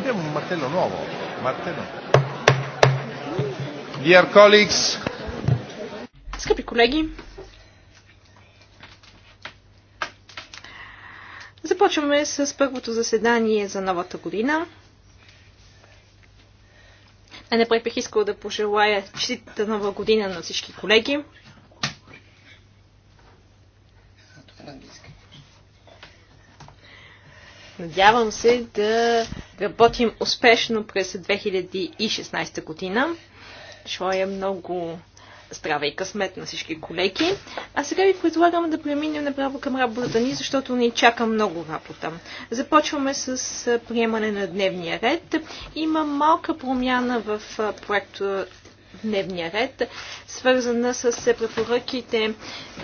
Abbiamo un martello nuovo. Martello. Dear colleagues. Scopi colleghi. започваме с първото заседание за новата година. А не бих искал да пожелая честита нова година на всички колеги. Надявам се да работим успешно през 2016 година. Шло е много здраве и късмет на всички колеги. А сега ви предлагам да преминем направо към работата ни, защото ни чака много работа. Започваме с приемане на дневния ред. Има малка промяна в проекта дневния ред, свързана с препоръките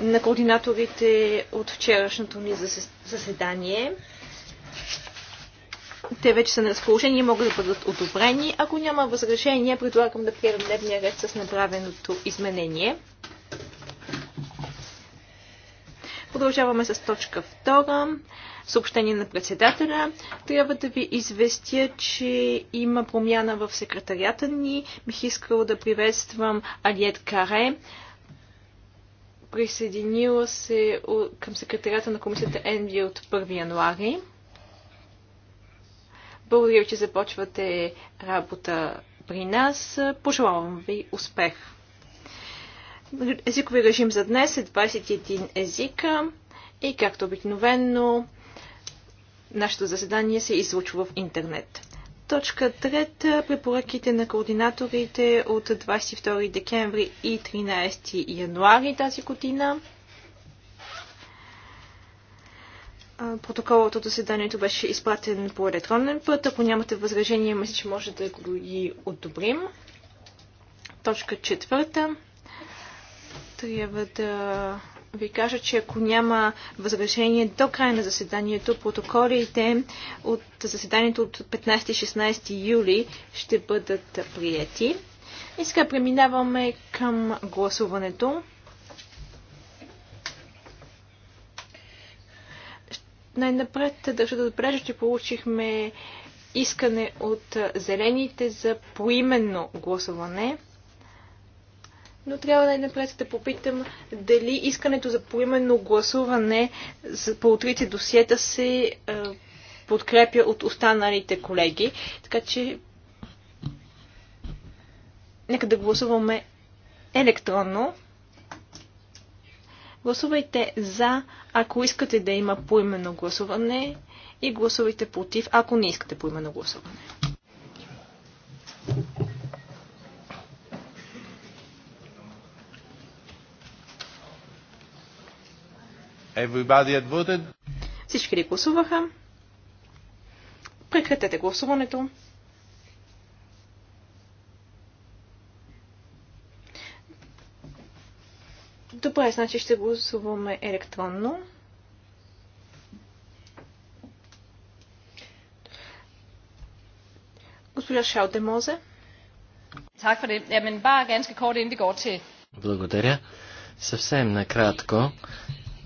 на координаторите от вчерашното ни заседание. Те вече са на разположение и могат да бъдат одобрени. Ако няма възражение, предлагам да приемем дневния ред с направеното изменение. Продължаваме с точка 2. Съобщение на председателя. Трябва да ви известия, че има промяна в секретарията ни. Бих искала да приветствам Алиет Каре. Присъединила се към секретарията на комисията Енви от 1 януари. Благодаря ви, че започвате работа при нас. Пожелавам ви успех! Езикови режим за днес е 21 езика и както обикновено нашето заседание се излучва в интернет. Точка 3. Препоръките на координаторите от 22 декември и 13 януари тази година. Протоколът от заседанието беше изпратен по електронен път. Ако нямате възражение, мисля, че може да го и одобрим. Точка четвърта. Трябва да ви кажа, че ако няма възражение до края на заседанието, протоколите от заседанието от 15-16 юли ще бъдат прияти. И сега преминаваме към гласуването. Най-напред държа да отбележа, че получихме искане от зелените за поименно гласуване. Но трябва най-напред да попитам дали искането за поименно гласуване по трите досиета се е, подкрепя от останалите колеги. Така че нека да гласуваме електронно. Гласувайте за, ако искате да има поименно гласуване и гласувайте против, ако не искате поименно гласуване. Everybody had voted. Всички ли гласуваха? Прекратете гласуването. Добре, значи ще гласуваме електронно. Госпожа Шалдемозе. Так Благодаря. Съвсем накратко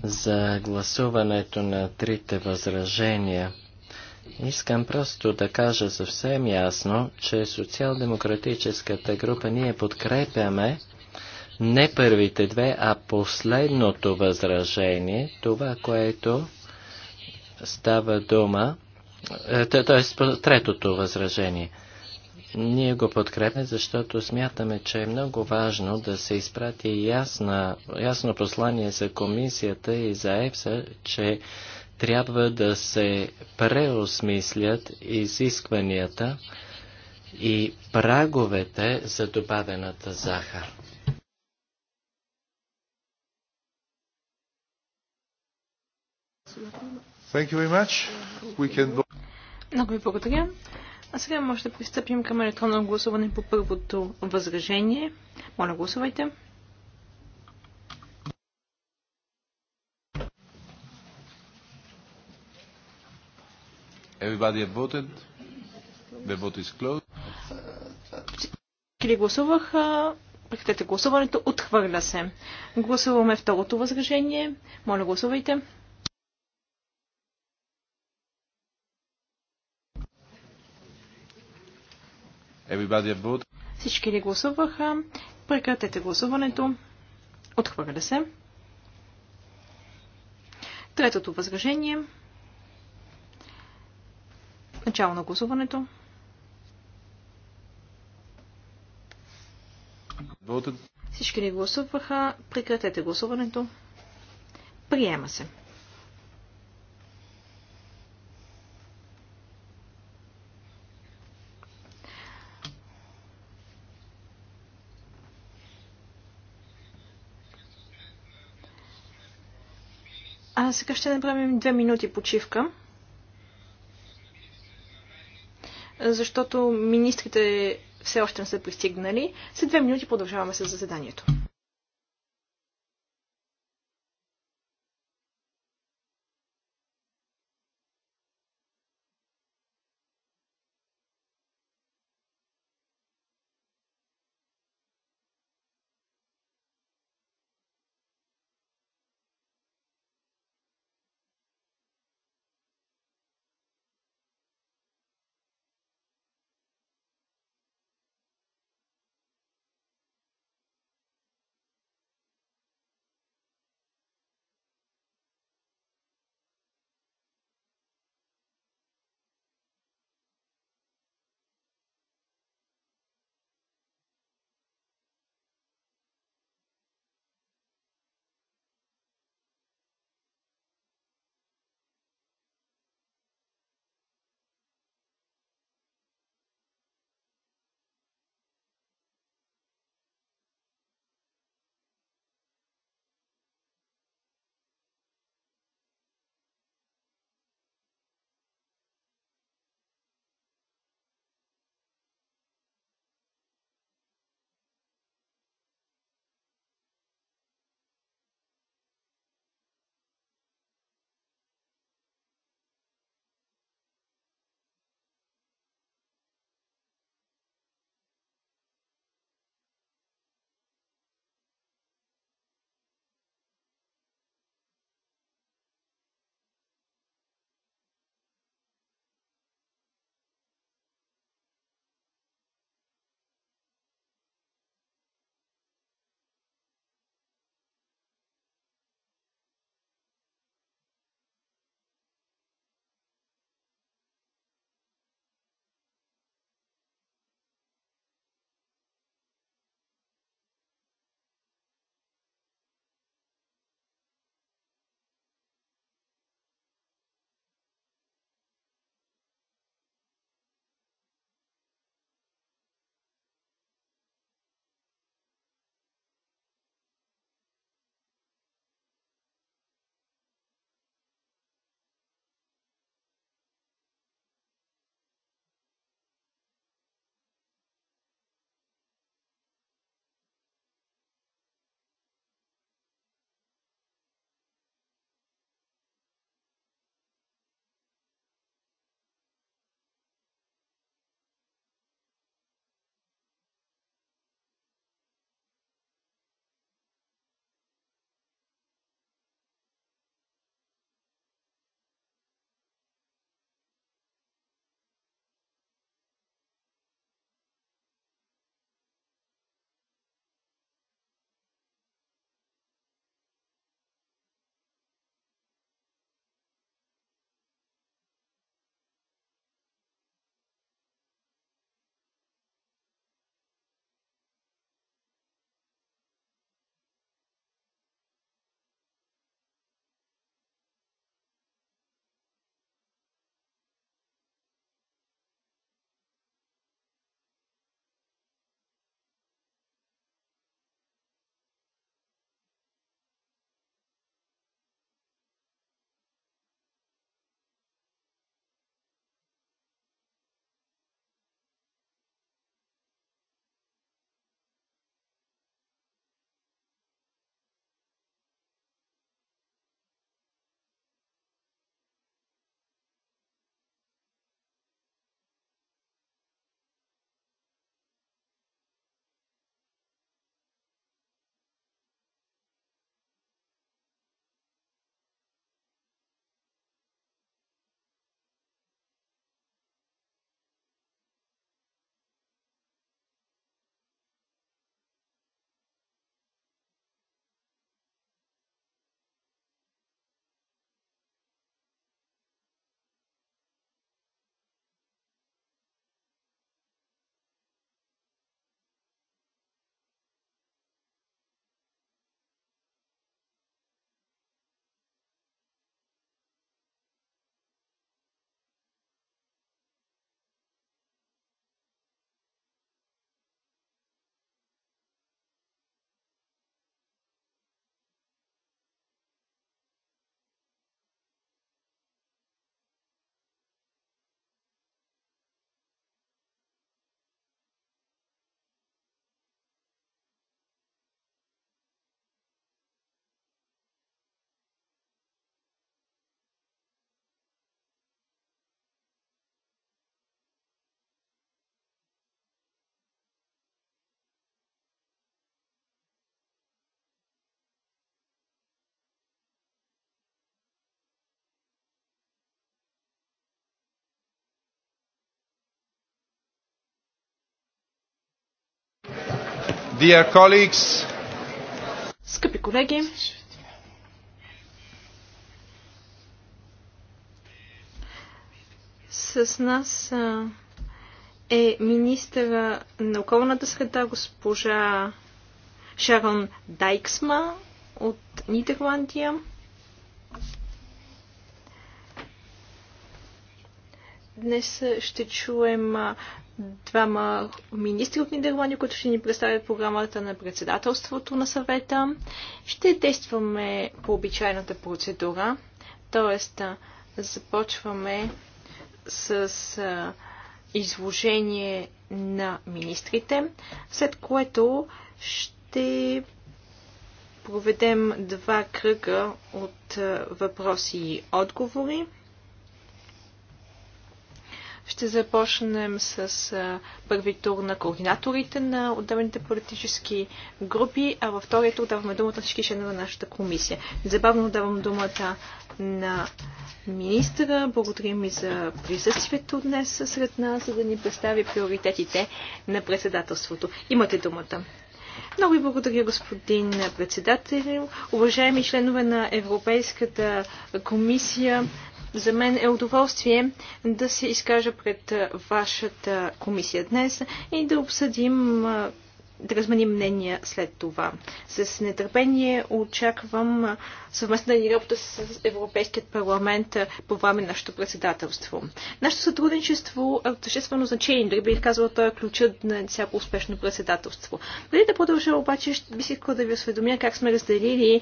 за гласуването на трите възражения. Искам просто да кажа съвсем ясно, че социал-демократическата група ние подкрепяме не първите две, а последното възражение, това, което става дума, т.е. третото възражение. Ние го подкрепяме, защото смятаме, че е много важно да се изпрати ясна, ясно послание за комисията и за ЕФСА, че трябва да се преосмислят изискванията и праговете за добавената захар. Can... Много ви благодаря. А сега може да пристъпим към електронно гласуване по първото възражение. Моля, гласувайте. Everybody voted. The vote is closed. Кили гласуваха, прекратете гласуването, отхвърля се. Гласуваме второто възражение. Моля, гласувайте. Всички ли гласуваха? Прекратете гласуването. Отхвърля се. Третото възражение. Начало на гласуването. Всички ли гласуваха? Прекратете гласуването. Приема се. сега ще направим две минути почивка. Защото министрите все още не са пристигнали. След две минути продължаваме с заседанието. Dear colleagues, Скъпи колеги, с нас е министъра на околната среда госпожа Шарон Дайксма от Нидерландия. Днес ще чуем двама министри от Нидерландия, които ще ни представят програмата на председателството на съвета. Ще действаме по обичайната процедура, т.е. започваме с изложение на министрите, след което ще проведем два кръга от въпроси и отговори. Ще започнем с а, първи тур на координаторите на отделните политически групи, а във втория тур даваме думата на всички членове на нашата комисия. Забавно давам думата на министра. Благодарим и за присъствието днес сред нас, за да ни представи приоритетите на председателството. Имате думата. Много ви благодаря, господин председател. Уважаеми членове на Европейската комисия, за мен е удоволствие да се изкажа пред вашата комисия днес и да обсъдим да разменим мнения след това. С нетърпение очаквам съвместна ни работа с Европейският парламент по време на нашето председателство. Нашето сътрудничество е от съществено значение, дори бих казала, той е ключът на всяко успешно председателство. Преди да продължа обаче, би си да ви осведомя как сме разделили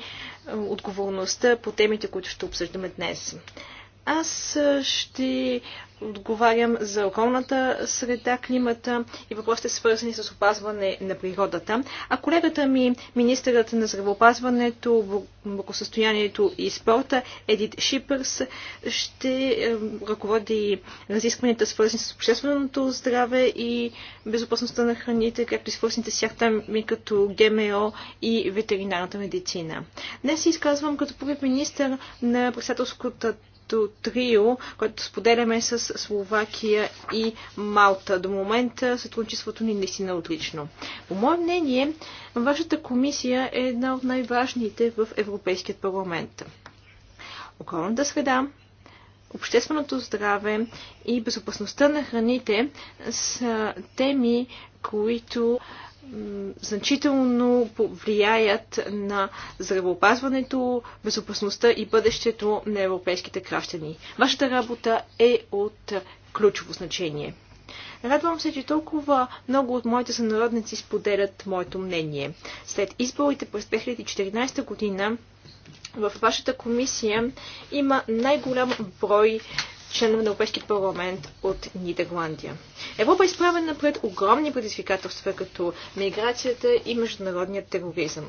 отговорността по темите, които ще обсъждаме днес. Аз ще отговарям за околната среда, климата и въпросите свързани с опазване на природата. А колегата ми, министърът на здравеопазването, благосъстоянието и спорта, Едит Шипърс, ще ръководи разискванията свързани с общественото здраве и безопасността на храните, както и свързаните с ми като ГМО и ветеринарната медицина. Днес се изказвам като първи министър на председателската като трио, което споделяме с Словакия и Малта. До момента сътрудничеството ни е наистина отлично. По мое мнение, вашата комисия е една от най-важните в Европейският парламент. Околната среда, общественото здраве и безопасността на храните са теми, които значително повлияят на здравеопазването, безопасността и бъдещето на европейските граждани. Вашата работа е от ключово значение. Радвам се, че толкова много от моите сънародници споделят моето мнение. След изборите през 2014 година в вашата комисия има най-голям брой членове на Европейския парламент от Нидерландия. Европа е изправена пред огромни предизвикателства, като миграцията и международният тероризъм.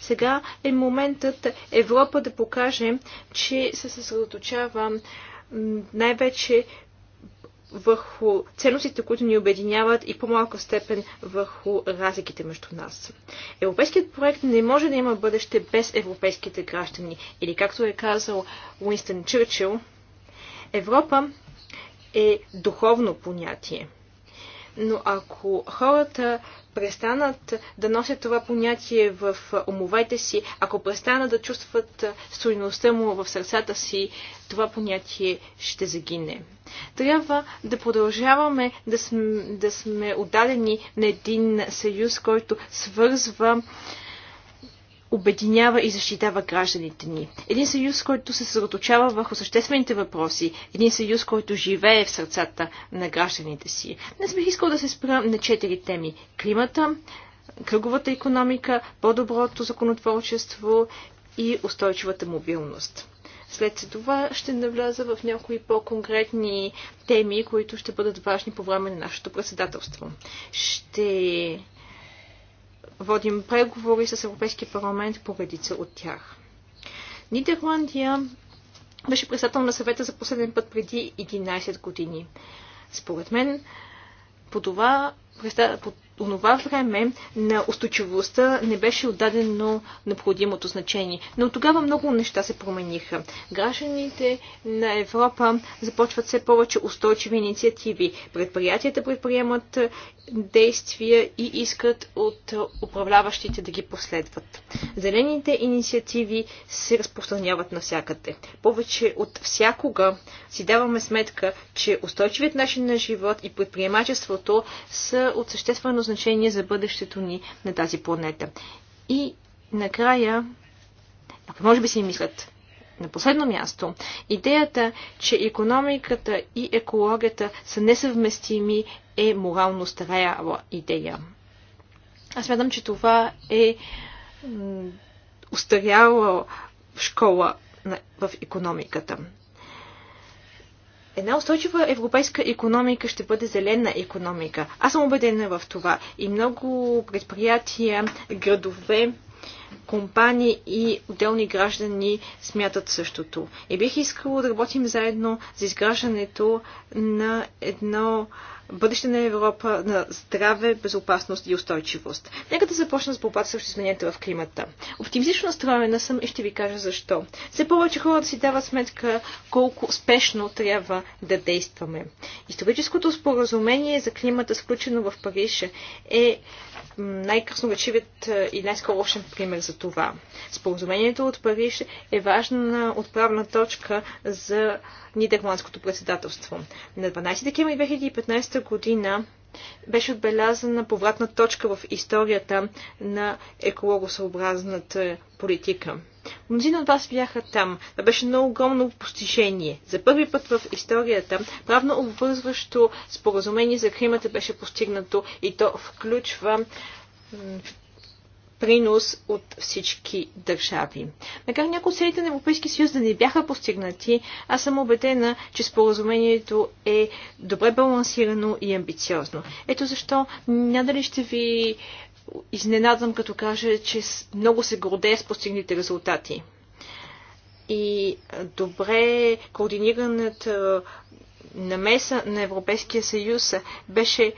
Сега е моментът Европа да покаже, че се съсредоточава най-вече върху ценностите, които ни обединяват и по-малка степен върху разликите между нас. Европейският проект не може да има бъдеще без европейските граждани. Или както е казал Уинстън Чърчил, Европа е духовно понятие. Но ако хората престанат да носят това понятие в умовете си, ако престанат да чувстват стойността му в сърцата си, това понятие ще загине. Трябва да продължаваме да сме, да сме отдадени на един съюз, който свързва обединява и защитава гражданите ни. Един съюз, който се съсредоточава върху съществените въпроси. Един съюз, който живее в сърцата на гражданите си. Днес бих искал да се спра на четири теми. Климата, кръговата економика, по-доброто законотворчество и устойчивата мобилност. След това ще навляза в някои по-конкретни теми, които ще бъдат важни по време на нашето председателство. Ще водим преговори с Европейския парламент по редица от тях. Нидерландия беше председател на съвета за последен път преди 11 години. Според мен, по това, по онова време на устойчивостта не беше отдадено необходимото значение. Но тогава много неща се промениха. Гражданите на Европа започват все повече устойчиви инициативи. Предприятията предприемат действия и искат от управляващите да ги последват. Зелените инициативи се разпространяват навсякъде. Повече от всякога си даваме сметка, че устойчивият начин на живот и предприемачеството са от съществено значение за бъдещето ни на тази планета. И накрая, ако може би си мислят, на последно място, идеята, че економиката и екологията са несъвместими е морално стараяла идея. Аз смятам, че това е устаряла школа в економиката. Една устойчива европейска економика ще бъде зелена економика. Аз съм убедена в това. И много предприятия, градове компании и отделни граждани смятат същото. И бих искала да работим заедно за изграждането на едно бъдеще на Европа на здраве, безопасност и устойчивост. Нека да започна с борбата срещу измененията в климата. Оптимистично настроена съм и ще ви кажа защо. Все повече хора да си дават сметка колко спешно трябва да действаме. Историческото споразумение за климата, сключено в Париж, е най-красноречивият и най-скорошен пример време за това. Споразумението от Париж е важна отправна точка за нидерландското председателство. На 12 декември 2015 година беше отбелязана повратна точка в историята на екологосъобразната политика. Мнозина от вас бяха там. Това беше много огромно постижение. За първи път в историята правно обвързващо споразумение за климата беше постигнато и то включва принос от всички държави. Макар някои от целите на Европейския съюз да не бяха постигнати, аз съм убедена, че споразумението е добре балансирано и амбициозно. Ето защо надали ще ви изненадам, като кажа, че много се гордея с постигните резултати. И добре координираната намеса на Европейския съюз беше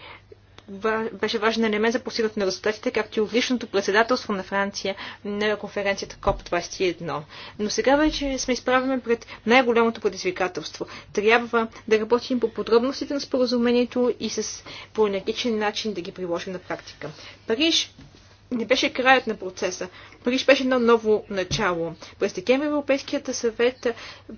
беше важен елемент за постигането на резултатите, както и отличното председателство на Франция на конференцията КОП-21. Но сега вече сме изправени пред най-голямото предизвикателство. Трябва да работим по подробностите на споразумението и с по енергичен начин да ги приложим на практика. Париж не беше краят на процеса. Париж беше едно ново начало. През декември Европейският съвет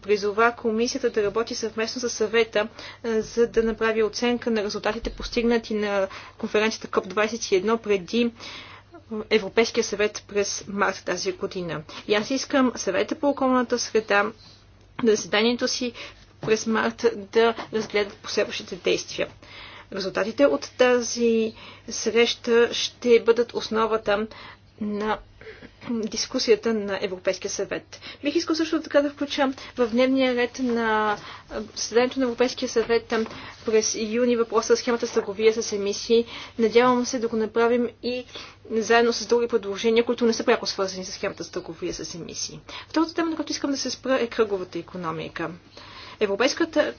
призова комисията да работи съвместно с съвета, за да направи оценка на резултатите постигнати на конференцията КОП-21 преди Европейския съвет през март тази година. И аз искам съвета по околната среда на заседанието си през март да разгледат последващите действия. Резултатите от тази среща ще бъдат основата на дискусията на Европейския съвет. Бих искал също така да включа в дневния ред на съседанието на Европейския съвет през юни въпроса за схемата с търговия с емисии. Надявам се да го направим и заедно с други предложения, които не са пряко свързани с схемата с търговия с емисии. Втората тема, на която искам да се спра е кръговата економика. Европейската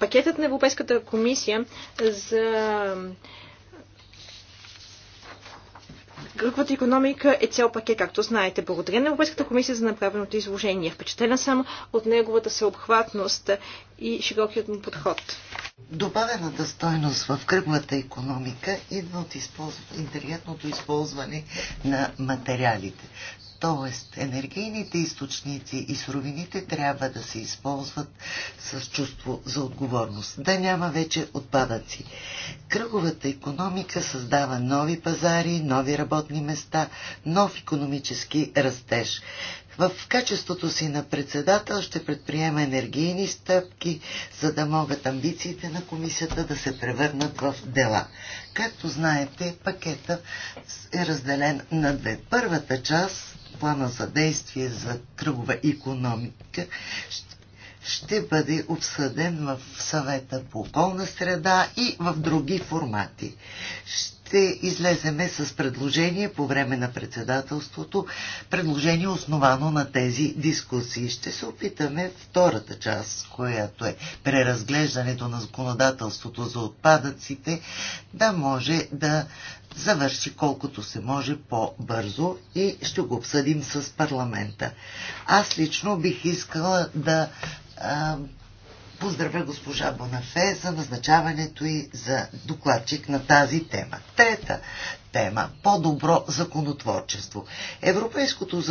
пакетът на Европейската комисия за кръговата економика е цял пакет, както знаете. Благодаря на Европейската комисия за направеното изложение. Впечатлена съм от неговата съобхватност и широкият му подход. Добавената стойност в кръговата економика идва от използв... интелигентното използване на материалите. Тоест, енергийните източници и суровините трябва да се използват с чувство за отговорност. Да няма вече отпадъци. Кръговата економика създава нови пазари, нови работни места, нов економически растеж. В качеството си на председател ще предприема енергийни стъпки, за да могат амбициите на комисията да се превърнат в дела. Както знаете, пакета е разделен на две. Първата част плана за действие за кръгова економика ще бъде обсъден в съвета по околна среда и в други формати. Ще ще излеземе с предложение по време на председателството, предложение основано на тези дискусии. Ще се опитаме втората част, която е преразглеждането на законодателството за отпадъците, да може да завърши колкото се може по-бързо и ще го обсъдим с парламента. Аз лично бих искала да поздравя госпожа Бонафе за назначаването и за докладчик на тази тема. Трета тема – по-добро законотворчество. Европейското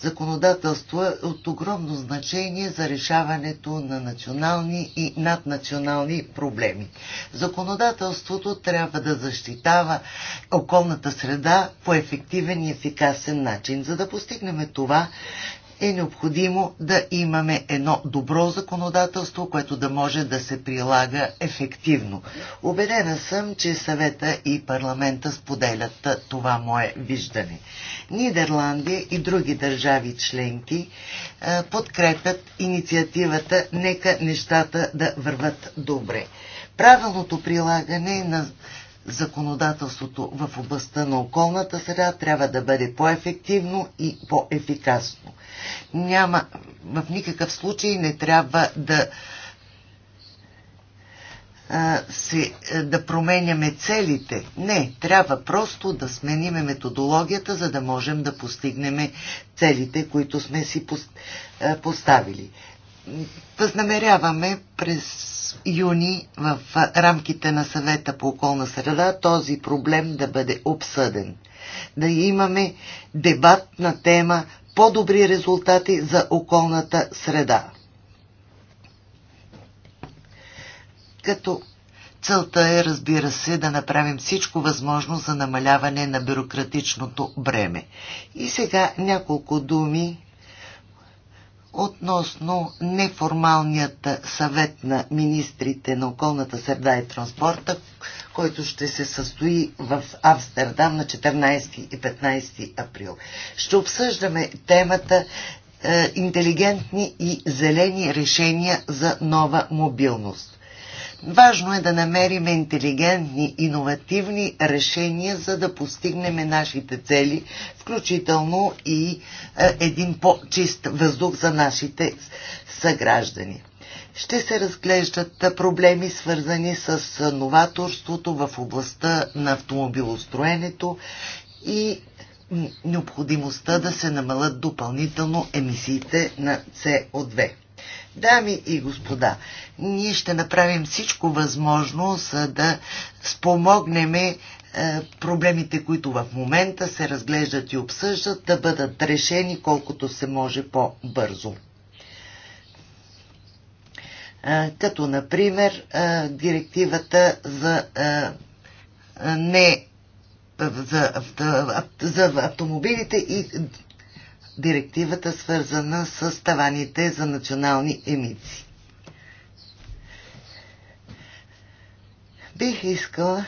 законодателство е от огромно значение за решаването на национални и наднационални проблеми. Законодателството трябва да защитава околната среда по ефективен и ефикасен начин. За да постигнем това, е необходимо да имаме едно добро законодателство, което да може да се прилага ефективно. Обедена съм, че съвета и парламента споделят това мое виждане. Нидерландия и други държави членки е, подкрепят инициативата Нека нещата да върват добре. Правилното прилагане на законодателството в областта на околната среда трябва да бъде по-ефективно и по-ефикасно. Няма, в никакъв случай не трябва да се, да променяме целите. Не, трябва просто да смениме методологията, за да можем да постигнем целите, които сме си поставили. Възнамеряваме през юни в рамките на съвета по околна среда този проблем да бъде обсъден. Да имаме дебат на тема по-добри резултати за околната среда. Като целта е, разбира се, да направим всичко възможно за намаляване на бюрократичното бреме. И сега няколко думи относно неформалният съвет на министрите на околната среда и транспорта, който ще се състои в Амстердам на 14 и 15 април. Ще обсъждаме темата е, интелигентни и зелени решения за нова мобилност. Важно е да намерим интелигентни, иновативни решения, за да постигнем нашите цели, включително и е, един по-чист въздух за нашите съграждани. Ще се разглеждат проблеми, свързани с новаторството в областта на автомобилостроенето и необходимостта да се намалят допълнително емисиите на СО2. Дами и господа, ние ще направим всичко възможно, за да спомогнем е, проблемите, които в момента се разглеждат и обсъждат, да бъдат решени колкото се може по-бързо. Е, като, например, е, директивата за не за, за автомобилите и директивата, свързана с таваните за национални емисии. Бих искала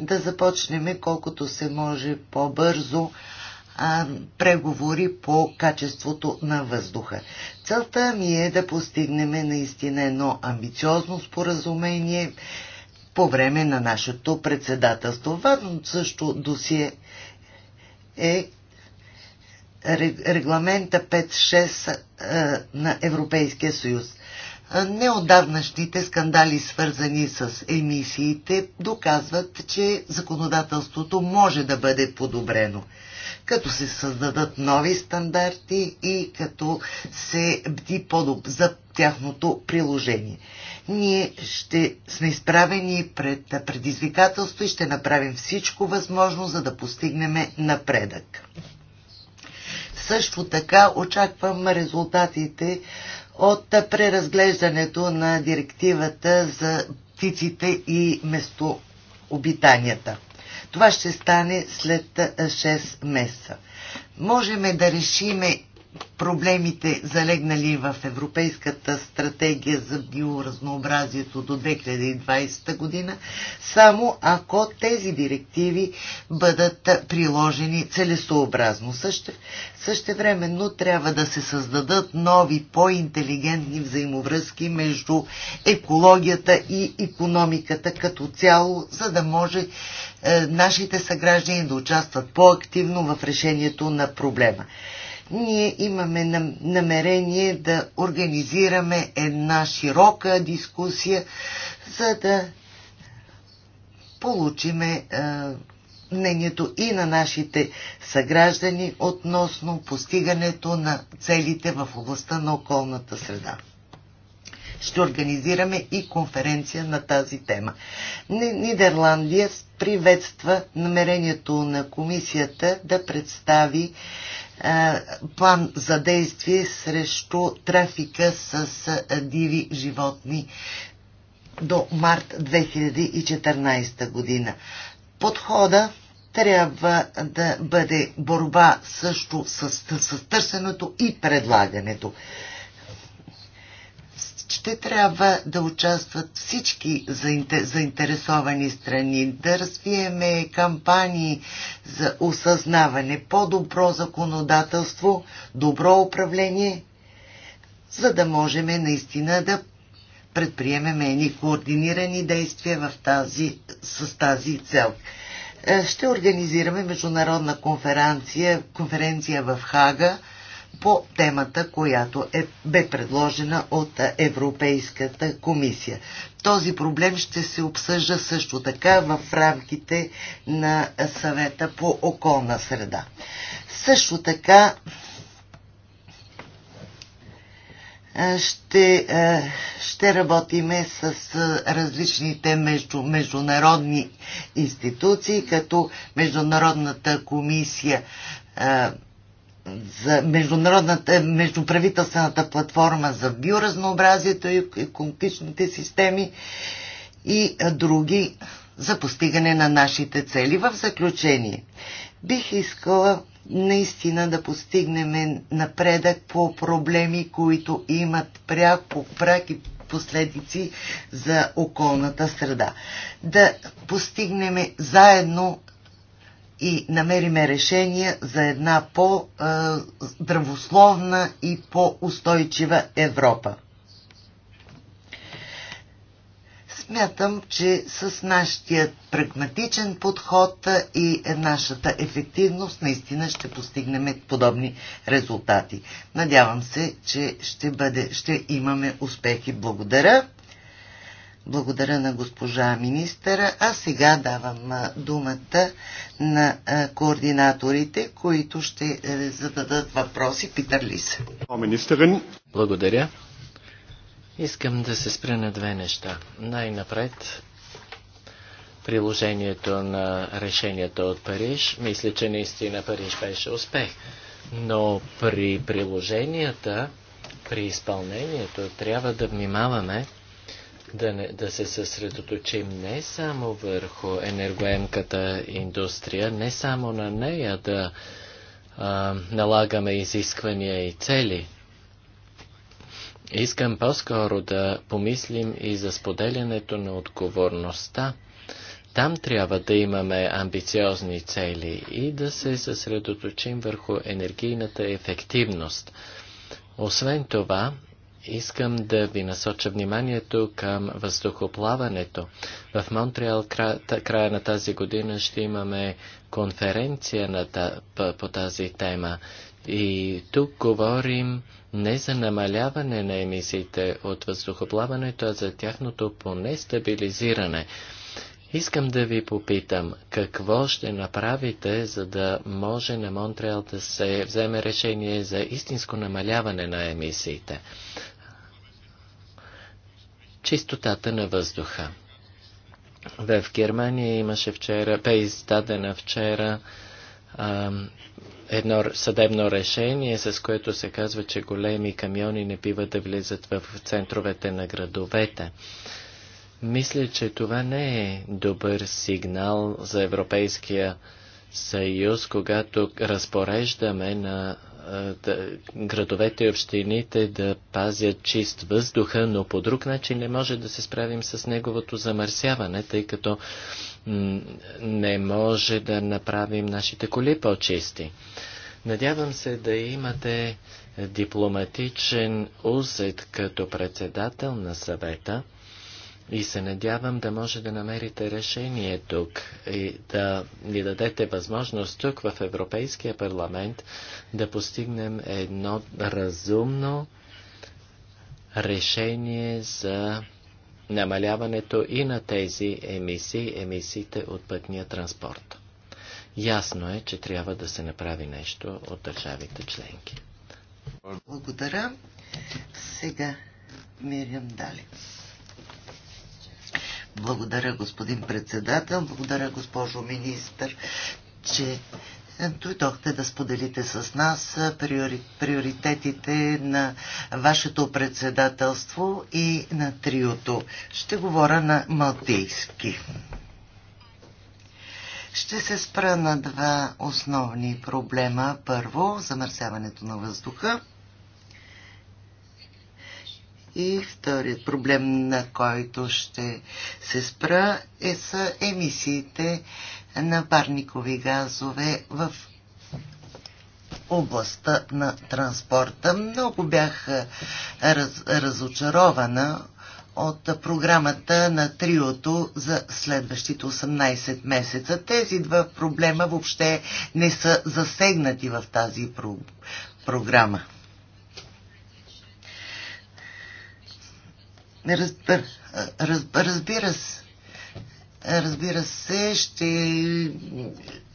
да започнем колкото се може по-бързо преговори по качеството на въздуха. Целта ми е да постигнем наистина едно амбициозно споразумение по време на нашето председателство. Важно също досие е регламента 5-6 е, на Европейския съюз. Е, Неодавнашните скандали, свързани с емисиите, доказват, че законодателството може да бъде подобрено, като се създадат нови стандарти и като се бди подоб за тяхното приложение. Ние ще сме изправени пред предизвикателство и ще направим всичко възможно, за да постигнем напредък също така очаквам резултатите от преразглеждането на директивата за птиците и местообитанията. Това ще стане след 6 месеца. Можеме да решиме проблемите залегнали в Европейската стратегия за биоразнообразието до 2020 година, само ако тези директиви бъдат приложени целесообразно. Също, същевременно трябва да се създадат нови, по-интелигентни взаимовръзки между екологията и економиката като цяло, за да може е, нашите съграждани да участват по-активно в решението на проблема ние имаме намерение да организираме една широка дискусия, за да получиме е, мнението и на нашите съграждани относно постигането на целите в областта на околната среда. Ще организираме и конференция на тази тема. Нидерландия приветства намерението на комисията да представи е, план за действие срещу трафика с е, диви животни до март 2014 година. Подхода трябва да бъде борба също с, с, с търсенето и предлагането ще трябва да участват всички заинтересовани страни, да развиеме кампании за осъзнаване, по-добро законодателство, добро управление, за да можем наистина да предприемеме едни координирани действия в тази, с тази цел. Е, ще организираме международна конференция, конференция в Хага по темата, която е, бе предложена от Европейската комисия. Този проблем ще се обсъжда също така в рамките на съвета по околна среда. Също така ще, ще работиме с различните между, международни институции, като Международната комисия за международната, междуправителствената платформа за биоразнообразието и екологичните системи и други за постигане на нашите цели. В заключение, бих искала наистина да постигнем напредък по проблеми, които имат пряко прак и последици за околната среда. Да постигнем заедно и намериме решение за една по-здравословна и по-устойчива Европа. Смятам, че с нашия прагматичен подход и нашата ефективност наистина ще постигнем подобни резултати. Надявам се, че ще, бъде, ще имаме успехи. Благодаря. Благодаря на госпожа министъра, а сега давам думата на координаторите, които ще е, зададат въпроси. Питър Лис. Благодаря. Искам да се спря на две неща. Най-напред приложението на решението от Париж. Мисля, че наистина Париж беше успех. Но при приложенията, при изпълнението трябва да внимаваме да, не, да се съсредоточим не само върху енергоемката индустрия, не само на нея да а, налагаме изисквания и цели. Искам по-скоро да помислим и за споделянето на отговорността. Там трябва да имаме амбициозни цели и да се съсредоточим върху енергийната ефективност. Освен това, Искам да ви насоча вниманието към въздухоплаването. В Монтреал края на тази година ще имаме конференция на та... по тази тема. И тук говорим не за намаляване на емисиите от въздухоплаването, а за тяхното поне стабилизиране. Искам да ви попитам, какво ще направите, за да може на Монтреал да се вземе решение за истинско намаляване на емисиите? чистотата на въздуха. В Германия имаше вчера, бе издадена вчера а, едно съдебно решение, с което се казва, че големи камиони не бива да влизат в центровете на градовете. Мисля, че това не е добър сигнал за Европейския съюз, когато разпореждаме на да, градовете и общините да пазят чист въздуха, но по друг начин не може да се справим с неговото замърсяване, тъй като не може да направим нашите коли по-чисти. Надявам се да имате дипломатичен усет като председател на съвета. И се надявам да може да намерите решение тук и да ни дадете възможност тук в Европейския парламент да постигнем едно разумно решение за намаляването и на тези емисии, емисиите от пътния транспорт. Ясно е, че трябва да се направи нещо от държавите членки. Благодаря. Сега мирям Далец. Благодаря, господин председател. Благодаря, госпожо министър, че дойдохте да споделите с нас приоритетите на вашето председателство и на триото. Ще говоря на малтийски. Ще се спра на два основни проблема. Първо, замърсяването на въздуха и вторият проблем, на който ще се спра, е са емисиите на парникови газове в областта на транспорта. Много бях раз, разочарована от програмата на триото за следващите 18 месеца. Тези два проблема въобще не са засегнати в тази програма. Разбира, раз, разбира се. Разбира се, ще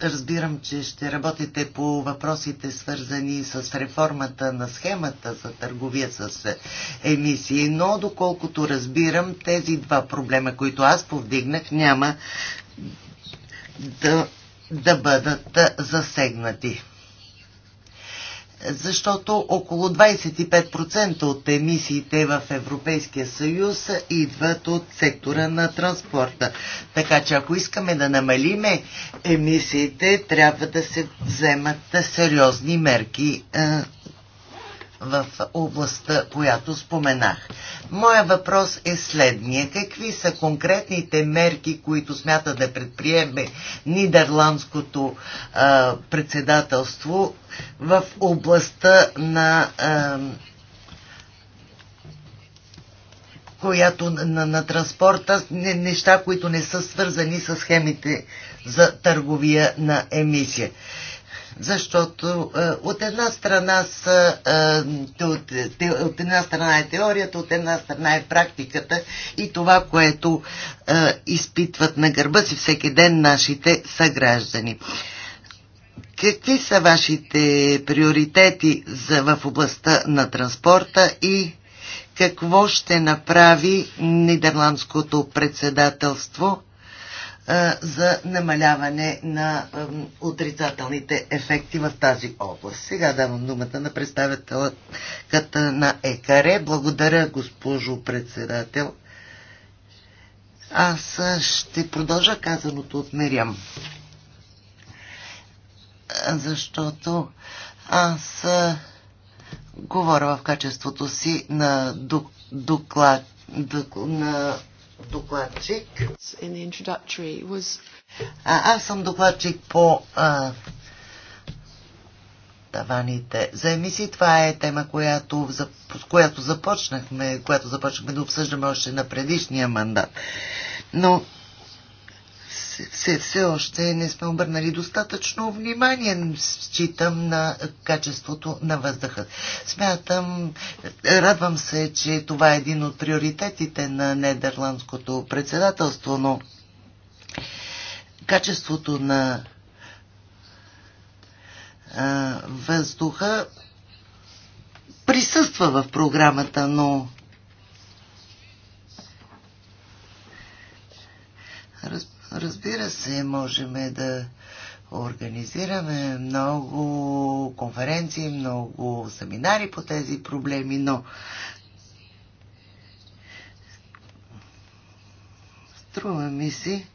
разбирам, че ще работите по въпросите свързани с реформата на схемата за търговия с е, емисии, но доколкото разбирам, тези два проблема, които аз повдигнах, няма да, да бъдат засегнати защото около 25% от емисиите в Европейския съюз идват от сектора на транспорта. Така че ако искаме да намалиме емисиите, трябва да се вземат сериозни мерки е, в областта, която споменах. Моя въпрос е следния. Какви са конкретните мерки, които смята да предприеме нидерландското а, председателство в областта на а, която на, на транспорта, неща, които не са свързани с схемите за търговия на емисия защото е, от една страна са, е, от, от една страна е теорията, от една страна е практиката и това, което е, изпитват на гърба си всеки ден нашите съграждани. Какви са вашите приоритети за, в областта на транспорта и какво ще направи Нидерландското председателство за намаляване на отрицателните ефекти в тази област. Сега давам думата на представителката на ЕКАРЕ. Благодаря, госпожо председател. Аз ще продължа казаното от Мирям. Защото аз говоря в качеството си на доклад, на докладчик. Was... А, аз съм докладчик по а, таваните за емисии. Това е тема, която, за, която започнахме, която започнахме да обсъждаме още на предишния мандат. Но все, все още не сме обърнали достатъчно внимание, считам, на качеството на въздуха. Смятам, радвам се, че това е един от приоритетите на Нидерландското председателство, но качеството на а, въздуха присъства в програмата, но Раз... Разбира се, можем да организираме много конференции, много семинари по тези проблеми, но струва ми си,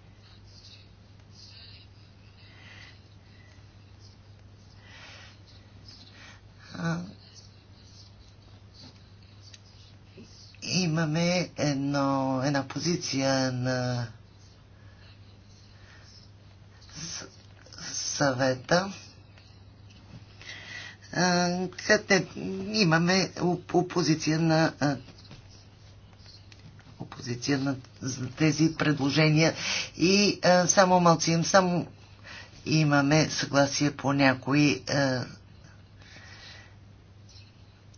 имаме едно, една позиция на съвета, къде имаме опозиция на опозиция на тези предложения и а, само мълцим, само имаме съгласие по някои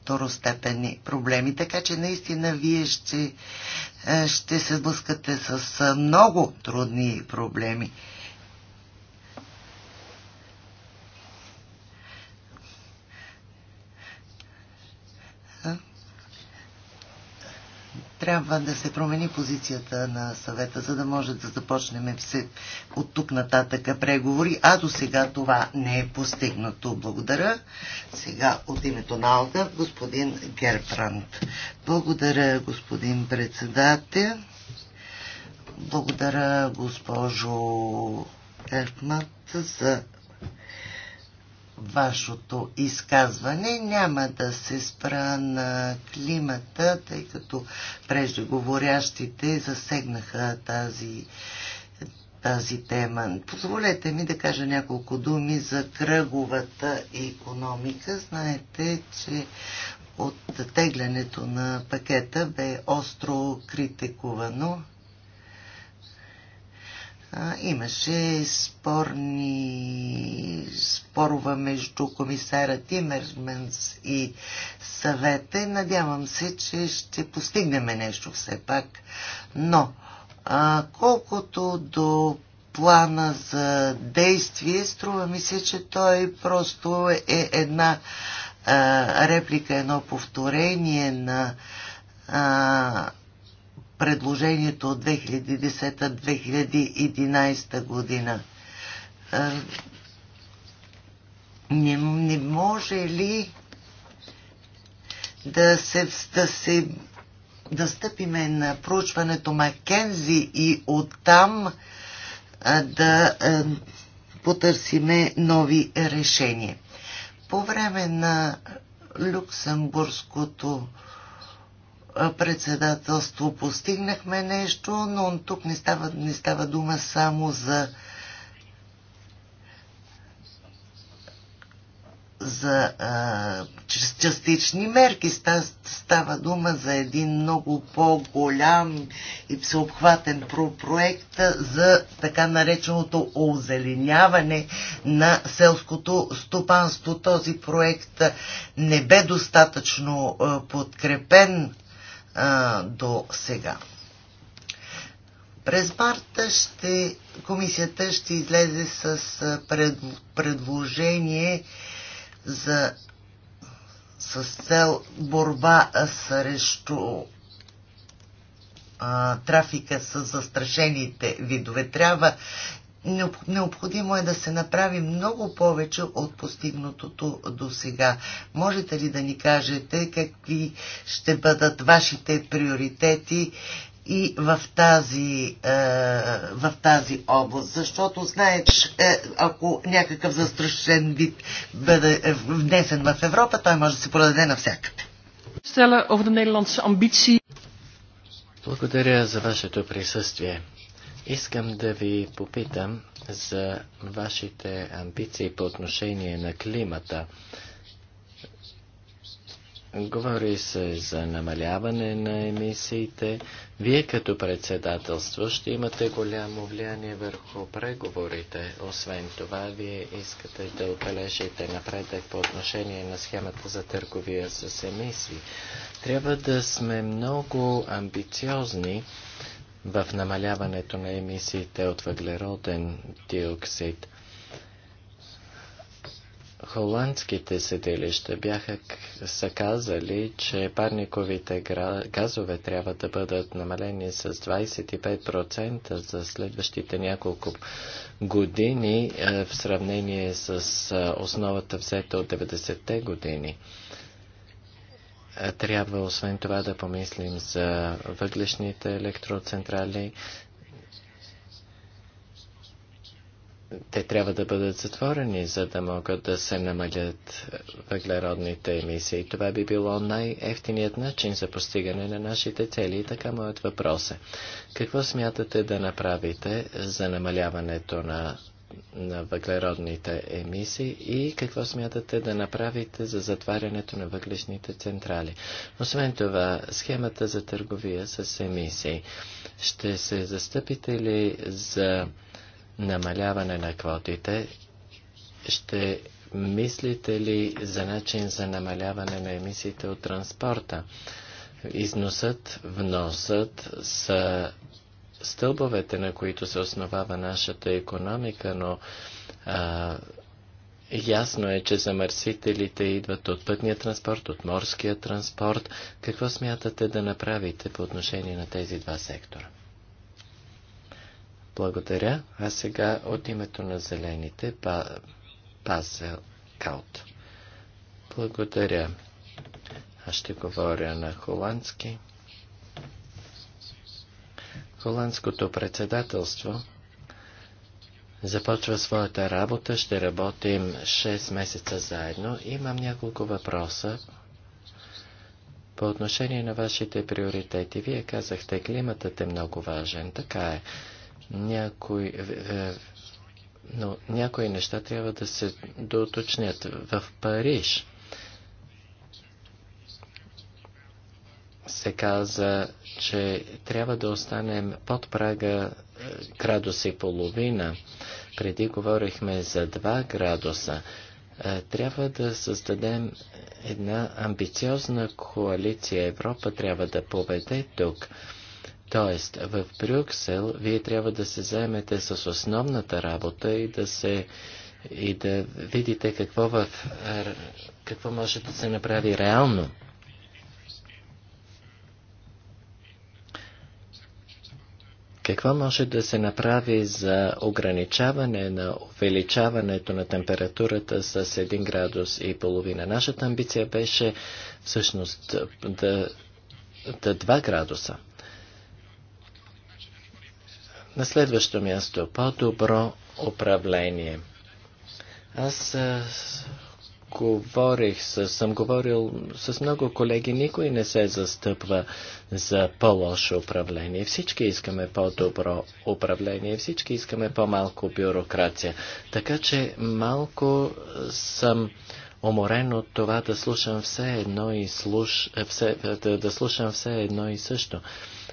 второстепени проблеми. Така че наистина вие ще, ще се сблъскате с много трудни проблеми. трябва да се промени позицията на съвета, за да може да започнем все от тук нататъка преговори, а до сега това не е постигнато. Благодаря. Сега от името на Алга, господин Герпранд. Благодаря, господин председател. Благодаря, госпожо Еркмат, за вашето изказване. Няма да се спра на климата, тъй като преждеговорящите засегнаха тази, тази тема. Позволете ми да кажа няколко думи за кръговата економика. Знаете, че от теглянето на пакета бе остро критикувано имаше спорни спорове между комисара Тимерменс и съвета. Надявам се, че ще постигнем нещо все пак. Но а, колкото до плана за действие, струва ми се, че той просто е една а, реплика, едно повторение на а, предложението от 2010-2011 година. Не, не може ли да се, да се да стъпиме на проучването Маккензи и оттам да потърсиме нови решения. По време на Люксембургското председателство постигнахме нещо, но тук не става, не става дума само за за а, частични мерки. Става дума за един много по-голям и всеобхватен проект за така нареченото озеленяване на селското стопанство. Този проект не бе достатъчно а, подкрепен а, до сега. През марта ще, комисията ще излезе с пред, предложение за с цел борба срещу а, трафика с застрашените видове. Трябва Необходимо е да се направи много повече от постигнатото до сега. Можете ли да ни кажете какви ще бъдат вашите приоритети и в тази, е, в тази област? Защото знаеш, е, ако някакъв застрашен вид бъде внесен в Европа, той може да се продаде навсякъде. Стела over Благодаря за вашето присъствие. Искам да ви попитам за вашите амбиции по отношение на климата. Говори се за намаляване на емисиите. Вие като председателство ще имате голямо влияние върху преговорите. Освен това, вие искате да отбележите напредък по отношение на схемата за търговия с емисии. Трябва да сме много амбициозни в намаляването на емисиите от въглероден диоксид. Холандските съдилища бяха са казали, че парниковите газове трябва да бъдат намалени с 25% за следващите няколко години е, в сравнение с е, основата взета от 90-те години. Трябва освен това да помислим за въглешните електроцентрали. Те трябва да бъдат затворени, за да могат да се намалят въглеродните емисии. Това би било най-ефтиният начин за постигане на нашите цели. И така моят въпрос е. Какво смятате да направите за намаляването на на въглеродните емисии и какво смятате да направите за затварянето на въглешните централи. Освен това, схемата за търговия с емисии. Ще се застъпите ли за намаляване на квотите? Ще мислите ли за начин за намаляване на емисиите от транспорта? Износът, вносът са стълбовете, на които се основава нашата економика, но а, ясно е, че замърсителите идват от пътния транспорт, от морския транспорт. Какво смятате да направите по отношение на тези два сектора? Благодаря. А сега от името на зелените па, Пазел Каут. Благодаря. Аз ще говоря на холандски. Холандското председателство започва своята работа. Ще работим 6 месеца заедно. Имам няколко въпроса по отношение на вашите приоритети. Вие казахте, климатът е много важен. Така е. Някой, е, е, но някои неща трябва да се доточнят. В Париж се каза, че трябва да останем под прага е, градус и половина. Преди говорихме за 2 градуса. Е, трябва да създадем една амбициозна коалиция. Европа трябва да поведе тук. Тоест, в Брюксел вие трябва да се заемете с основната работа и да се и да видите какво, в, е, какво може да се направи реално. Какво може да се направи за ограничаване на увеличаването на температурата с 1 градус и половина? Нашата амбиция беше всъщност да, да 2 градуса. На следващо място, по-добро управление. Аз говорих съм говорил с много колеги, никой не се застъпва за по-лошо управление. Всички искаме по-добро управление, всички искаме по-малко бюрокрация. Така че малко съм уморен от това да слушам все едно и слуш... все... Да, да слушам все едно и също.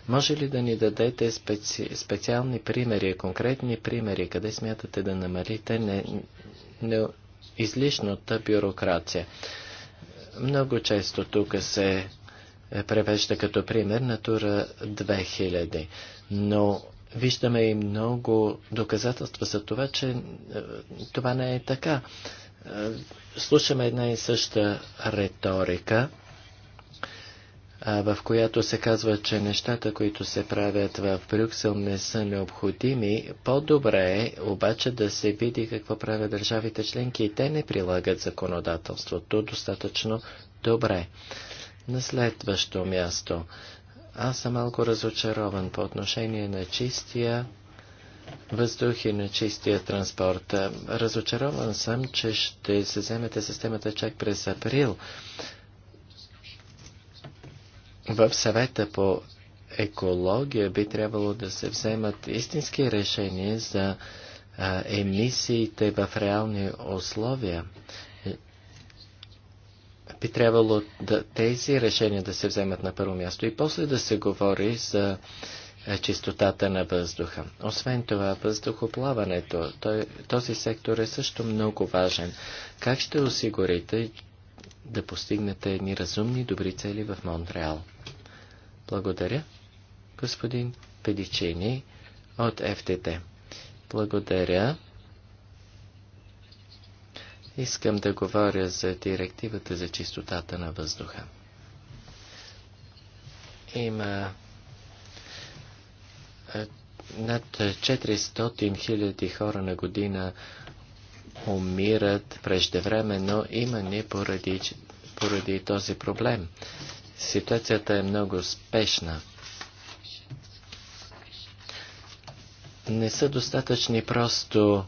Може ли да ни дадете специ... специални примери, конкретни примери, къде смятате да намалите не... Не излишната бюрокрация. Много често тук се превежда като пример Натура 2000, но виждаме и много доказателства за това, че е, това не е така. Е, слушаме една и съща риторика в която се казва, че нещата, които се правят в Брюксел не са необходими, по-добре е обаче да се види какво правят държавите членки и те не прилагат законодателството достатъчно добре. На следващо място. Аз съм малко разочарован по отношение на чистия въздух и на чистия транспорт. Разочарован съм, че ще се вземете системата чак през април в съвета по екология би трябвало да се вземат истински решения за а, емисиите в реални условия. Би трябвало да, тези решения да се вземат на първо място и после да се говори за чистотата на въздуха. Освен това, въздухоплаването, той, този сектор е също много важен. Как ще осигурите да постигнете едни разумни добри цели в Монреал? Благодаря, господин Педичини от ФТТ. Благодаря. Искам да говоря за директивата за чистотата на въздуха. Има е, над 400 хиляди хора на година умират преждевременно именно поради, поради този проблем. Ситуацията е много спешна. Не са достатъчни просто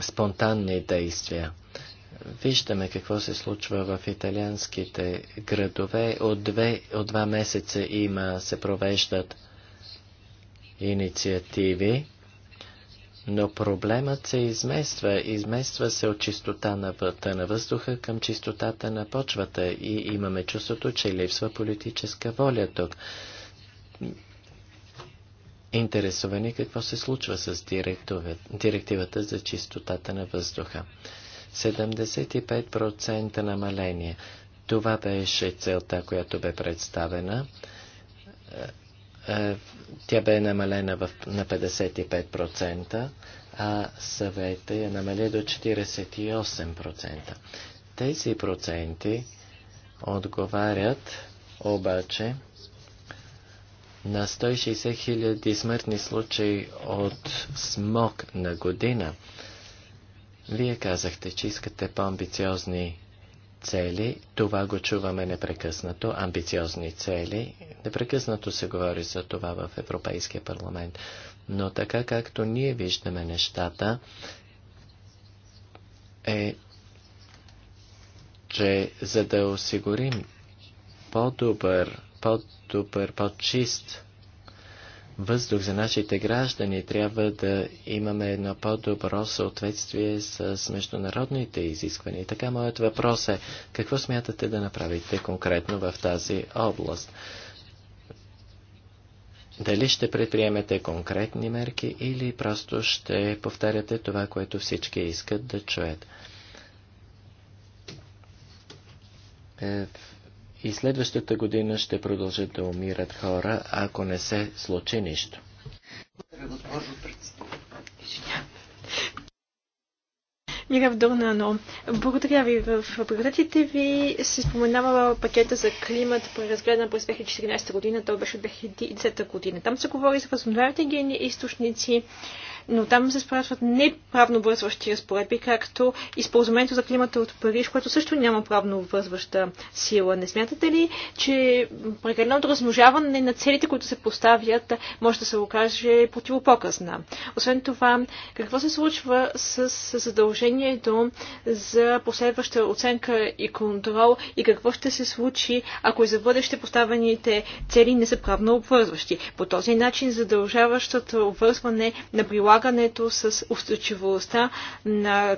спонтанни действия. Виждаме какво се случва в италианските градове. От, две, от два месеца има, се провеждат инициативи. Но проблемът се измества. Измества се от чистота на, пътта, на въздуха към чистотата на почвата и имаме чувството, че липсва политическа воля тук. Интересувани, какво се случва с директивата за чистотата на въздуха. 75% намаление. Това беше целта, която бе представена е, тя бе намалена в, на 55%, а съвета я намали до 48%. Тези проценти отговарят обаче на 160 000 смъртни случаи от смог на година. Вие казахте, че искате по-амбициозни цели. Това го чуваме непрекъснато. Амбициозни цели. Непрекъснато се говори за това в Европейския парламент. Но така както ние виждаме нещата, е, че за да осигурим по-добър, по-добър, по-чист въздух за нашите граждани, трябва да имаме едно по-добро съответствие с международните изисквания. така моят въпрос е, какво смятате да направите конкретно в тази област? Дали ще предприемете конкретни мерки или просто ще повтаряте това, което всички искат да чуят? Е, и следващата година ще продължат да умират хора, ако не се случи нищо. Мирав но Благодаря ви. В предатите ви се споменава пакета за климат, преразгледан през 2014 година, то беше 2010 година. Там се говори за възобновяемите гени източници, но там се спрашват неправно връзващи разпоредби, както и споразумението за климата от Париж, което също няма правно връзваща сила. Не смятате ли, че прекаленото размножаване на целите, които се поставят, може да се окаже противопоказна? Освен това, какво се случва с задължението за последваща оценка и контрол и какво ще се случи, ако и за бъдеще поставените цели не са правно обвързващи? По този начин задължаващото обвързване на прилагането облагането, с устойчивостта на,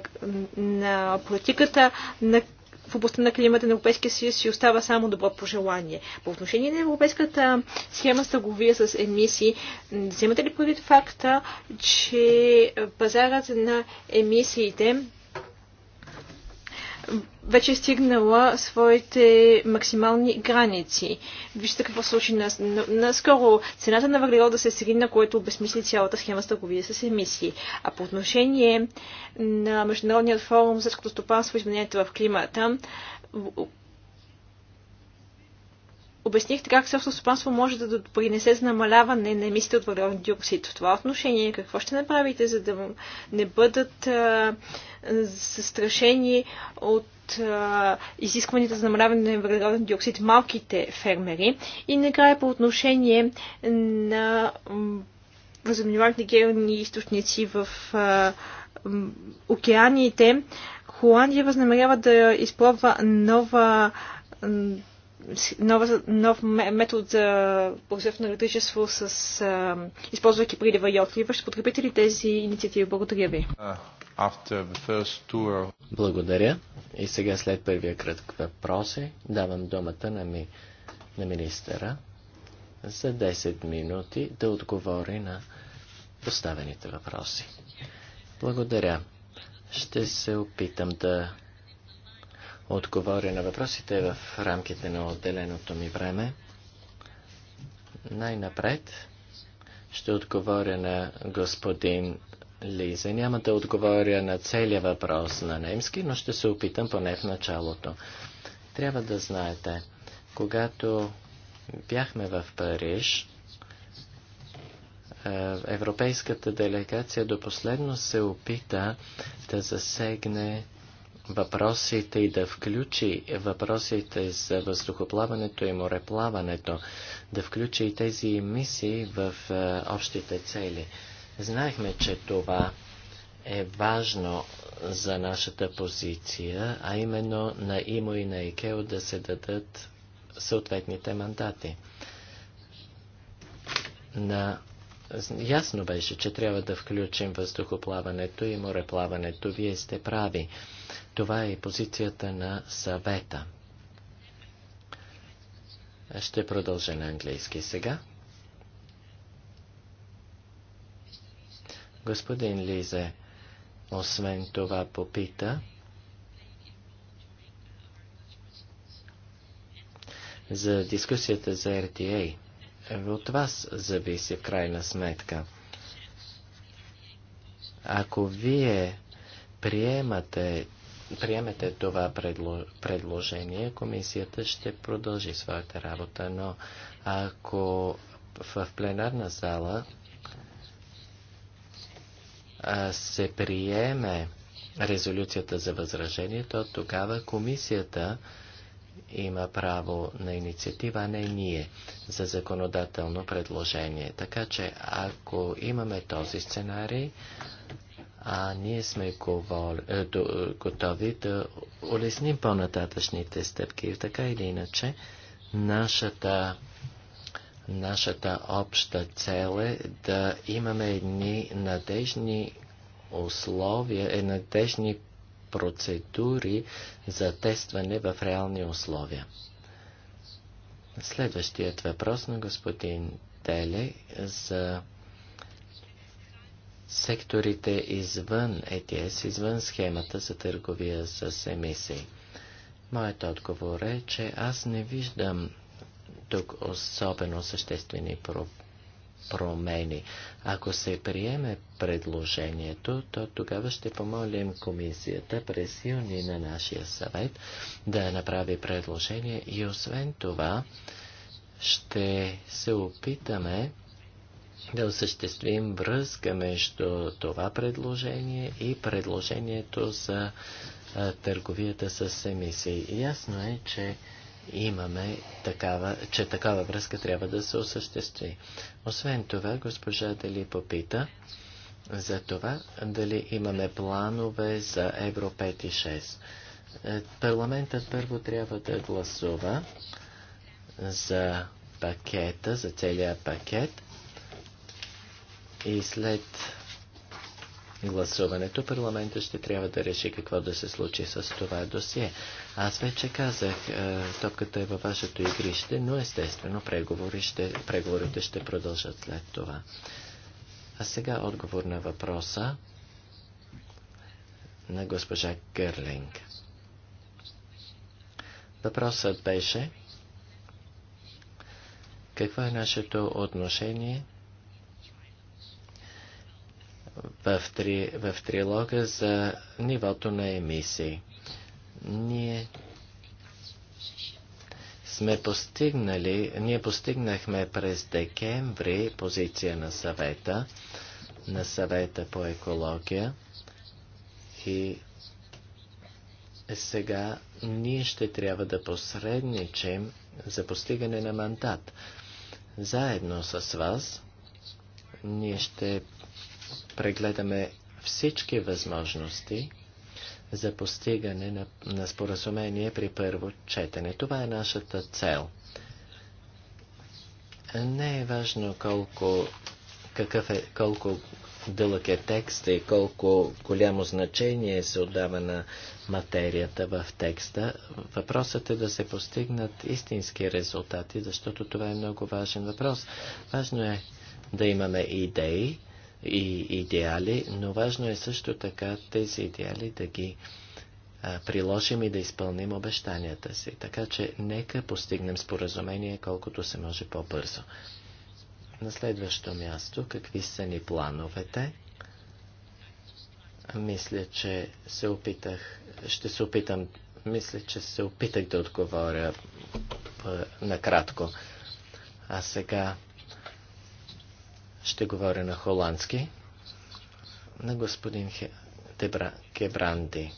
на политиката на в областта на климата на Европейския съюз си остава само добро пожелание. По отношение на европейската схема с търговия с емисии, вземате ли предвид факта, че пазарът на емисиите вече е стигнала своите максимални граници. Вижте какво се случи наскоро. Цената на въглерода се срина, което обезмисли цялата схема с търговия с емисии. А по отношение на Международният форум за стопанство и изменението в климата, обяснихте как селското стопанство може да допринесе за намаляване на емисиите от въглероден диоксид. В това отношение какво ще направите, за да не бъдат а, застрашени от а, изискванията за намаляване на въглероден диоксид малките фермери? И накрая по отношение на възобновяемите гелни източници в а, океаните, Холандия възнамерява да изпробва нова нова, нов метод за производство на електричество с а, използвайки прилива и отлива. Ще подкрепите ли тези инициативи? Благодаря ви. Uh, tour... Благодаря. И сега след първия кръг въпроси давам думата на, ми, на министъра за 10 минути да отговори на поставените въпроси. Благодаря. Ще се опитам да отговоря на въпросите в рамките на отделеното ми време. Най-напред ще отговоря на господин Лиза. Няма да отговоря на целият въпрос на немски, но ще се опитам поне в началото. Трябва да знаете, когато бяхме в Париж, е, европейската делегация до последно се опита да засегне въпросите и да включи въпросите за въздухоплаването и мореплаването, да включи и тези мисии в е, общите цели. Знаехме, че това е важно за нашата позиция, а именно на ИМО и на ИКЕО да се дадат съответните мандати. На... Ясно беше, че трябва да включим въздухоплаването и мореплаването. Вие сте прави. Това е позицията на съвета. Ще продължа на английски сега. Господин Лизе, освен това попита, за дискусията за RTA. От вас зависи в крайна сметка. Ако вие приемате приемете това предложение, комисията ще продължи своята работа, но ако в пленарна зала се приеме резолюцията за възражение, то тогава комисията има право на инициатива, а не ние, за законодателно предложение. Така че, ако имаме този сценарий, а ние сме е, готови да улесним по-нататъчните стъпки. Така или иначе, нашата, нашата обща цел е да имаме едни надежни условия, е надежни процедури за тестване в реални условия. Следващият въпрос на господин Теле за секторите извън ЕТС, извън схемата за търговия с емисии. Моят отговор е, че аз не виждам тук особено съществени проблеми промени. Ако се приеме предложението, то тогава ще помолим комисията през юни на нашия съвет да направи предложение и освен това ще се опитаме да осъществим връзка между това предложение и предложението за търговията с емисии. Ясно е, че имаме такава, че такава връзка трябва да се осъществи. Освен това, госпожа Дали попита за това дали имаме планове за Евро 5 и 6. Е, парламентът първо трябва да гласува за пакета, за целия пакет – и след гласуването парламента ще трябва да реши какво да се случи с това досие. Аз вече казах, е, топката е във вашето игрище, но естествено преговори ще, преговорите ще продължат след това. А сега отговор на въпроса на госпожа Гърлинг. Въпросът беше какво е нашето отношение в, три, в трилога за нивото на емисии. Ние сме постигнали, ние постигнахме през декември позиция на съвета, на съвета по екология и сега ние ще трябва да посредничим за постигане на мандат. Заедно с вас ние ще прегледаме всички възможности за постигане на, на споразумение при първо четене. Това е нашата цел. Не е важно колко, какъв е, колко дълъг е текста и колко голямо значение се отдава на материята в текста. Въпросът е да се постигнат истински резултати, защото това е много важен въпрос. Важно е да имаме идеи, и идеали, но важно е също така тези идеали да ги а, приложим и да изпълним обещанията си. Така че нека постигнем споразумение колкото се може по-бързо. На следващо място, какви са ни плановете? Мисля, че се опитах, ще се опитам, мисля, че се опитах да отговоря накратко. А сега ще говоря на холандски на господин Тебра Кебранди.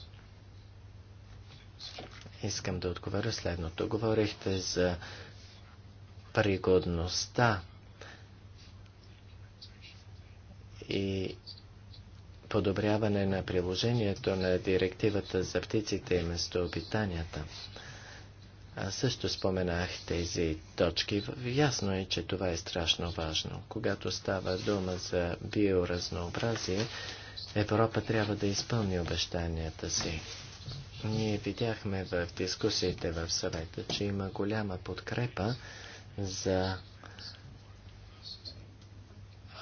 Искам да отговоря следното. Говорихте за пригодността и подобряване на приложението на директивата за птиците и местообитанията. Аз също споменах тези точки. Ясно е, че това е страшно важно. Когато става дума за биоразнообразие, Европа трябва да изпълни обещанията си. Ние видяхме в дискусиите в съвета, че има голяма подкрепа за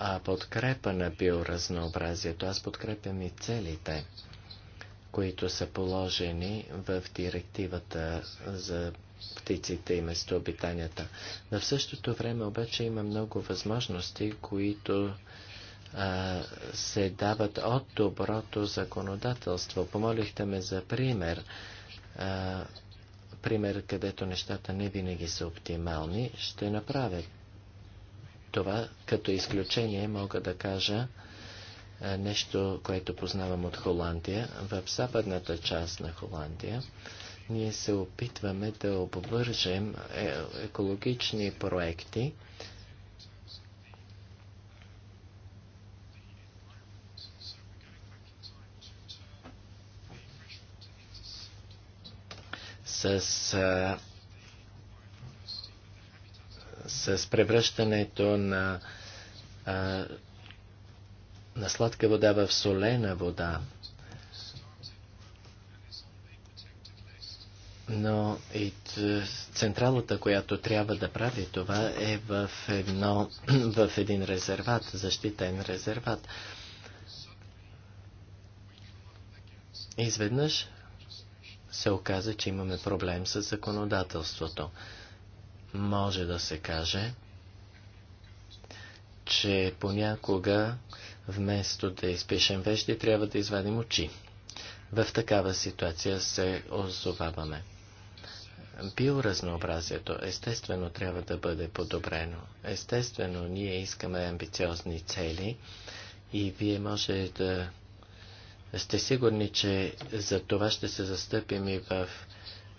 а подкрепа на биоразнообразието. Аз подкрепям и целите които са положени в директивата за птиците и местообитанията. На в същото време обаче има много възможности, които а, се дават от доброто законодателство. Помолихте ме за пример. А, пример, където нещата не винаги са оптимални, ще направя това като изключение мога да кажа е, нещо, което познавам от Холандия. В западната част на Холандия ние се опитваме да обвържем е, екологични проекти с, е, с превръщането на на сладка вода в солена вода. Но и централата, която трябва да прави това е в, едно, в един резерват, защитен резерват. Изведнъж се оказа, че имаме проблем с законодателството. Може да се каже, че понякога Вместо да изпишем вещи, трябва да извадим очи. В такава ситуация се озоваваме. Биоразнообразието естествено трябва да бъде подобрено. Естествено, ние искаме амбициозни цели и вие може да сте сигурни, че за това ще се застъпим и в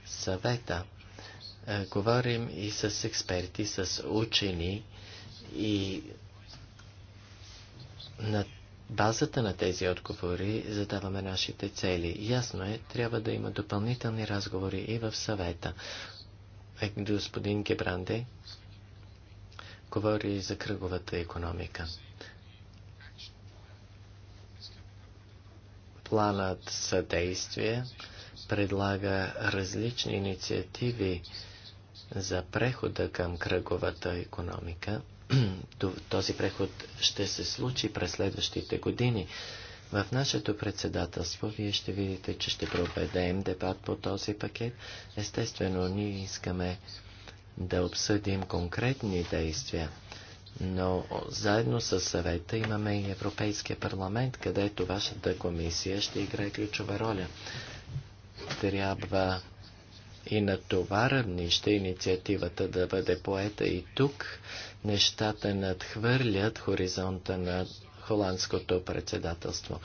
съвета. Е, говорим и с експерти, с учени и на базата на тези отговори задаваме нашите цели. Ясно е, трябва да има допълнителни разговори и в съвета. Е, господин Гебранде говори за кръговата економика. Планът съдействие предлага различни инициативи за прехода към кръговата економика – този преход ще се случи през следващите години. В нашето председателство вие ще видите, че ще проведем дебат по този пакет. Естествено, ние искаме да обсъдим конкретни действия, но заедно с съвета имаме и Европейския парламент, където вашата комисия ще играе ключова роля. Трябва и на това равнище инициативата да бъде поета и тук нещата надхвърлят хоризонта на холандското председателство.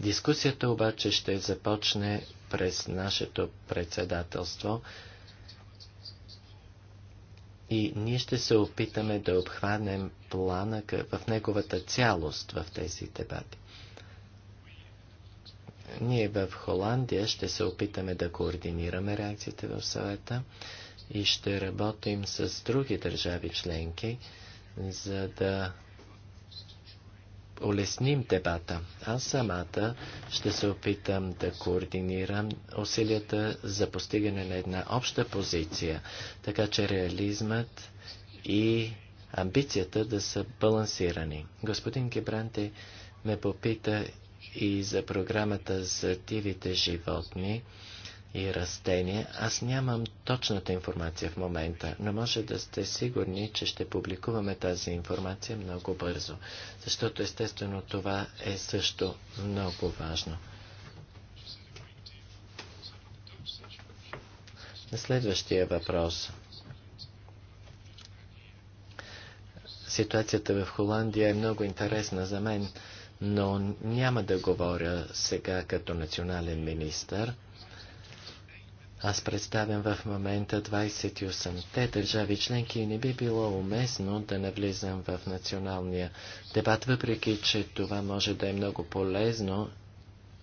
Дискусията обаче ще започне през нашето председателство и ние ще се опитаме да обхванем плана в неговата цялост в тези дебати. Ние в Холандия ще се опитаме да координираме реакциите в съвета и ще работим с други държави членки, за да улесним дебата. Аз самата ще се опитам да координирам усилията за постигане на една обща позиция, така че реализмът и амбицията да са балансирани. Господин Гебранте ме попита и за програмата за дивите животни и растения, аз нямам точната информация в момента, но може да сте сигурни, че ще публикуваме тази информация много бързо, защото естествено това е също много важно. На следващия въпрос. Ситуацията в Холандия е много интересна за мен – но няма да говоря сега като национален министър. Аз представям в момента 28-те държави членки и не би било уместно да навлизам в националния дебат, въпреки че това може да е много полезно,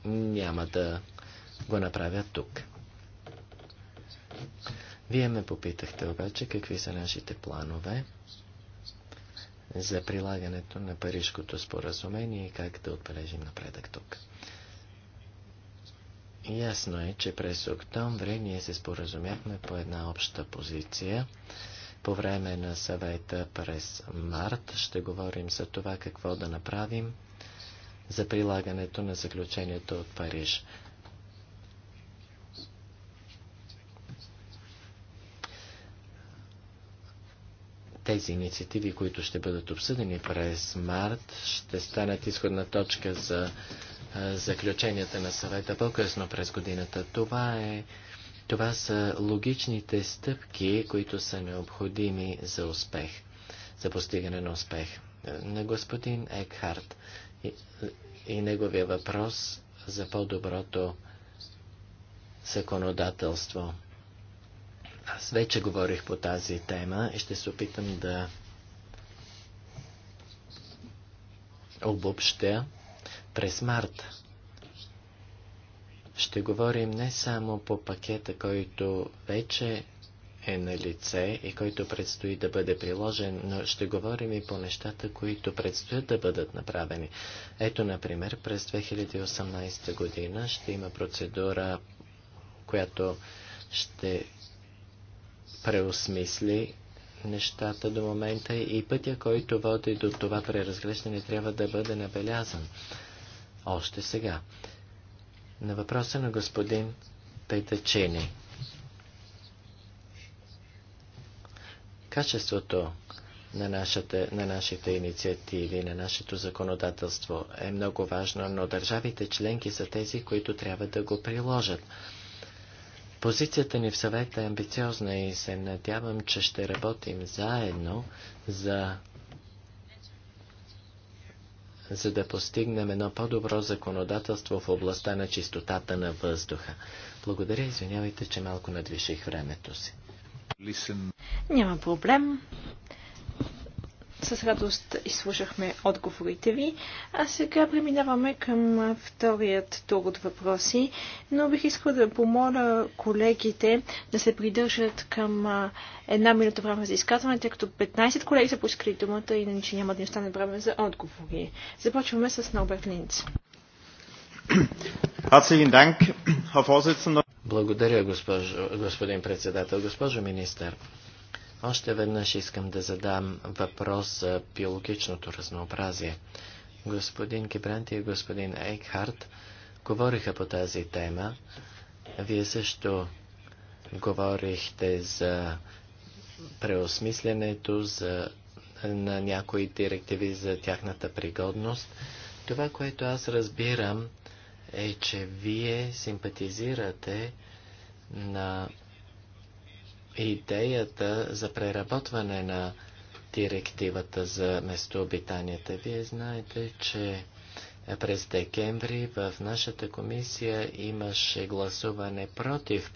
няма да го направя тук. Вие ме попитахте обаче какви са нашите планове за прилагането на Парижското споразумение и как да отбележим напредък тук. Ясно е, че през октомври ние се споразумяхме по една обща позиция. По време на съвета през март ще говорим за това какво да направим за прилагането на заключението от Париж. тези инициативи, които ще бъдат обсъдени през март, ще станат изходна точка за заключенията на съвета по-късно през годината. Това, е, това са логичните стъпки, които са необходими за успех, за постигане на успех. На господин Екхарт и, и неговия въпрос за по-доброто законодателство. Аз вече говорих по тази тема и ще се опитам да обобщя през март. Ще говорим не само по пакета, който вече е на лице и който предстои да бъде приложен, но ще говорим и по нещата, които предстоят да бъдат направени. Ето, например, през 2018 година ще има процедура, която ще преосмисли нещата до момента и пътя, който води до това преразглеждане, трябва да бъде набелязан. Още сега. На въпроса на господин Петъчени. Качеството на, нашата, на нашите инициативи, на нашето законодателство е много важно, но държавите членки са тези, които трябва да го приложат. Позицията ни в съвета е амбициозна и се надявам, че ще работим заедно за за да постигнем едно по-добро законодателство в областта на чистотата на въздуха. Благодаря, извинявайте, че малко надвиших времето си. Listen. Няма проблем. С радост изслушахме отговорите ви. А сега преминаваме към вторият тур от въпроси, но бих искала да помоля колегите да се придържат към една минута време за изказване, тъй като 15 колеги са поискали думата, иначе няма да ни остане време за отговори. Започваме с Норберт Линц. Благодаря, госпожо, господин председател. Госпожо министър, още веднъж искам да задам въпрос за биологичното разнообразие. Господин Кибранти и господин Ейкхарт говориха по тази тема. Вие също говорихте за преосмисленето за, на някои директиви за тяхната пригодност. Това, което аз разбирам, е, че вие симпатизирате на идеята за преработване на директивата за местообитанията. Вие знаете, че през декември в нашата комисия имаше гласуване против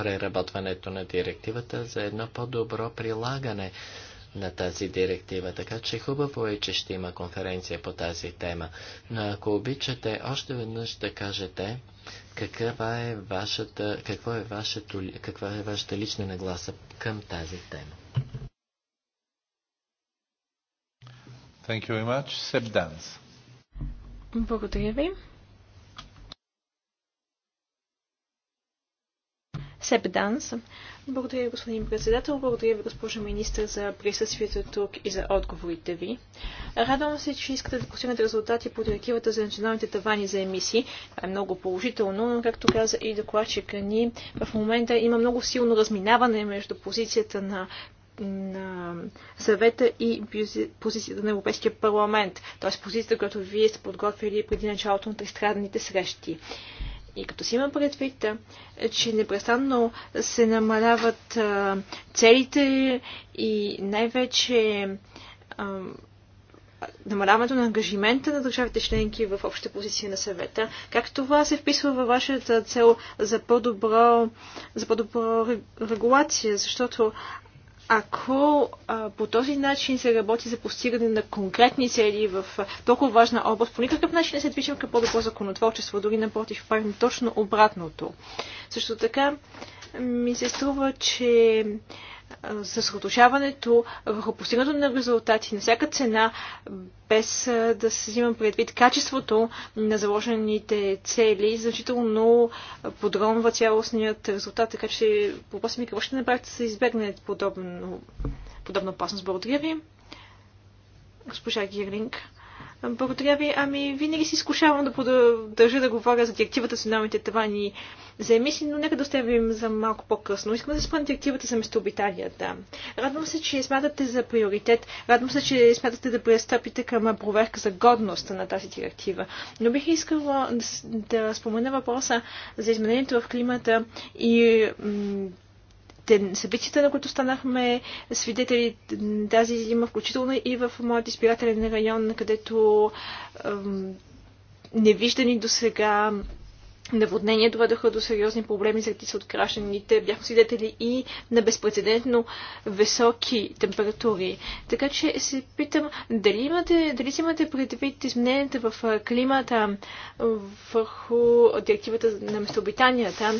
преработването на директивата за едно по-добро прилагане на тази директива. Така че хубаво е, че ще има конференция по тази тема. Но ако обичате, още веднъж да кажете каква е вашата, какво е вашето, каква е вашата лична нагласа към тази тема? Thank you very much. Seb Dance. Благодаря ви. Себ Данс. Благодаря ви, господин председател. Благодаря ви, госпожо министр, за присъствието тук и за отговорите ви. Радвам се, че искате да постигнете резултати по директивата за националните тавани за емисии. Това е много положително, но както каза и докладчика ни, в момента има много силно разминаване между позицията на на съвета и позицията на Европейския парламент, т.е. позицията, която вие сте подготвили преди началото на тристранните срещи. И като си има предвид, че непрестанно се намаляват целите и най-вече намаляването на ангажимента на държавите членки в обща позиция на съвета. Как това се вписва във вашата цел за по добра за по регулация? Защото ако а, по този начин се работи за постигане на конкретни цели в толкова важна област, по никакъв начин не се движим към по-добро законотворчество, дори напротив, правим точно обратното. Също така ми се струва, че съсредоточаването върху постигането на резултати на всяка цена, без да се взима предвид качеството на заложените цели, значително подронва цялостният резултат, така че въпроса ми какво ще направите да се избегне подобна опасност. Благодаря ви. Госпожа Гирлинг. Благодаря ви. Ами, винаги си изкушавам да продължа да говоря за директивата с новите тавани за емисии, но нека да оставим за малко по-късно. Искам да се спомня директивата за местообитанията. Радвам се, че смятате за приоритет. Радвам се, че смятате да престъпите към проверка за годност на тази директива. Но бих искала да, да спомена въпроса за изменението в климата и събитията, на които станахме свидетели тази зима, включително и в моят избирателен район, където невиждани до сега наводнения доведоха до сериозни проблеми сред от гражданите. Бяхме свидетели и на безпредседентно високи температури. Така че се питам, дали, имате, дали си имате предвид измененията в климата върху директивата на местообитанията,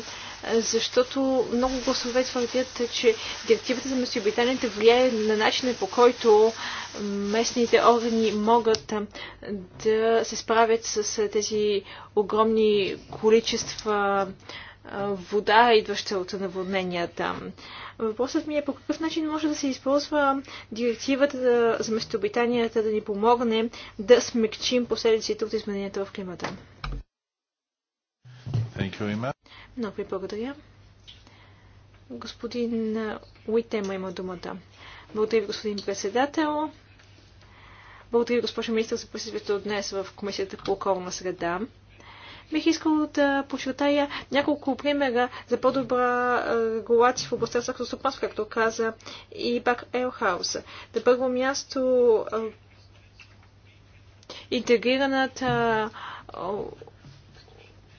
защото много гласове твърдят, че директивата за местообитанията влияе на начина по който местните органи могат да се справят с тези огромни количества вода, идваща от наводненията. Въпросът ми е по какъв начин може да се използва директивата за местообитанията да ни помогне да смекчим последиците от измененията в климата. Много ви благодаря. Господин Уитема има думата. Благодаря ви, господин председател. Благодаря, госпожо министър, за присъствието днес в Комисията по околна среда. Бих искал да почертая няколко примера за по-добра регулация в областта на стопанство, както каза и Бак Елхаус. На първо място интегрираната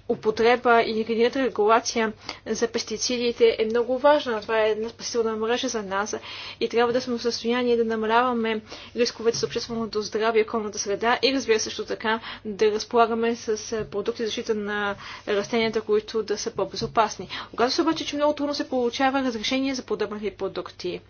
употреба и енергийната регулация за пестицидите е много важна. Това е една спасителна мрежа за нас и трябва да сме в състояние да намаляваме рисковете за общественото здраве и околната среда и разбира също така да разполагаме с продукти за защита на растенията, които да са по-безопасни. Оказва се обаче, че много трудно се получава разрешение за подобни продукти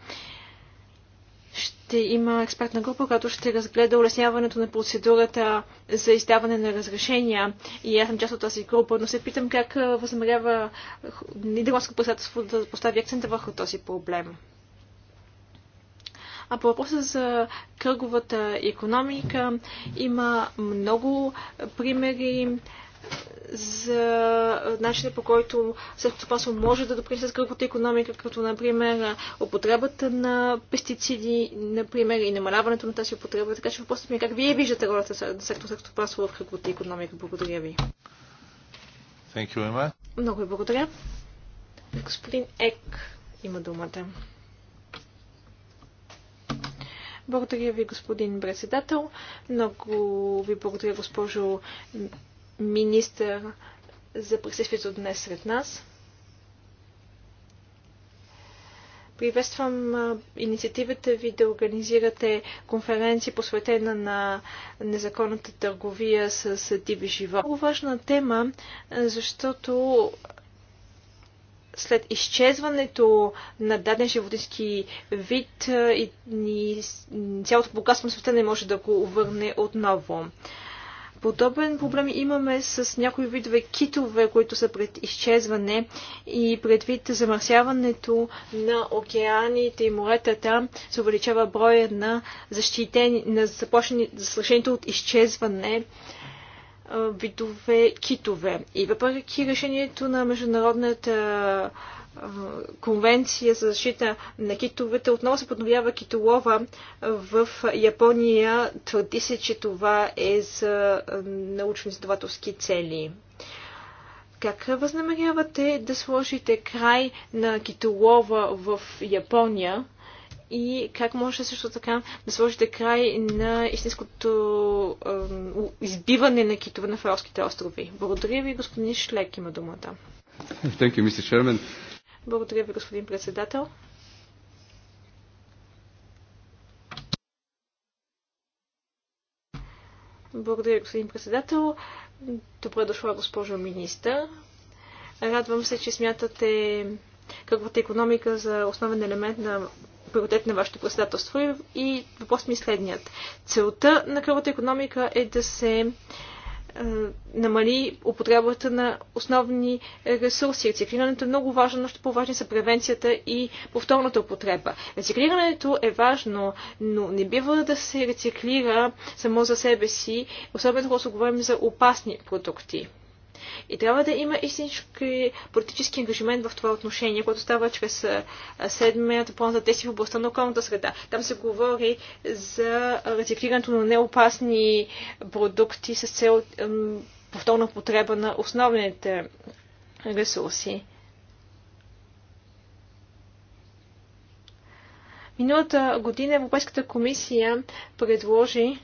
ще има експертна група, която ще разгледа улесняването на процедурата за издаване на разрешения. И аз съм част от тази група, но се питам как възнамерява Нидерландско председателство да постави акцента върху този проблем. А по въпроса за кръговата економика има много примери за начина по който селскостопанство може да допринесе с кръгота економика, като например употребата на пестициди, например и намаляването на тази употреба. Така че въпросът ми е как вие виждате ролята на сектор пасло в кръгота економика. Благодаря ви. Thank you, Emma. Много ви благодаря. Господин Ек има думата. Благодаря ви, господин председател. Много ви благодаря, госпожо министър за присъствието днес сред нас. Приветствам инициативата ви да организирате конференция посветена на незаконната търговия с диви живот. Много важна тема, защото след изчезването на даден животински вид и, и цялото богатство на света не може да го върне отново. Подобен проблем имаме с някои видове китове, които са пред изчезване и предвид замърсяването на океаните и моретата се увеличава броя на защитени, на заплашените от изчезване видове китове. И въпреки решението на Международната конвенция за защита на китовете. Отново се подновява китолова в Япония. Твърди се, че това е за научно-издавателски цели. Как възнамерявате да сложите край на китолова в Япония? И как може също така да сложите край на истинското избиване на китове на Фаровските острови? Благодаря ви, господин Шлек има думата. Thank you, Mr. Chairman. Благодаря ви, господин председател. Благодаря, господин председател. Добре дошла, госпожо министър. Радвам се, че смятате каквата е економика за основен елемент на приоритет на вашето председателство и въпрос ми е следният. Целта на кръвната е економика е да се намали употребата на основни ресурси. Рециклирането е много важно, но ще по-важни са превенцията и повторната употреба. Рециклирането е важно, но не бива да се рециклира само за себе си, особено когато говорим за опасни продукти. И трябва да има истински политически ангажимент в това отношение, което става чрез седмият план за действие в областта на околната среда. Там се говори за рециклирането на неопасни продукти с цел повторна потреба на основните ресурси. Миналата година Европейската комисия предложи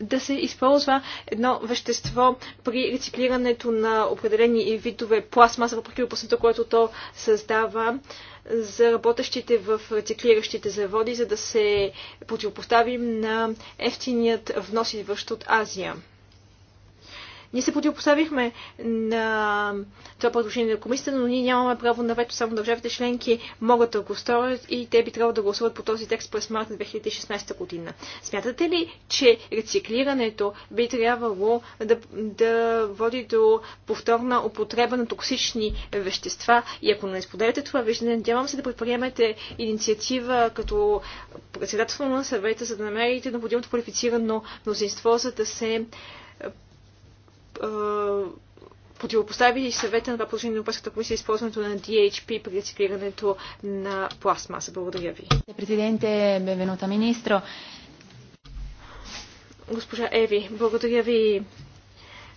да се използва едно вещество при рециклирането на определени видове пластмаса, въпреки опасността, което то създава за работещите в рециклиращите заводи, за да се противопоставим на ефтиният внос, идващ от Азия. Ние се противопоставихме на това предложение на комисията, но ние нямаме право на вето, само държавите членки могат да го сторят и те би трябвало да гласуват по този текст през март 2016 година. Смятате ли, че рециклирането би трябвало да, да води до повторна употреба на токсични вещества? И ако не споделяте това виждане, надявам се да предприемете инициатива като председател на съвета, за да намерите необходимото квалифицирано мнозинство, за да се противопостави съвета на това положение на Европейската комисия използването на DHP при рециклирането на пластмаса. Благодаря ви. Президенте, бенвенута министро. Госпожа Еви, благодаря ви,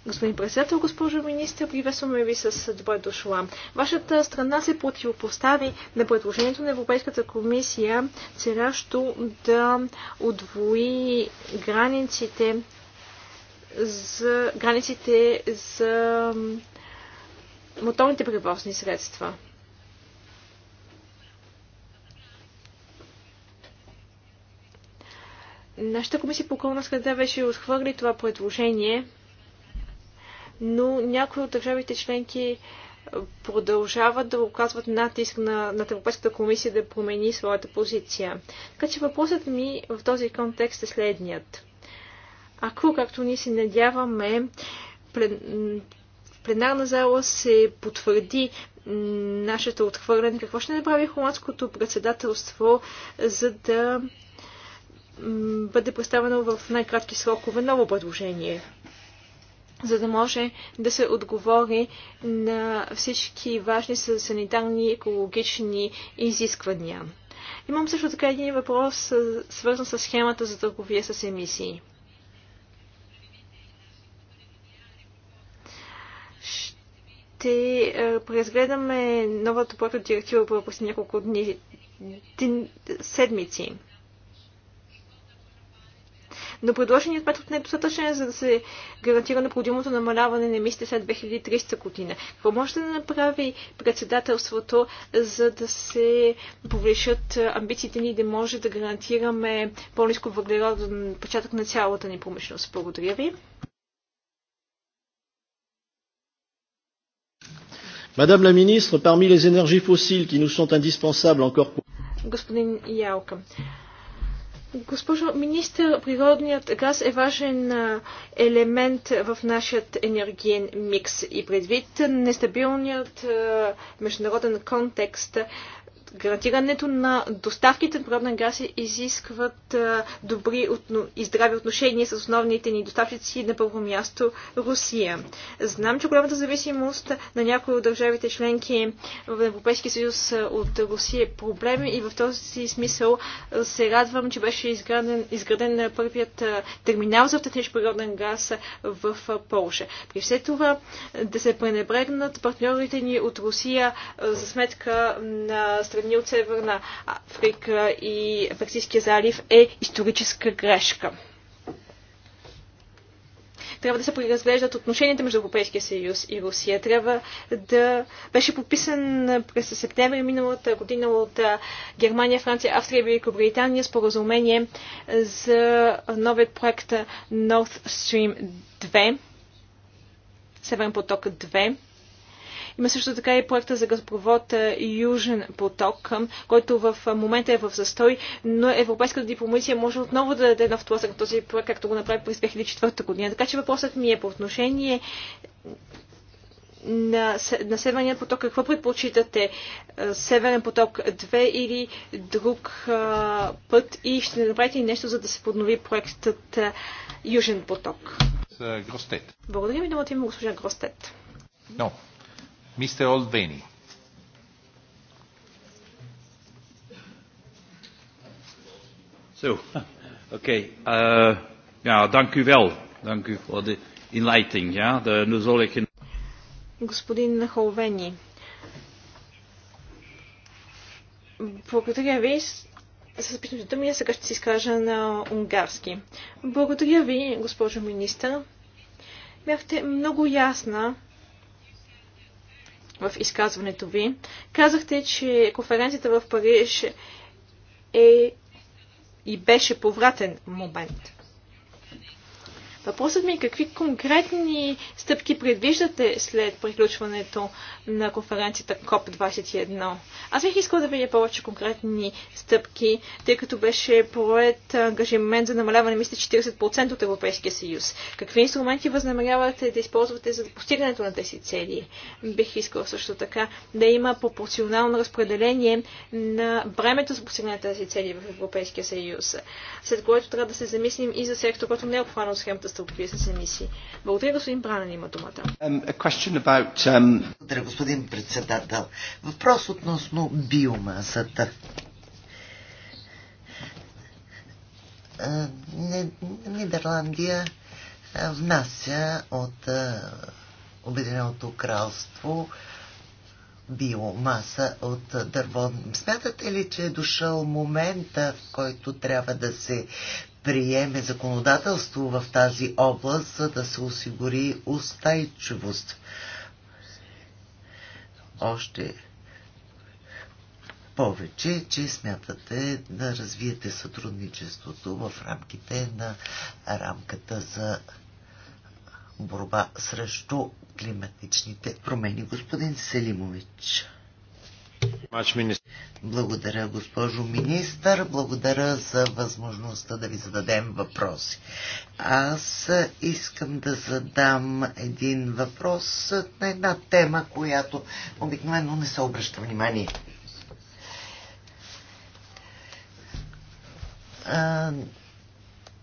Господин председател, госпожо министър, приветстваме ви с добре дошла. Вашата страна се противопостави на предложението на Европейската комисия, целящо да отвои границите за границите за моторните превозни средства. Нашата комисия по околна среда беше отхвърли това предложение, но някои от държавите членки продължават да оказват натиск на, на Европейската комисия да промени своята позиция. Така че въпросът ми в този контекст е следният ако, както ние се надяваме, в пленарна зала се потвърди нашето отхвърляне, какво ще направи холандското председателство, за да бъде представено в най-кратки срокове ново предложение, за да може да се отговори на всички важни санитарни и екологични изисквания. Имам също така един въпрос, свързан с схемата за търговия с емисии. ще е, преразгледаме новата проекта директива през няколко дни, седмици. Но предложеният метод не е достатъчен, за да се гарантира необходимото намаляване на емисиите след 2300 година. Какво може да направи председателството, за да се повишат амбициите ни и да може да гарантираме по-низко въглероден початък на цялата ни промишленост? Благодаря ви. Madame la ministre, parmi les énergies fossiles qui nous sont indispensables encore pour... Господин Ялка. Госпожо министър, природният газ е важен елемент в нашия енергиен микс и предвид нестабилният международен контекст гарантирането на доставките на природен газ изискват добри и здрави отношения с основните ни доставчици на първо място Русия. Знам, че голямата зависимост на някои от държавите членки в Европейския съюз от Русия е проблем и в този смисъл се радвам, че беше изграден, изграден първият терминал за втечен природен газ в Полша. При все това да се пренебрегнат партньорите ни от Русия за сметка на страни страни от Северна Африка и Персийския залив е историческа грешка. Трябва да се преразглеждат отношенията между Европейския съюз и Русия. Трябва да беше подписан през септември миналата година от Германия, Франция, Австрия и Великобритания споразумение за новият проект North Stream 2, Северен поток 2 има също така и проекта за газопровод е, Южен поток, който в момента е в застой, но европейската дипломация може отново да даде нов тласък на този проект, както го направи през 2004 година. Така че въпросът ми е по отношение на, на Северния поток, какво предпочитате? Е, Северен поток 2 или друг а, път и ще направите ли нещо, за да се поднови проектът е, Южен поток? Гростет. Благодаря ви, думата има госпожа Гростет. No, Mr. Olveni. Zo, oké. Okay. Uh, eh, ja, dank u wel. Dank u voor de inleiding. Ja, de, nu zal ik... Господин Холвени, благодаря ви. С питането ми, сега ще си изкажа на унгарски. Благодаря ви, госпожо министър. Бяхте много ясна в изказването ви. Казахте, че конференцията в Париж е и беше повратен момент. Въпросът ми е какви конкретни стъпки предвиждате след приключването на конференцията КОП-21? Аз бих искала да видя повече конкретни стъпки, тъй като беше проект ангажимент за намаляване, мисля, 40% от Европейския съюз. Какви инструменти възнамерявате да използвате за постигането на тези цели? Бих искала също така да има пропорционално разпределение на бремето за постигане на тези цели в Европейския съюз. След което трябва да се замислим и за сектор, който не е обхванал схемата се с емисии. Благодаря, господин Бранен има думата. Благодаря, господин председател. Въпрос относно биомасата. Е, Нидерландия внася от е, Обединеното кралство биомаса от дърво. Смятате ли, че е дошъл момента, в който трябва да се приеме законодателство в тази област, за да се осигури устойчивост. Още повече, че смятате да развиете сътрудничеството в рамките на рамката за борба срещу климатичните промени. Господин Селимович. Благодаря, госпожо министър. Благодаря за възможността да ви зададем въпроси. Аз искам да задам един въпрос на една тема, която обикновено не се обръща внимание.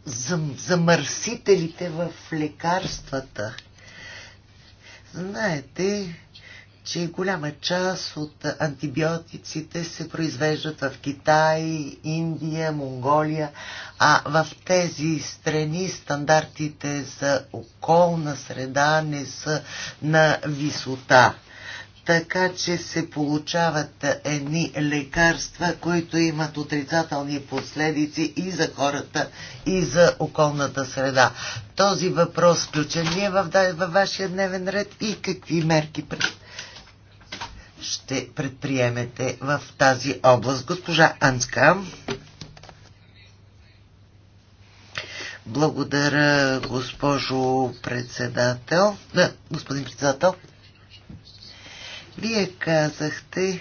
замърсителите в лекарствата. Знаете, че голяма част от антибиотиците се произвеждат в Китай, Индия, Монголия, а в тези страни стандартите за околна среда не са на висота. Така че се получават едни лекарства, които имат отрицателни последици и за хората, и за околната среда. Този въпрос включен ли е във вашия дневен ред и какви мерки предприемате? ще предприемете в тази област. Госпожа Анска. Благодаря, госпожо председател. Да, господин председател. Вие казахте,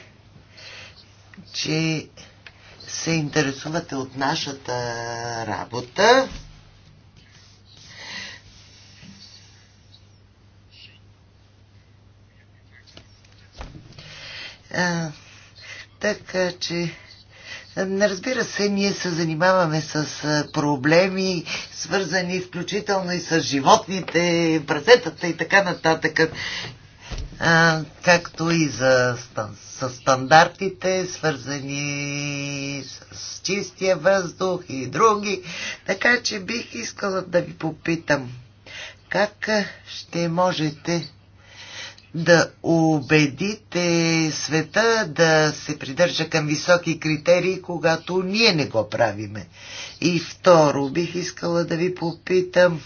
че се интересувате от нашата работа А, така че, разбира се, ние се занимаваме с проблеми, свързани включително и с животните, прасетата и така нататък. А, както и за с стандартите, свързани с чистия въздух и други. Така че бих искала да ви попитам, как ще можете да убедите света да се придържа към високи критерии, когато ние не го правиме. И второ, бих искала да ви попитам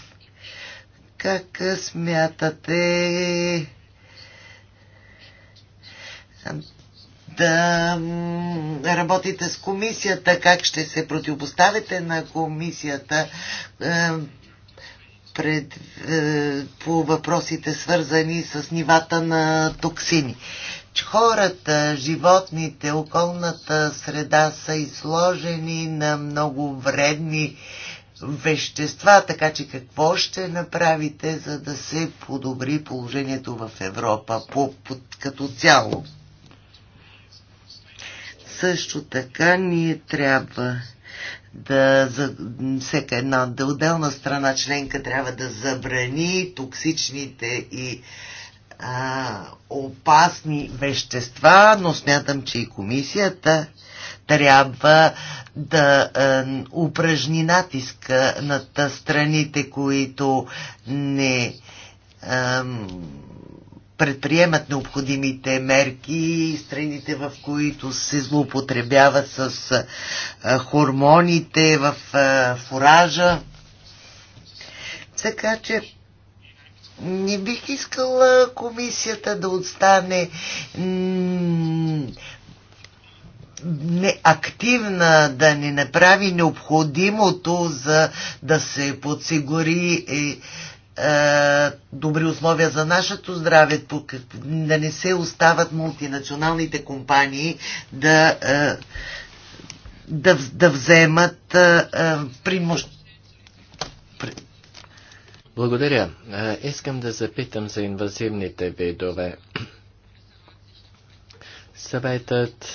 как смятате да работите с комисията, как ще се противопоставите на комисията е, пред, е, по въпросите свързани с нивата на токсини. Хората, животните, околната среда са изложени на много вредни вещества, така че какво ще направите, за да се подобри положението в Европа по, по, като цяло? Също така ние трябва да, за, всека една да отделна страна членка трябва да забрани токсичните и а, опасни вещества, но смятам, че и комисията трябва да а, упражни натиска над страните, които не а, предприемат необходимите мерки и страните, в които се злоупотребява с хормоните в фуража. Така че не бих искала комисията да отстане неактивна, да не направи необходимото за да се подсигури е, е, добри условия за нашето здраве, да не се остават мултинационалните компании да, е, да, да вземат е, примощ. Благодаря. Искам да запитам за инвазивните видове. Съветът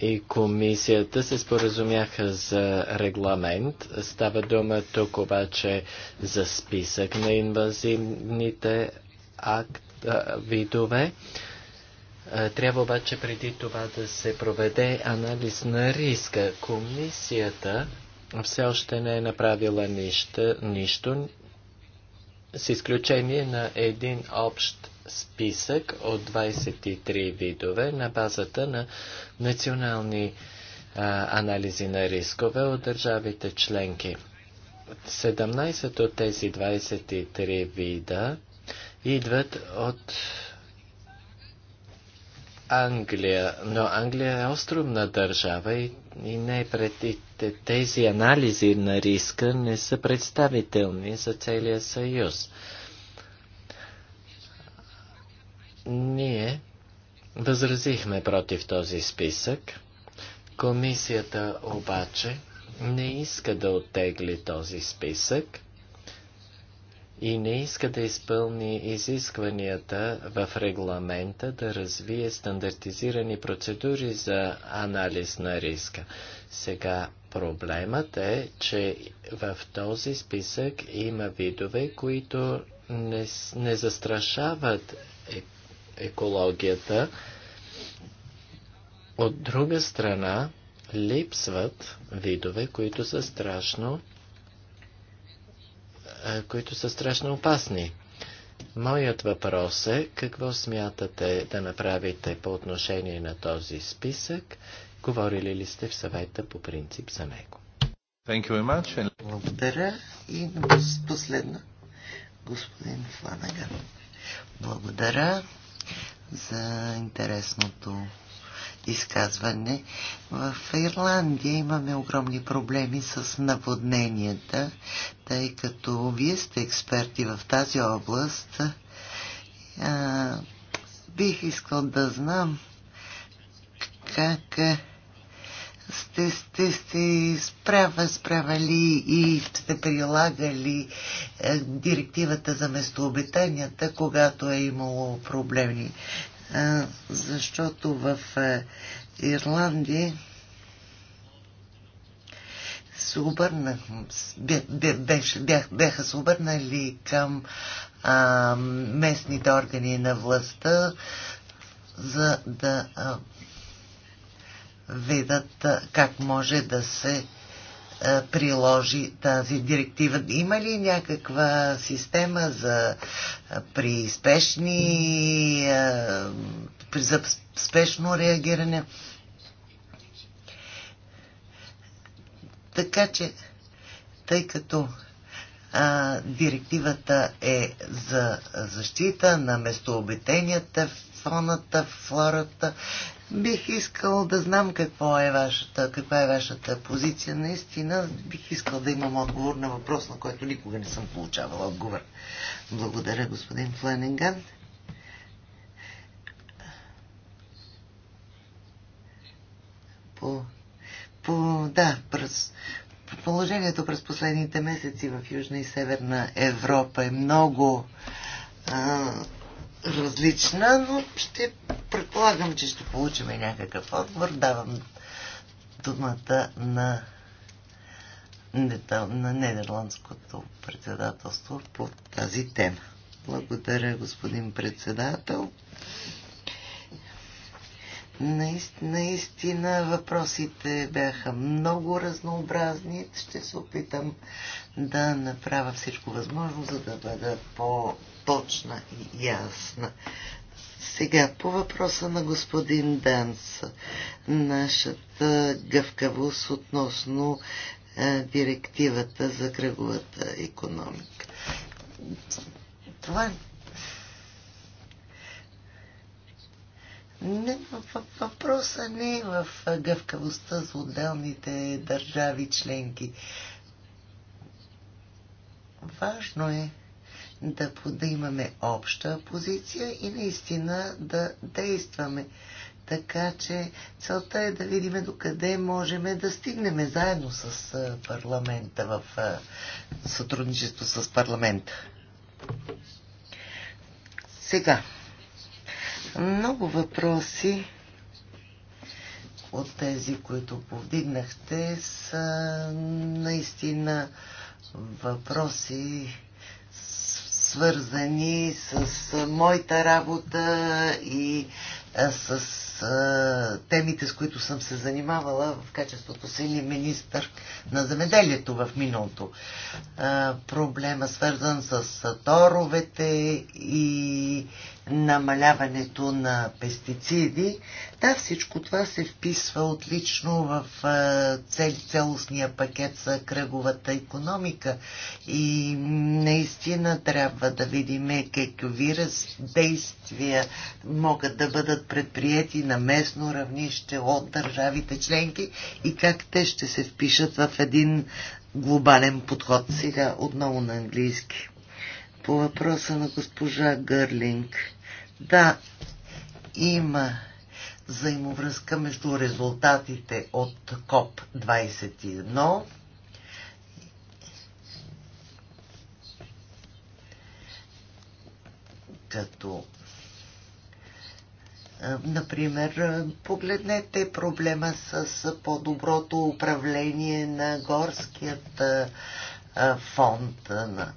и комисията се споразумяха за регламент. Става дума тук обаче за списък на инвазивните акт, а, видове. Трябва обаче преди това да се проведе анализ на риска. Комисията все още не е направила нищо, нищо с изключение на един общ списък от 23 видове на базата на национални а, анализи на рискове от държавите членки. 17 от тези 23 вида идват от Англия, но Англия е островна държава и, и не е пред, и тези анализи на риска не са представителни за целия съюз. Ние възразихме против този списък. Комисията обаче не иска да оттегли този списък и не иска да изпълни изискванията в регламента да развие стандартизирани процедури за анализ на риска. Сега проблемът е, че в този списък има видове, които не, не застрашават екологията. От друга страна, липсват видове, които са страшно, които са страшно опасни. Моят въпрос е, какво смятате да направите по отношение на този списък? Говорили ли сте в съвета по принцип за него? Thank you very much. Благодаря и последно господин Фланаган. Благодаря за интересното изказване. В Ирландия имаме огромни проблеми с наводненията, тъй като вие сте експерти в тази област. А, бих искал да знам как сте, сте, сте справа, справали и сте прилагали е, директивата за местообитанията, когато е имало проблеми. Е, защото в е, Ирландия се обърнах, беше, бях, бяха се обърнали към а, местните органи на властта, за да а, видят как може да се приложи тази директива. Има ли някаква система за при спешни при за спешно реагиране? Така че, тъй като а, директивата е за защита на местообитенията, фоната, флората, Бих искал да знам какво е вашата, каква е вашата позиция. Наистина бих искал да имам отговор на въпрос, на който никога не съм получавал отговор. Благодаря, господин Фланинган. По, по, да, през, положението през последните месеци в Южна и Северна Европа е много а, различна, но ще предполагам, че ще получим някакъв отговор. Давам думата на, на Нидерландското председателство по тази тема. Благодаря, господин председател. Наистина въпросите бяха много разнообразни. Ще се опитам да направя всичко възможно, за да бъда по-точна и ясна. Сега по въпроса на господин Данс. Нашата гъвкавост относно е, директивата за кръговата економика. Това Не, въпроса не е в гъвкавостта за отделните държави членки. Важно е да, да имаме обща позиция и наистина да действаме. Така че целта е да видим докъде можем да стигнем заедно с парламента, в сътрудничество с парламента. Сега, много въпроси от тези, които повдигнахте, са наистина въпроси свързани с моята работа и с темите, с които съм се занимавала в качеството си или министър на земеделието в миналото. Проблема свързан с торовете и намаляването на пестициди. Да, всичко това се вписва отлично в цел, целостния пакет за кръговата економика и наистина трябва да видим какви действия могат да бъдат предприяти на местно равнище от държавите членки и как те ще се впишат в един глобален подход. Сега отново на английски по въпроса на госпожа Гърлинг. Да, има взаимовръзка между резултатите от КОП-21 като Например, погледнете проблема с по-доброто управление на горският фонд на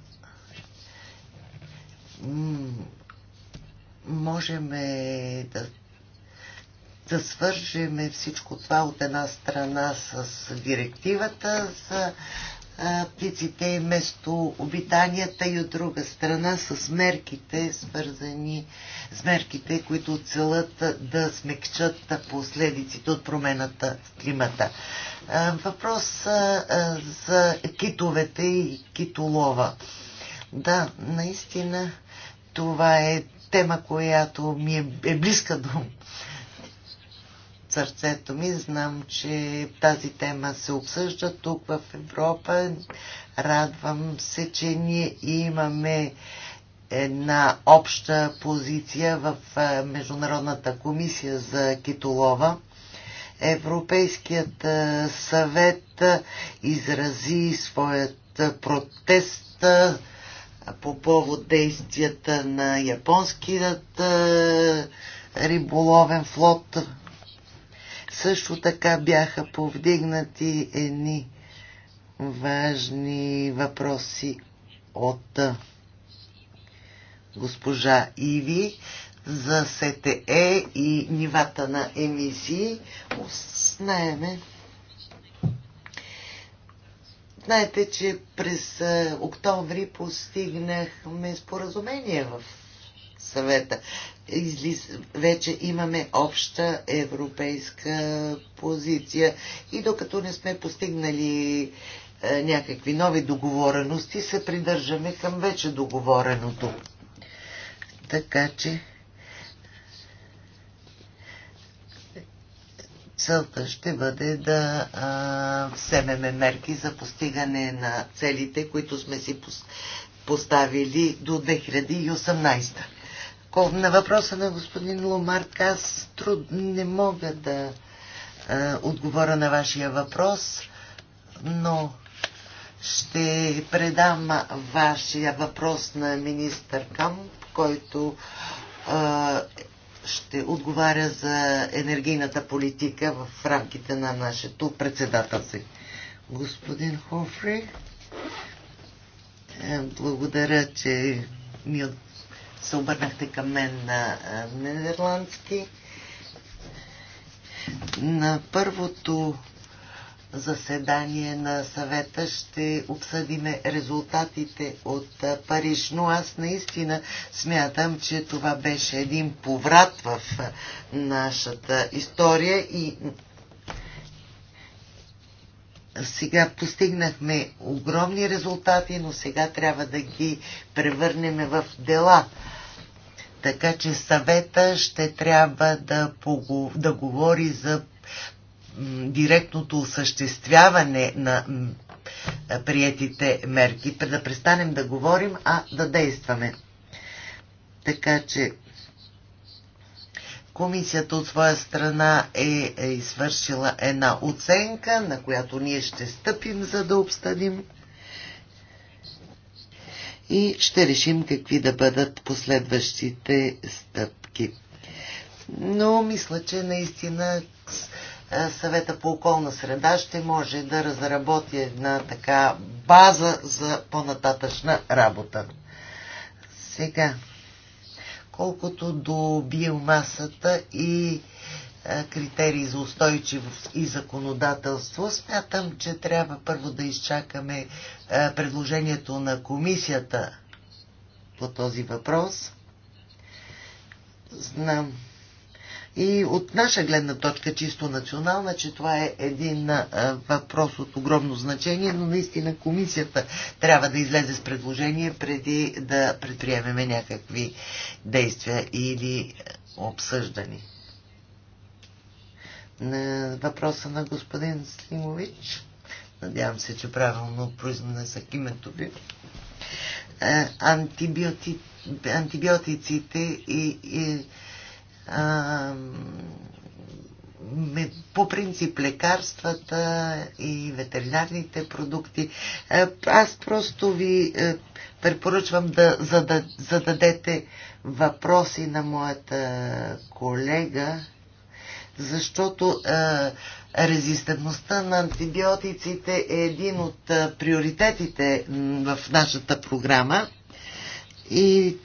можем да, да свържем всичко това от една страна с директивата за птиците и обитанията и от друга страна с мерките, свързани с мерките, които целят да смекчат последиците от промената в климата. Въпрос за китовете и китолова. Да, наистина това е тема, която ми е, е близка до сърцето ми. Знам, че тази тема се обсъжда тук в Европа. Радвам се, че ние имаме една обща позиция в Международната комисия за китолова. Европейският съвет изрази своят протест по повод действията на японският е, риболовен флот. Също така бяха повдигнати едни важни въпроси от е, госпожа Иви за СТЕ и нивата на емисии. Знаеме, Знаете, че през октомври постигнахме споразумение в съвета. Излиз... Вече имаме обща европейска позиция и докато не сме постигнали е, някакви нови договорености, се придържаме към вече договореното. Така че целта ще бъде да а, вземеме мерки за постигане на целите, които сме си поставили до 2018. На въпроса на господин Ломарт, аз труд не мога да а, отговоря на вашия въпрос, но ще предам вашия въпрос на министър Кам, който а, ще отговаря за енергийната политика в рамките на нашето председателство. Господин Хофри, е, благодаря, че ми се обърнахте към мен на е, нидерландски. На първото заседание на съвета ще обсъдиме резултатите от Париж. Но аз наистина смятам, че това беше един поврат в нашата история и сега постигнахме огромни резултати, но сега трябва да ги превърнем в дела. Така че съвета ще трябва да, да говори за директното осъществяване на приятите мерки, да престанем да говорим, а да действаме. Така че комисията от своя страна е, е извършила една оценка, на която ние ще стъпим, за да обсъдим и ще решим какви да бъдат последващите стъпки. Но мисля, че наистина е, съвета по околна среда ще може да разработи една така база за по-нататъчна работа. Сега, колкото до биомасата и е, критерии за устойчивост и законодателство, смятам, че трябва първо да изчакаме е, предложението на комисията по този въпрос. Знам, и от наша гледна точка, чисто национална, че това е един въпрос от огромно значение, но наистина комисията трябва да излезе с предложение преди да предприемеме някакви действия или обсъждани. На въпроса на господин Слимович. Надявам се, че правилно произнесах името ви. Антибиоти... Антибиотиците и, и е, по принцип лекарствата и ветеринарните продукти. Е, аз просто ви е, препоръчвам да зададете въпроси на моята колега, защото резистентността на антибиотиците е един от приоритетите в нашата програма. И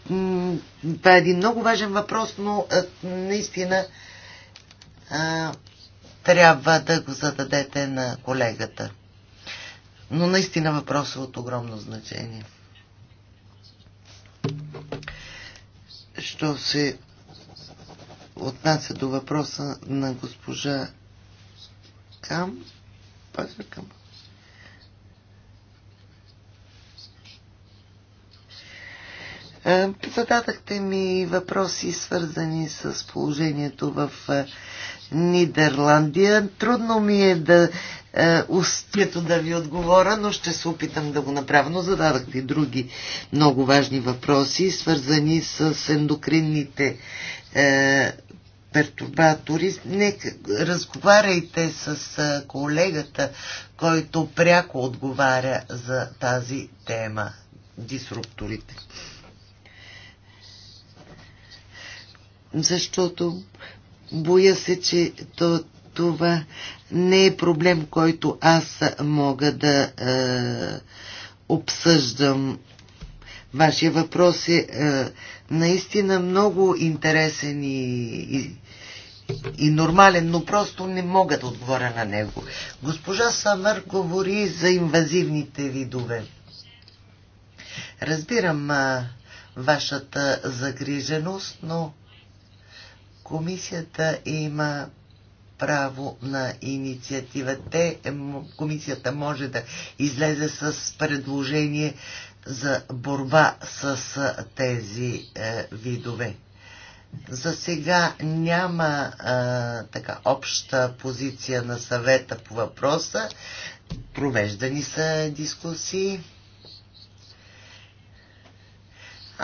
това е един много важен въпрос, но е, наистина а, трябва да го зададете на колегата. Но наистина въпросът е от огромно значение. Що се отнася до въпроса на госпожа Кам, Пазя Кам. Е, зададахте ми въпроси, свързани с положението в е, Нидерландия. Трудно ми е да е, успето да ви отговоря, но ще се опитам да го направя. Но зададахте други много важни въпроси, свързани с ендокринните пертурбатори. Нека разговаряйте с колегата, който пряко отговаря за тази тема дисрупторите. защото боя се, че то, това не е проблем, който аз мога да е, обсъждам. Вашия въпрос е, е наистина много интересен и, и, и нормален, но просто не мога да отговоря на него. Госпожа Самър говори за инвазивните видове. Разбирам а, вашата загриженост, но Комисията има право на инициатива. Те, комисията може да излезе с предложение за борба с тези е, видове. За сега няма е, така обща позиция на съвета по въпроса. Провеждани са дискусии.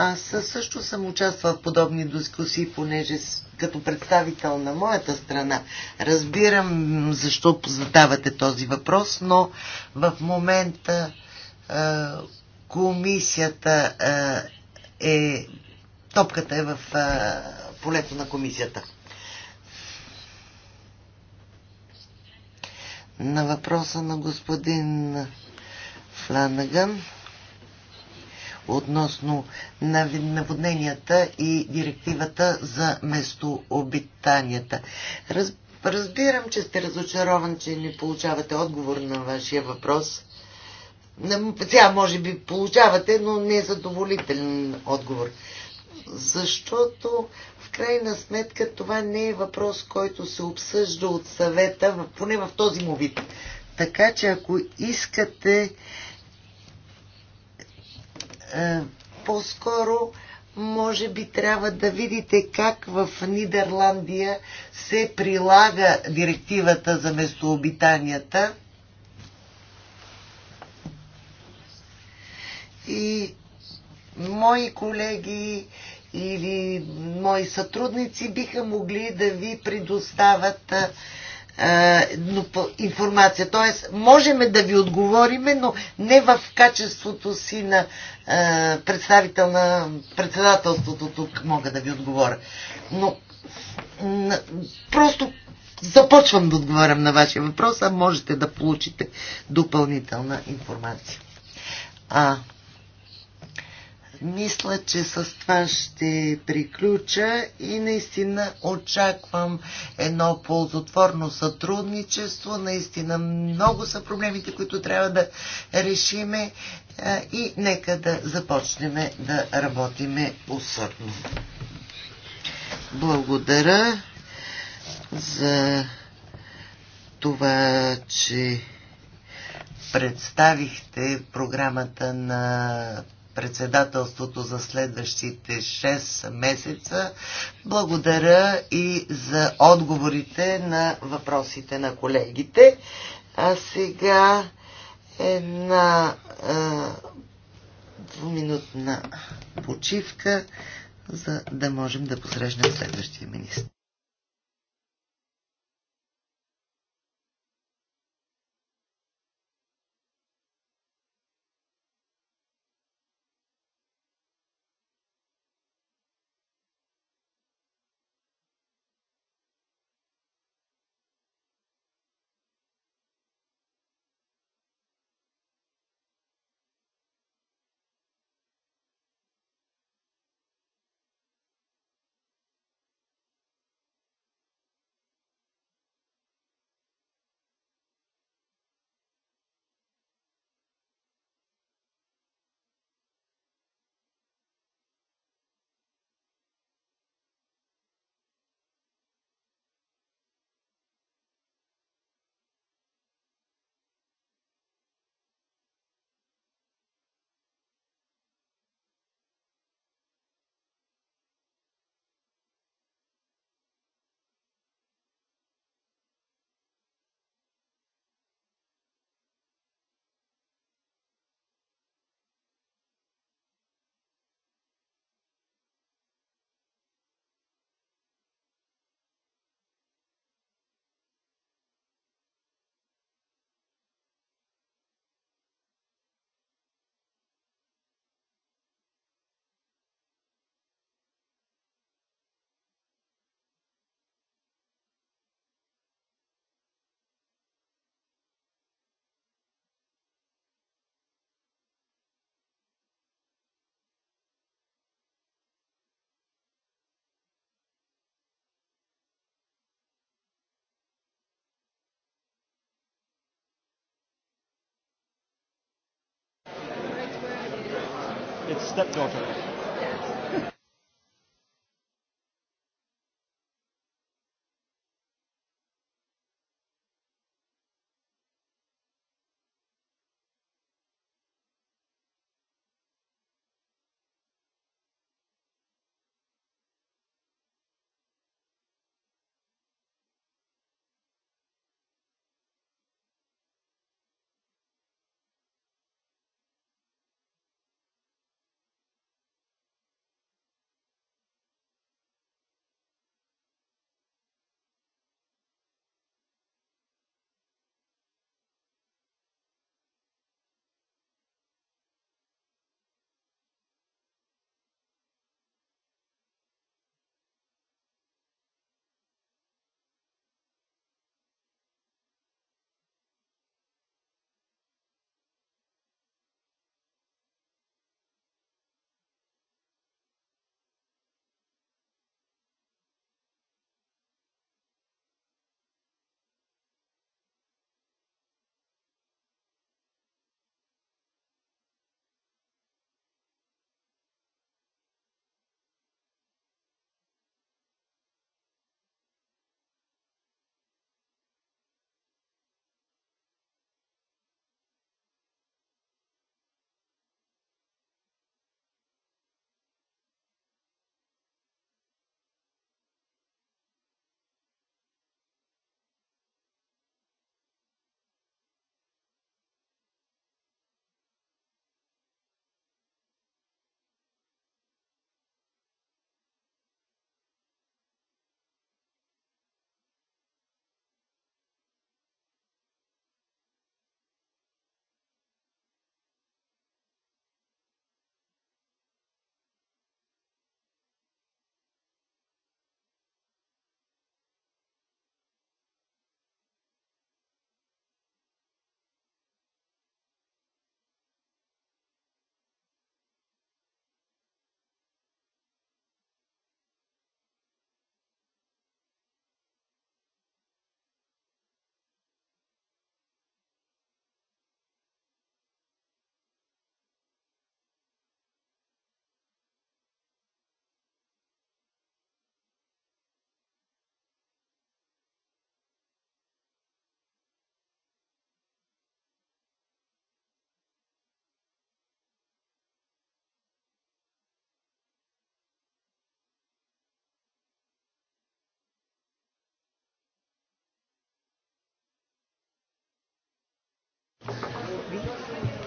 Аз също съм участвал в подобни дискусии, понеже като представител на моята страна разбирам защо задавате този въпрос, но в момента е, комисията е, е топката е в е, полето на комисията. На въпроса на господин Фланаган относно наводненията и директивата за местообитанията. Раз, разбирам, че сте разочарован, че не получавате отговор на вашия въпрос. Сега може би получавате, но не е задоволителен отговор. Защото в крайна сметка това не е въпрос, който се обсъжда от съвета, поне в този му вид. Така че ако искате е, по-скоро може би трябва да видите как в Нидерландия се прилага директивата за местообитанията. И мои колеги или мои сътрудници биха могли да ви предоставят е, е, информация. Тоест, можем да ви отговориме, но не в качеството си на е, представител на председателството тук мога да ви отговоря. Но просто започвам да отговарям на вашия въпрос, а можете да получите допълнителна информация. А, мисля, че с това ще приключа и наистина очаквам едно ползотворно сътрудничество. Наистина много са проблемите, които трябва да решиме и нека да започнем да работиме усърдно. Благодаря за това, че представихте програмата на председателството за следващите 6 месеца. Благодаря и за отговорите на въпросите на колегите. А сега една а, двуминутна почивка, за да можем да посрещнем следващия министр. stepdaughter.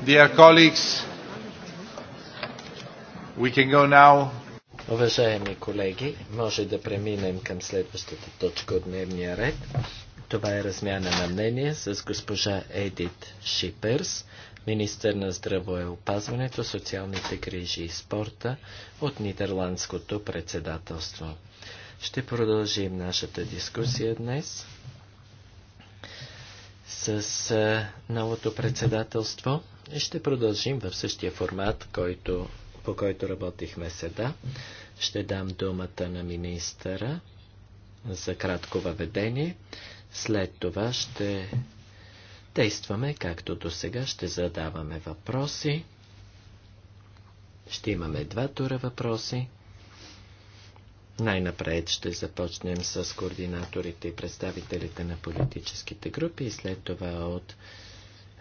Dear colleagues, we can go now. Уважаеми колеги, може да преминем към следващата точка от дневния ред. Това е размяна на мнение с госпожа Едит Шиперс, министър на здравоопазването, социалните грижи и спорта от Нидерландското председателство. Ще продължим нашата дискусия днес с новото председателство. Ще продължим в същия формат, който, по който работихме сега. Ще дам думата на министъра за кратко въведение. След това ще действаме както до сега. Ще задаваме въпроси. Ще имаме два тура въпроси. Най-напред ще започнем с координаторите и представителите на политическите групи и след това от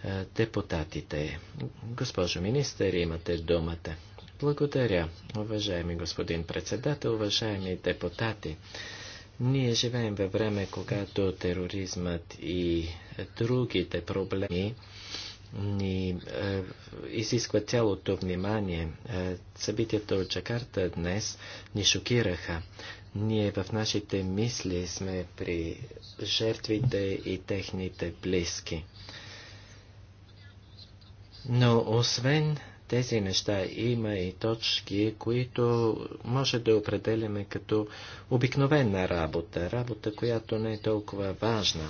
е, депутатите. Госпожо министър, имате думата. Благодаря, уважаеми господин председател, уважаеми депутати. Ние живеем във време, когато тероризмът и другите проблеми ни е, изискват цялото внимание. Е, събитията от Джакарта днес ни шокираха. Ние в нашите мисли сме при жертвите и техните близки. Но освен тези неща има и точки, които може да определяме като обикновена работа, работа, която не е толкова важна.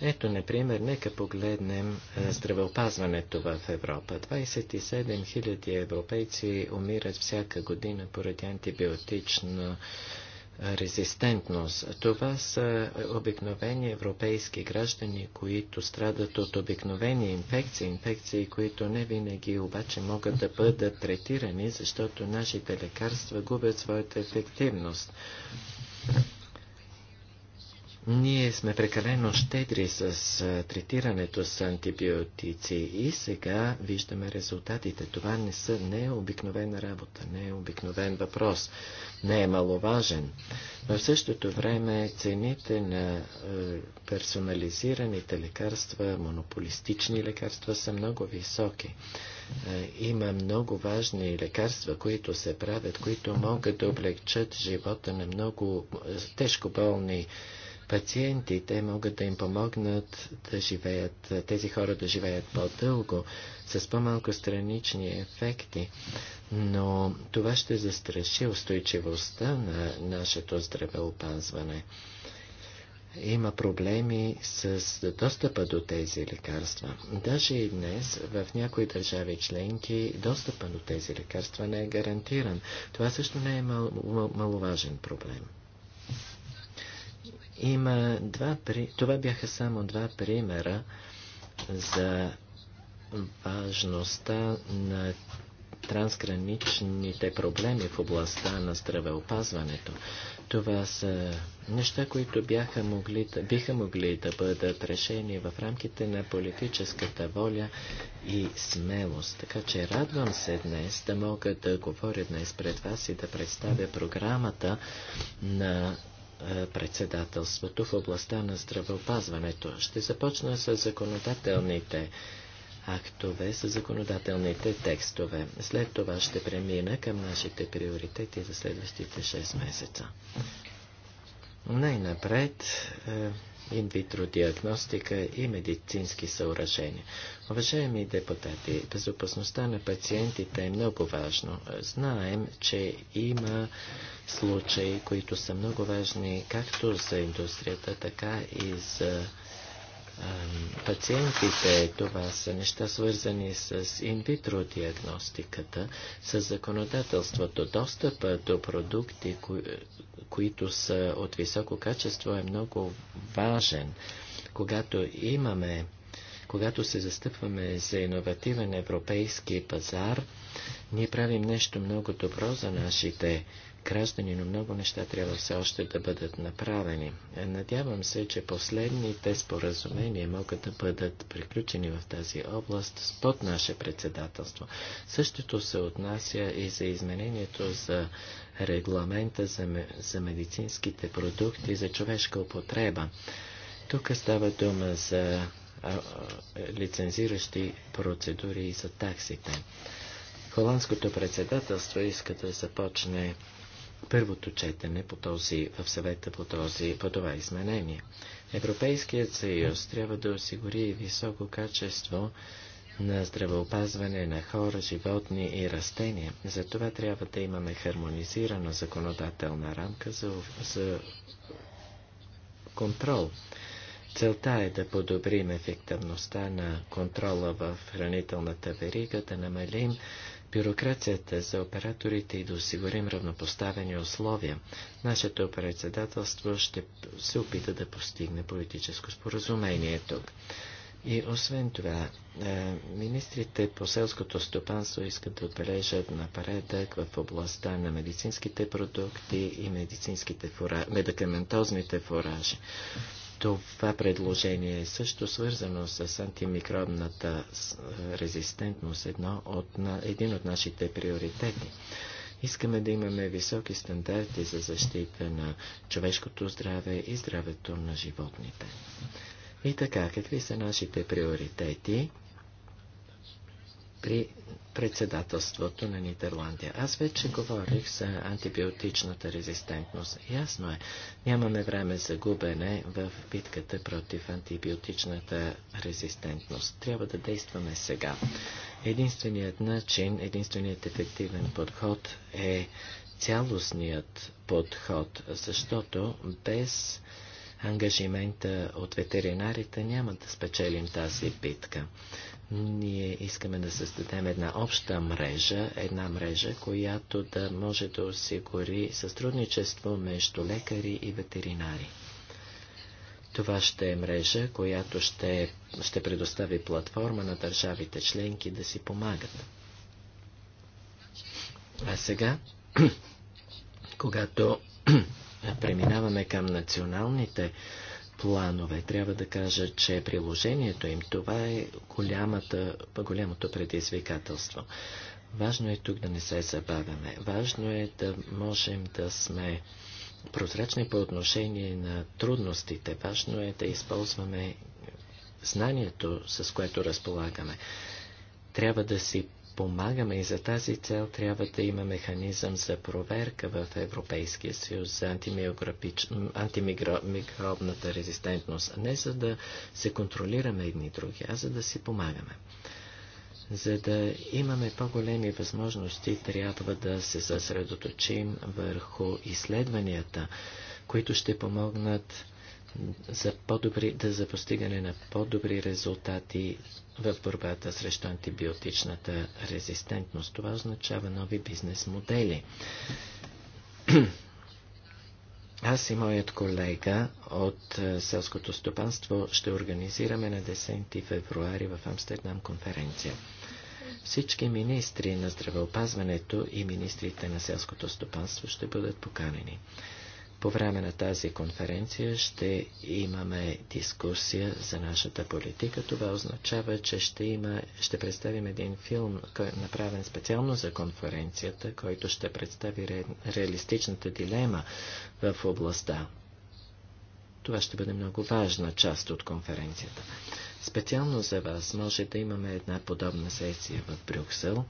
Ето, например, нека погледнем е, здравеопазването в Европа. 27 000 европейци умират всяка година поради антибиотична резистентност. Това са обикновени европейски граждани, които страдат от обикновени инфекции, инфекции, които не винаги обаче могат да бъдат третирани, защото нашите лекарства губят своята ефективност. Ние сме прекалено щедри с третирането с антибиотици и сега виждаме резултатите. Това не, са, не е обикновена работа, не е обикновен въпрос, не е маловажен. Но в същото време цените на персонализираните лекарства, монополистични лекарства са много високи. Има много важни лекарства, които се правят, които могат да облегчат живота на много тежко болни пациентите могат да им помогнат да живеят, тези хора да живеят по-дълго, с по-малко странични ефекти. Но това ще застраши устойчивостта на нашето здравеопазване. Има проблеми с достъпа до тези лекарства. Даже и днес в някои държави членки достъпа до тези лекарства не е гарантиран. Това също не е мал- мал- маловажен проблем. Има два, това бяха само два примера за важността на трансграничните проблеми в областта на здравеопазването. Това са неща, които бяха могли, биха могли да бъдат решени в рамките на политическата воля и смелост. Така че радвам се днес да мога да говоря днес пред вас и да представя програмата на е, председателството в областта на здравеопазването. Ще започна с законодателните актове, с законодателните текстове. След това ще премина към нашите приоритети за следващите 6 месеца. Най-напред е, инвитро диагностика и медицински съоръжения. Уважаеми депутати, безопасността на пациентите е много важно. Знаем, че има случаи, които са много важни както за индустрията, така и за пациентите. Това са неща свързани с инвитро диагностиката, с законодателството. Достъпа до продукти, кои, които са от високо качество е много важен. Когато имаме когато се застъпваме за иновативен европейски пазар, ние правим нещо много добро за нашите граждани, но много неща трябва все още да бъдат направени. Надявам се, че последните споразумения могат да бъдат приключени в тази област под наше председателство. Същото се отнася и за изменението за регламента за, за медицинските продукти за човешка употреба. Тук става дума за лицензиращи процедури и за таксите. Холандското председателство иска да започне първото четене по този, в съвета по, този, по това изменение. Европейският съюз трябва да осигури високо качество на здравеопазване на хора, животни и растения. Затова трябва да имаме хармонизирана законодателна рамка за, за контрол. Целта е да подобрим ефективността на контрола в хранителната верига, да намалим бюрокрацията за операторите и да осигурим равнопоставени условия. Нашето председателство ще се опита да постигне политическо споразумение тук. И освен това, е, министрите по селското стопанство искат да отбележат напредък в областта на медицинските продукти и медицинските фора... медикаментозните фуражи. Това предложение е също свързано с антимикробната е, резистентност, едно от, един от нашите приоритети. Искаме да имаме високи стандарти за защита на човешкото здраве и здравето на животните. И така, какви са нашите приоритети при председателството на Нидерландия. Аз вече говорих за антибиотичната резистентност. Ясно е, нямаме време за губене в битката против антибиотичната резистентност. Трябва да действаме сега. Единственият начин, единственият ефективен подход е цялостният подход, защото без ангажимента от ветеринарите няма да спечелим тази битка. Ние искаме да създадем една обща мрежа, една мрежа, която да може да осигури сътрудничество между лекари и ветеринари. Това ще е мрежа, която ще, ще предостави платформа на държавите членки да си помагат. А сега, когато преминаваме към националните планове. Трябва да кажа, че приложението им това е голямата, голямото предизвикателство. Важно е тук да не се забавяме. Важно е да можем да сме прозрачни по отношение на трудностите. Важно е да използваме знанието, с което разполагаме. Трябва да си помагаме и за тази цел трябва да има механизъм за проверка в Европейския съюз за антимикробната резистентност. Не за да се контролираме едни други, а за да си помагаме. За да имаме по-големи възможности, трябва да се съсредоточим върху изследванията, които ще помогнат за, по-добри, да, за постигане на по-добри резултати в борбата срещу антибиотичната резистентност. Това означава нови бизнес модели. Аз и моят колега от е, селското стопанство ще организираме на 10 февруари в Амстердам конференция. Всички министри на здравеопазването и министрите на селското стопанство ще бъдат поканени. По време на тази конференция ще имаме дискусия за нашата политика. Това означава, че ще, има, ще представим един филм, кой, направен специално за конференцията, който ще представи ре, реалистичната дилема в областта. Това ще бъде много важна част от конференцията. Специално за вас може да имаме една подобна сесия в Брюксел.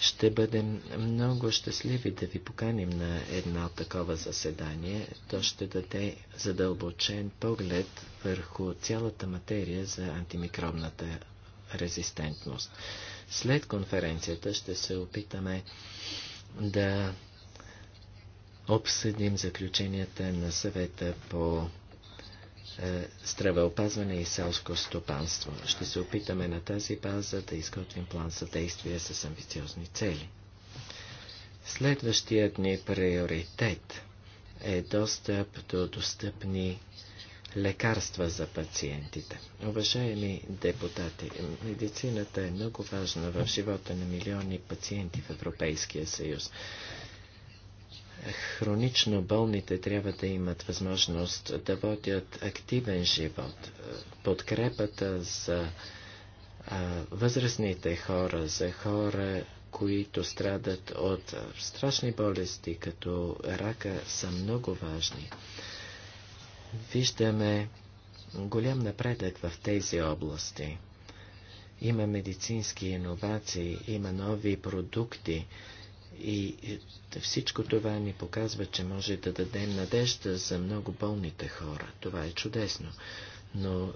Ще бъдем много щастливи да ви поканим на едно такова заседание. То ще даде задълбочен поглед върху цялата материя за антимикробната резистентност. След конференцията ще се опитаме да обсъдим заключенията на съвета по е, здравеопазване и селско стопанство. Ще се опитаме на тази база да изготвим план за действие с амбициозни цели. Следващият ни приоритет е достъп до достъпни лекарства за пациентите. Уважаеми депутати, медицината е много важна в живота на милиони пациенти в Европейския съюз хронично болните трябва да имат възможност да водят активен живот. Подкрепата за а, възрастните хора, за хора, които страдат от страшни болести, като рака, са много важни. Виждаме голям напредък в тези области. Има медицински иновации, има нови продукти, и е, всичко това ни показва, че може да дадем надежда за много болните хора. Това е чудесно. Но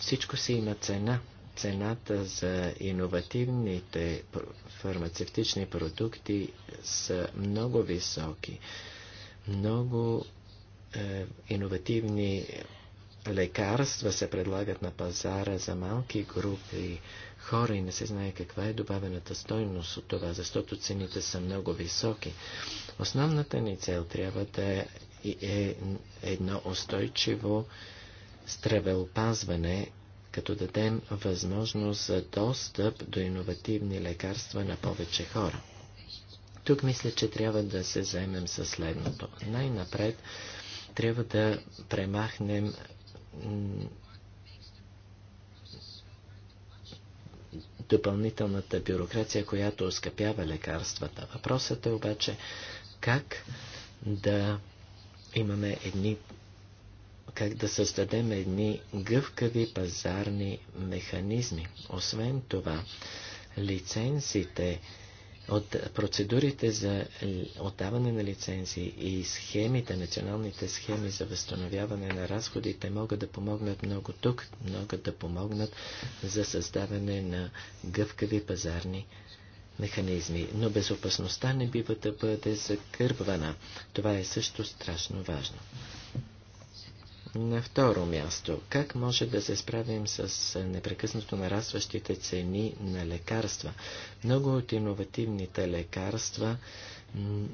всичко си има цена. Цената за иновативните фармацевтични продукти са много високи. Много е, иновативни лекарства се предлагат на пазара за малки групи хора и не се знае каква е добавената стойност от това, защото цените са много високи. Основната ни цел трябва да е, едно устойчиво здравеопазване, като дадем възможност за достъп до иновативни лекарства на повече хора. Тук мисля, че трябва да се заемем със следното. Най-напред трябва да премахнем допълнителната бюрокрация, която оскъпява лекарствата. Въпросът е обаче как да имаме едни как да създадем едни гъвкави пазарни механизми. Освен това, лицензите от процедурите за отдаване на лицензии и схемите, националните схеми за възстановяване на разходите могат да помогнат много тук, могат да помогнат за създаване на гъвкави пазарни механизми. Но безопасността не бива да бъде закърбвана. Това е също страшно важно. На второ място, как може да се справим с е, непрекъснато нарастващите цени на лекарства? Много от иновативните лекарства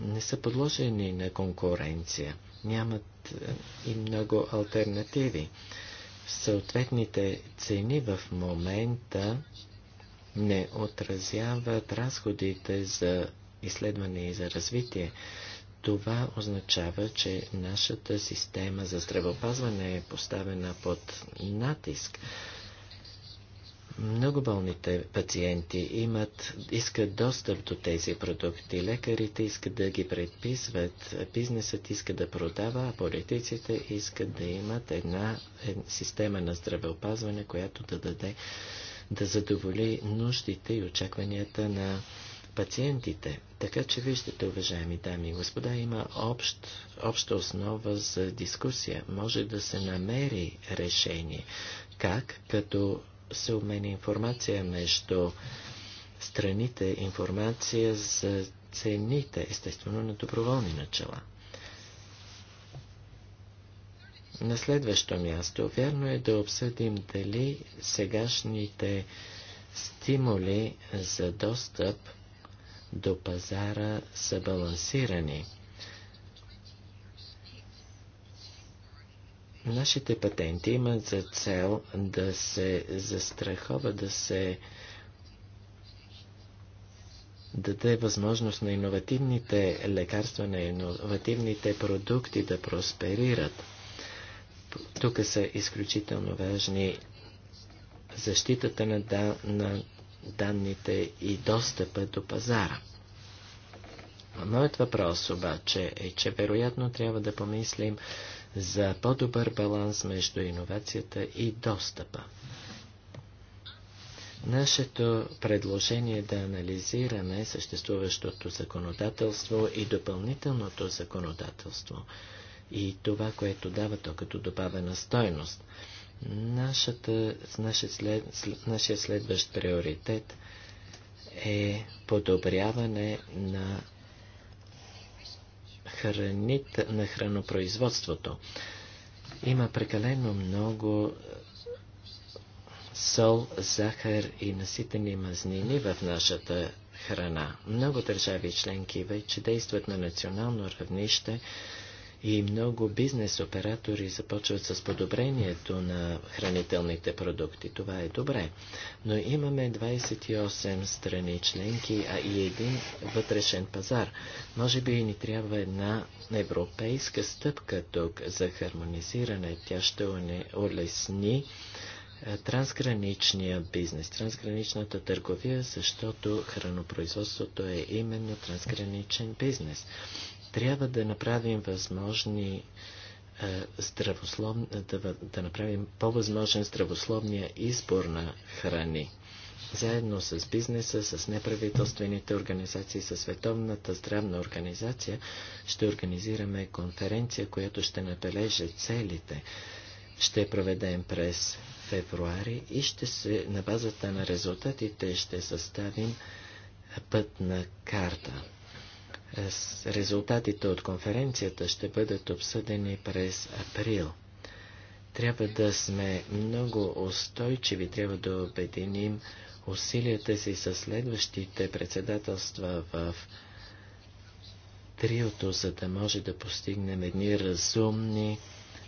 не са подложени на конкуренция, нямат е, и много альтернативи. Съответните цени в момента не отразяват разходите за изследване и за развитие. Това означава, че нашата система за здравеопазване е поставена под натиск. Много болните пациенти имат, искат достъп до тези продукти. Лекарите искат да ги предписват, бизнесът иска да продава, а политиците искат да имат една, една система на здравеопазване, която да даде да задоволи нуждите и очакванията на пациентите. Така че виждате, уважаеми дами и господа, има общ, обща основа за дискусия. Може да се намери решение. Как? Като се обменя информация между страните, информация за цените, естествено на доброволни начала. На следващо място, вярно е да обсъдим дали сегашните стимули за достъп до пазара са балансирани. Нашите патенти имат за цел да се застрахова, да се даде възможност на иновативните лекарства, на иновативните продукти да просперират. Тук са изключително важни защитата на, да, на данните и достъпа до пазара. Моят въпрос обаче е, че вероятно трябва да помислим за по-добър баланс между иновацията и достъпа. Нашето предложение е да анализираме съществуващото законодателство и допълнителното законодателство и това, което дава то като добавена стойност. Нашата, нашия, след, нашия следващ приоритет е подобряване на, храните, на хранопроизводството. Има прекалено много е, сол, захар и наситени мазнини в нашата храна. Много държави членки вече действат на национално равнище и много бизнес оператори започват с подобрението на хранителните продукти. Това е добре. Но имаме 28 страни членки, а и един вътрешен пазар. Може би ни трябва една европейска стъпка тук за хармонизиране. Тя ще улесни е, трансграничния бизнес, трансграничната търговия, защото хранопроизводството е именно трансграничен бизнес. Трябва да направим възможни е, здравословни, да, да направим по-възможен здравословния избор на храни. Заедно с бизнеса, с неправителствените организации, с Световната здравна организация ще организираме конференция, която ще набележи целите. Ще проведем през февруари и ще се, на базата на резултатите ще съставим е, пътна карта. Резултатите от конференцията ще бъдат обсъдени през април. Трябва да сме много устойчиви, трябва да обединим усилията си с следващите председателства в триото, за да може да постигнем едни разумни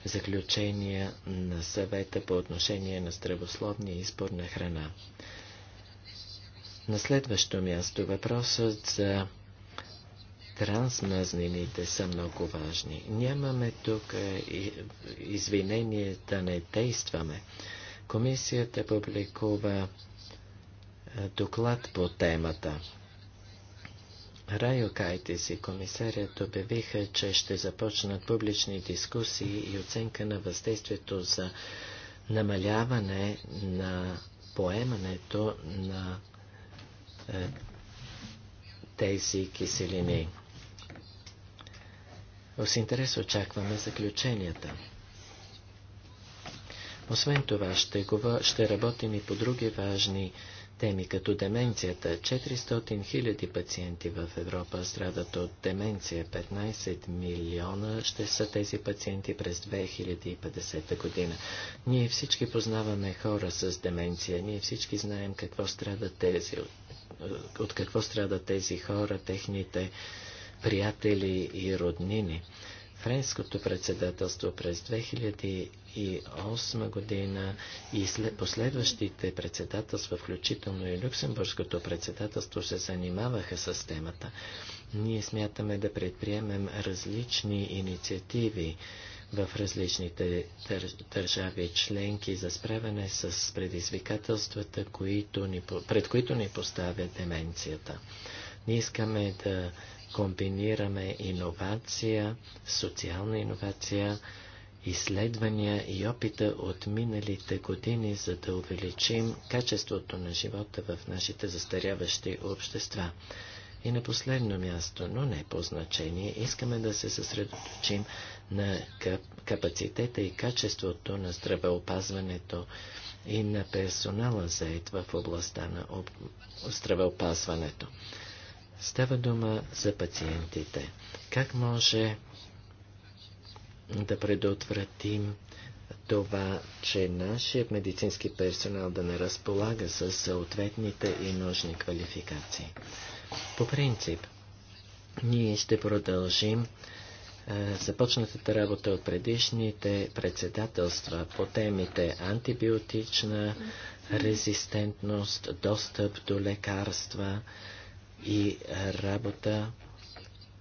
заключения на съвета по отношение на здравословния избор на храна. На следващо място въпросът за Трансмазнините са много важни. Нямаме тук е, извинение да не действаме. Комисията публикува е, доклад по темата. Райо Кайтис и комисарият обявиха, че ще започнат публични дискусии и оценка на въздействието за намаляване на поемането на е, тези киселини. С интерес очакваме заключенията. Освен това, ще, гова, ще работим и по други важни теми, като деменцията. 400 000 пациенти в Европа страдат от деменция. 15 милиона ще са тези пациенти през 2050 година. Ние всички познаваме хора с деменция. Ние всички знаем какво страдат тези, от какво страдат тези хора, техните приятели и роднини. Френското председателство през 2008 година и след последващите председателства, включително и Люксембургското председателство, се занимаваха с темата. Ние смятаме да предприемем различни инициативи в различните държави членки за справяне с предизвикателствата, които ни, пред които ни поставя деменцията. Ние искаме да комбинираме иновация, социална иновация, изследвания и опита от миналите години, за да увеличим качеството на живота в нашите застаряващи общества. И на последно място, но не по значение, искаме да се съсредоточим на капацитета и качеството на здравеопазването и на персонала заед в областта на об... здравеопазването. Става дума за пациентите. Как може да предотвратим това, че нашият медицински персонал да не разполага с съответните и нужни квалификации. По принцип, ние ще продължим започнатата работа от предишните председателства по темите антибиотична резистентност, достъп до лекарства, и работа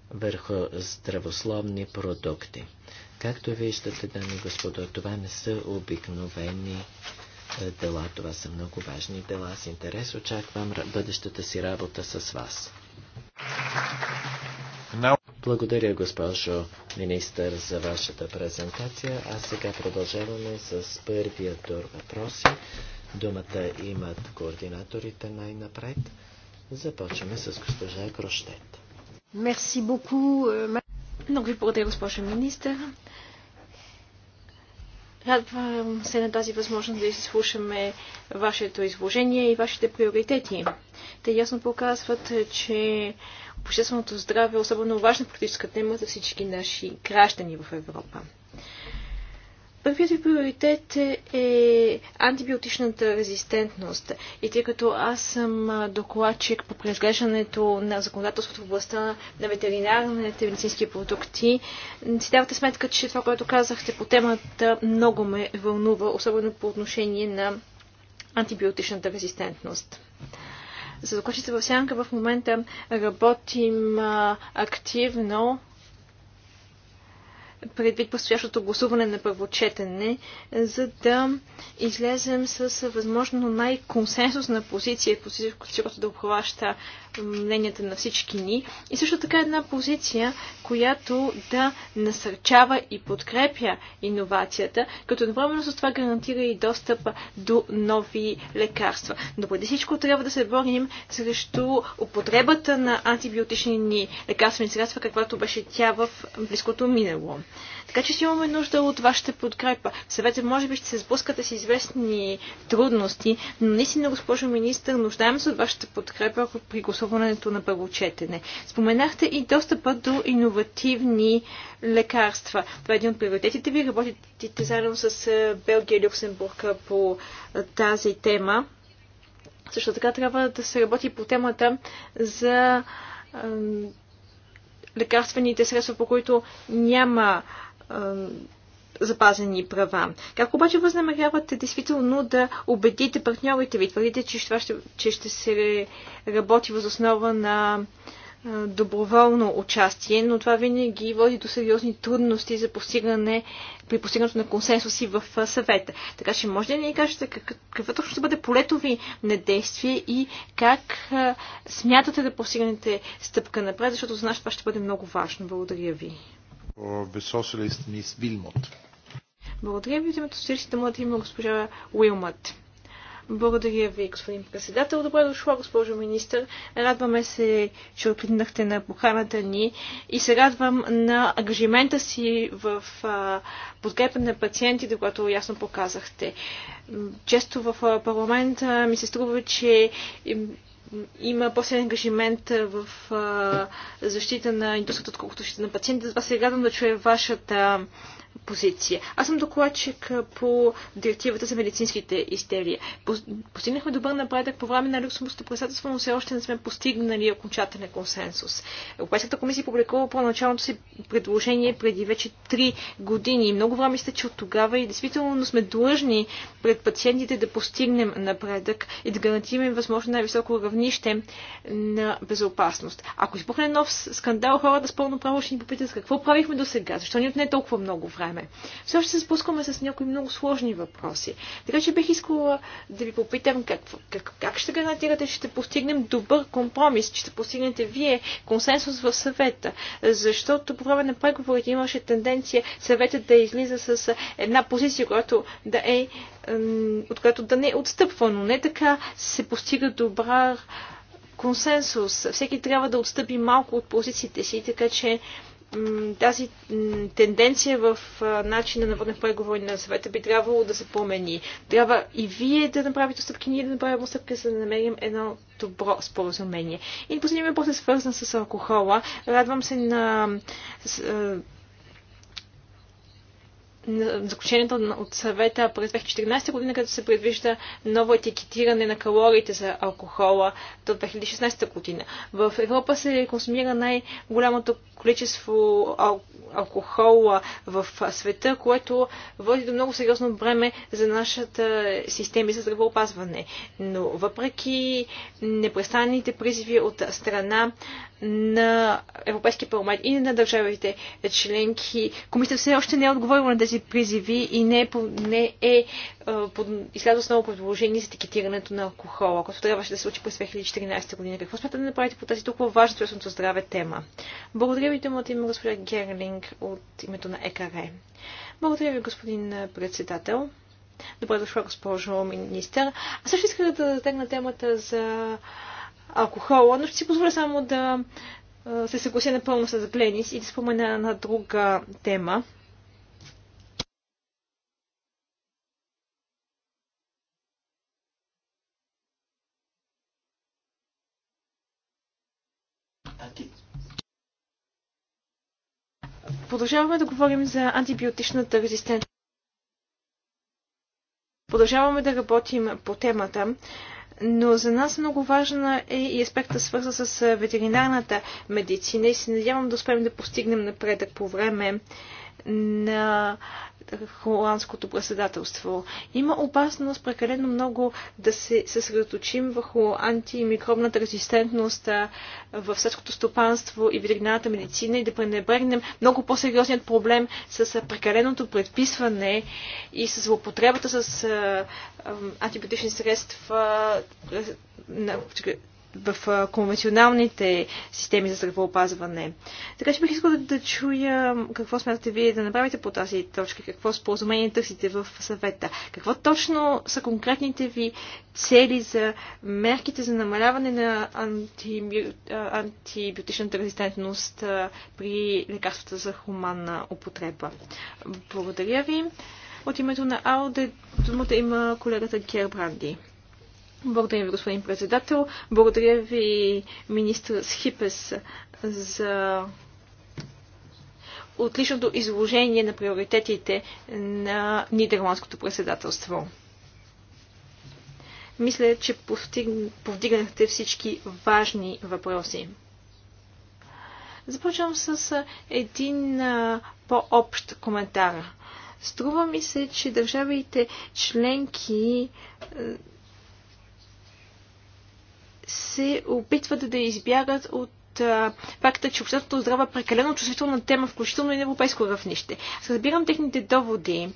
върху здравословни продукти. Както виждате, дами и господа, това не са обикновени е, дела. Това са много важни дела. С интерес очаквам бъдещата си работа с вас. Благодаря, госпожо министър, за вашата презентация. А сега продължаваме с първия тур въпроси. Думата имат координаторите най-напред. Започваме с госпожа Крощет. Мерси боку. Е, Много ви благодаря, госпожа министър. Радвам се на тази възможност да изслушаме вашето изложение и вашите приоритети. Те ясно показват, че общественото здраве е особено важна политическа тема за всички наши граждани в Европа. Първият ви приоритет е антибиотичната резистентност. И тъй като аз съм докладчик по преразглеждането на законодателството в областта на ветеринарните медицински продукти, си давате сметка, че това, което казахте по темата, много ме вълнува, особено по отношение на антибиотичната резистентност. За докладчица в сянка в момента работим активно предвид предстоящото гласуване на първо четене, за да излезем с възможно най-консенсусна позиция, позиция, която да обхваща мненията на всички ни и също така една позиция, която да насърчава и подкрепя иновацията, като едновременно с това гарантира и достъп до нови лекарства. Но преди всичко трябва да се борим срещу употребата на антибиотични лекарствени средства, каквато беше тя в близкото минало. Така че си имаме нужда от вашата подкрепа. Съвете може би ще се сблъскате с известни трудности, но наистина, госпожо министър, нуждаем се от вашата подкрепа при гласуването гласуването на първо четене. Споменахте и достъпа до иновативни лекарства. Това е един от приоритетите ви. Работите заедно с е, Белгия и Люксембург е, по е, тази тема. Също така трябва да се работи по темата за лекарствените средства, по които няма запазени права. Как обаче възнамерявате действително да убедите партньорите ви? Твърдите, че, това ще, че ще се работи въз основа на доброволно участие, но това винаги води до сериозни трудности за постигане, при постигането на консенсуси в съвета. Така че може ли да ни кажете какво точно ще бъде полето ви на действие и как смятате да постигнете стъпка напред, защото за нас това ще бъде много важно. Благодаря ви. Or the socialist благодаря ви от името му млади има госпожа Уилмът. Благодаря ви, господин председател. Добре дошла, госпожо министр. Радваме се, че откликнахте на поканата ни и се радвам на ангажимента си в подкрепа на пациентите, когато ясно показахте. Често в парламента ми се струва, че има после ангажимент в защита на индустрията, отколкото защита на пациентите. Затова се радвам да чуя вашата позиция. Аз съм докладчик по директивата за медицинските изтерия. Постигнахме добър напредък по време на Люксембургското председателство, но все още не сме постигнали окончателен консенсус. Европейската комисия е публикува първоначалното си предложение преди вече 3 години. Много време сте, че от тогава и действително сме длъжни пред пациентите да постигнем напредък и да гарантираме възможно най-високо равнище на безопасност. Ако избухне нов скандал, хората с пълно право ще ни попитат какво правихме до сега, защо ни отне толкова много време време. Все още се спускаме с някои много сложни въпроси. Така че бих искала да ви попитам как, как, как ще гарантирате, че ще постигнем добър компромис, че ще постигнете вие консенсус в съвета. Защото по време на преговорите имаше тенденция съветът да излиза с една позиция, която да е, от която да не отстъпва, но не така се постига добра консенсус. Всеки трябва да отстъпи малко от позициите си, така че тази тенденция в начина на воден преговори на съвета би трябвало да се промени. Трябва и вие да направите стъпки, ние да направим стъпки, за да намерим едно добро споразумение. И последният въпрос е свързан с алкохола. Радвам се на заключението от съвета през 2014 година, като се предвижда ново етикетиране на калориите за алкохола до 2016 година. В Европа се консумира най-голямото количество ал- алкохола в света, което води до много сериозно бреме за нашата система за здравеопазване. Но въпреки непрестанните призиви от страна на Европейския парламент и на държавите членки. Комисията все още не е отговорила на тези призиви и не е, не е, е под, с ново предложение за етикетирането на алкохола, което трябваше да се случи през 2014 година. Какво смятате да направите по тази толкова важна за здраве тема? Благодаря ви, думата има госпожа Герлинг от името на ЕКР. Благодаря ви, господин председател. Добре дошла, госпожо министър. Аз също исках да затегна темата за алкохола, но ще си позволя само да се съглася напълно с Гленис и да спомена на друга тема. Продължаваме да говорим за антибиотичната резистентност. Продължаваме да работим по темата но за нас много важна е и аспекта свързан с ветеринарната медицина и се надявам да успеем да постигнем напредък по време на холандското председателство. Има опасност прекалено много да се съсредоточим върху антимикробната резистентност в сърското стопанство и ветеринарната медицина и да пренебрегнем много по-сериозният проблем с прекаленото предписване и с злоупотребата с антибиотични средства в конвенционалните системи за здравеопазване. Така че бих искал да чуя какво смятате вие да направите по тази точка, какво споразумение търсите в съвета, какво точно са конкретните ви цели за мерките за намаляване на антибиотичната резистентност при лекарствата за хуманна употреба. Благодаря ви. От името на АОД думата има колегата Кер Бранди. Благодаря ви, господин председател. Благодаря ви, министър Схипес, за отличното изложение на приоритетите на Нидерландското председателство. Мисля, че повдигнахте всички важни въпроси. Започвам с един по-общ коментар. Струва ми се, че държавите членки се опитват да избягат от факта, че общественото здраве е прекалено чувствителна тема, включително и на европейско равнище. Аз разбирам техните доводи,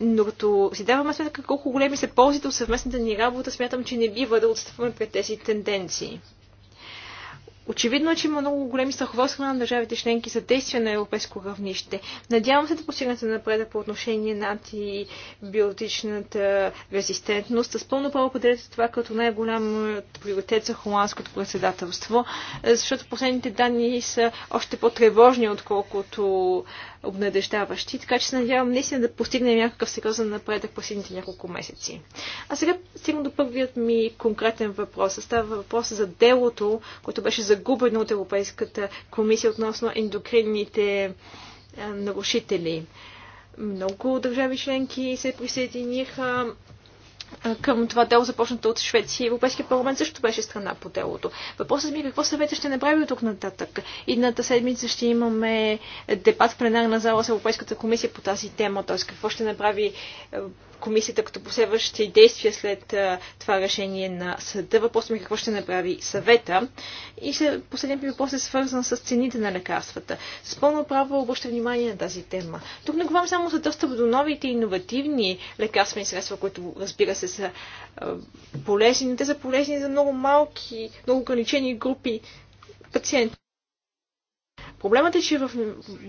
но като си даваме сметка колко големи са ползите от съвместната ни работа, смятам, че не бива да отстъпваме пред тези тенденции. Очевидно е, че има много големи страхове от страна на държавите членки за действия на европейско равнище. Надявам се да постигнете напредък по отношение на антибиотичната резистентност. С пълно право определяте това като най-голям приоритет за холандското председателство, защото последните данни са още по-тревожни, отколкото обнадеждаващи, така че се надявам наистина да постигнем някакъв сериозен напредък последните няколко месеци. А сега стигна до първият ми конкретен въпрос. Става въпрос за делото, което беше загубено от Европейската комисия относно ендокринните нарушители. Много държави членки се присъединиха към това дело, започнато от Швеция. Европейския парламент също беше страна по делото. Въпросът ми е какво съвета ще направи от тук нататък. Идната седмица ще имаме дебат в пленарна зала с Европейската комисия по тази тема, т.е. какво ще направи комисията като последващи действия след това решение на съда. Въпросът ми е какво ще направи съвета. И последният ми въпрос е свързан с цените на лекарствата. С пълно право обръща внимание на тази тема. Тук не говорим само за достъп до новите иновативни лекарствени средства, които разбира се са полезни, но те са полезни за много малки, много ограничени групи пациенти. Проблемът е, че в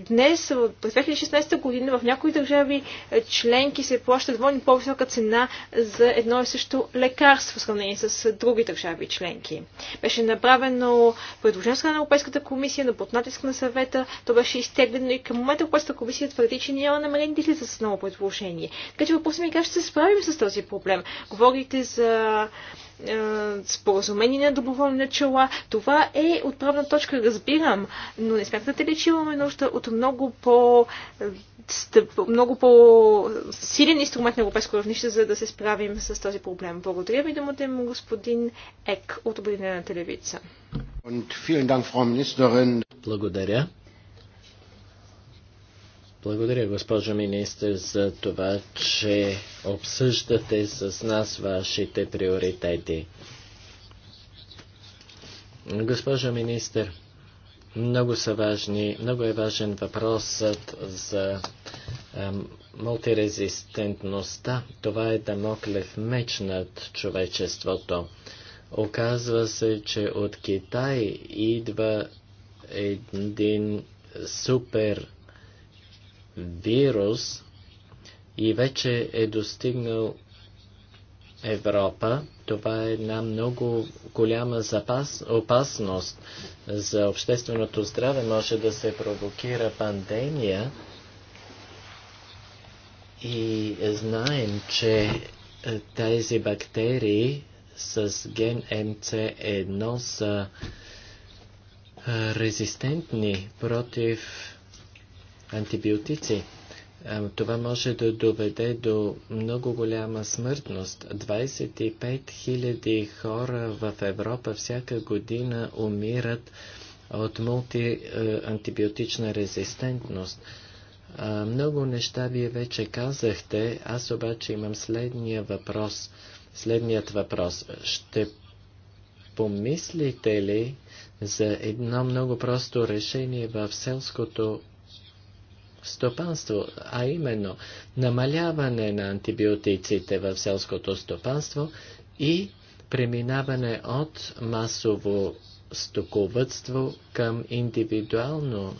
днес, през 2016 година, в някои държави е, членки се плащат двойно по-висока цена за едно и също лекарство в сравнение с е, други държави членки. Беше направено предложение на Европейската комисия, но под натиск на съвета то беше изтеглено и към момента Европейската комисия твърди, че няма намерение да излиза с ново предложение. Така че въпросът ми е как ще се справим с този проблем. Говорите за е, споразумение на доброволни начала. Това е отправна точка, разбирам, но не смятате ли, че имаме нужда от много по е, много по-силен инструмент на европейско равнище, за да се справим с този проблем. Благодаря ви, думата му е господин Ек от Обединената левица. Благодаря. Благодаря, госпожо министр, за това, че обсъждате с нас вашите приоритети. Госпожо министр, много са важни, много е важен въпросът за мултирезистентността. Това е да дамоклев меч над човечеството. Оказва се, че от Китай идва един супер вирус и вече е достигнал Европа. Това е една много голяма запас, опасност за общественото здраве. Може да се провокира пандемия. И знаем, че тези бактерии с ген МЦ1 са резистентни против антибиотици. Това може да доведе до много голяма смъртност. 25 000 хора в Европа всяка година умират от мултиантибиотична резистентност. Много неща вие вече казахте, аз обаче имам следния въпрос. Следният въпрос. Ще помислите ли за едно много просто решение в селското стопанство, а именно намаляване на антибиотиците в селското стопанство и преминаване от масово стоковътство към индивидуално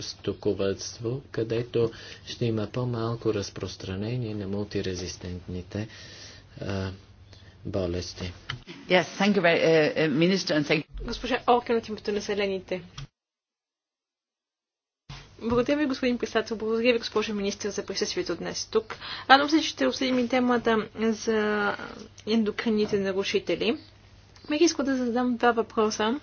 стоковътство, където ще има по-малко разпространение на мултирезистентните а, болести. Yes, thank you, uh, uh, minister, and thank Госпожа Олкен от името на населените. Благодаря ви, господин председател. Благодаря ви, госпожо министър за присъствието днес тук. Радвам се, че ще обсъдим и темата за ендокрините нарушители. Бих искал да задам два въпроса,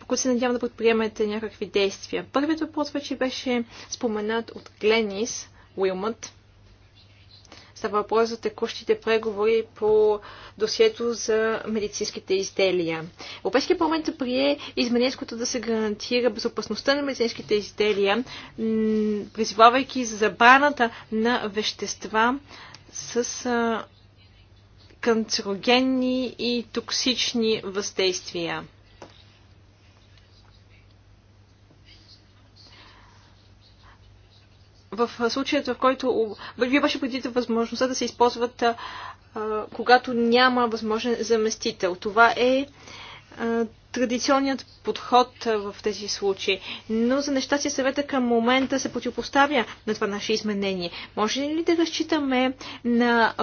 по които се надявам да предприемете някакви действия. Първият въпрос вече беше споменат от Гленис Уилмът. Става въпрос за текущите преговори по досието за медицинските изделия. Европейския парламент прие изменението да се гарантира безопасността на медицинските изделия, призвавайки за забраната на вещества с канцерогенни и токсични въздействия. в случаят, в който вие беше предвидите възможността да се използват, когато няма възможен заместител. Това е традиционният подход в тези случаи. Но за нещастие съвета към момента се противопоставя на това наше изменение. Може ли да разчитаме на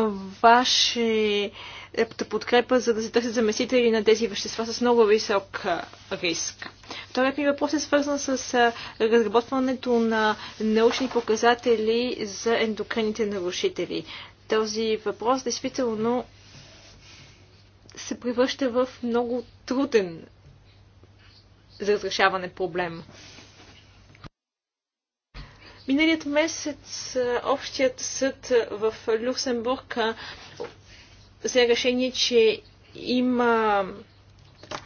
ваше е, подкрепа, за да се търсят заместители на тези вещества с много висок риск? Вторият ми въпрос е свързан с разработването на научни показатели за ендокрините нарушители. Този въпрос действително се превръща в много труден за разрешаване проблем. Миналият месец Общият съд в Люксембург взе решение, че има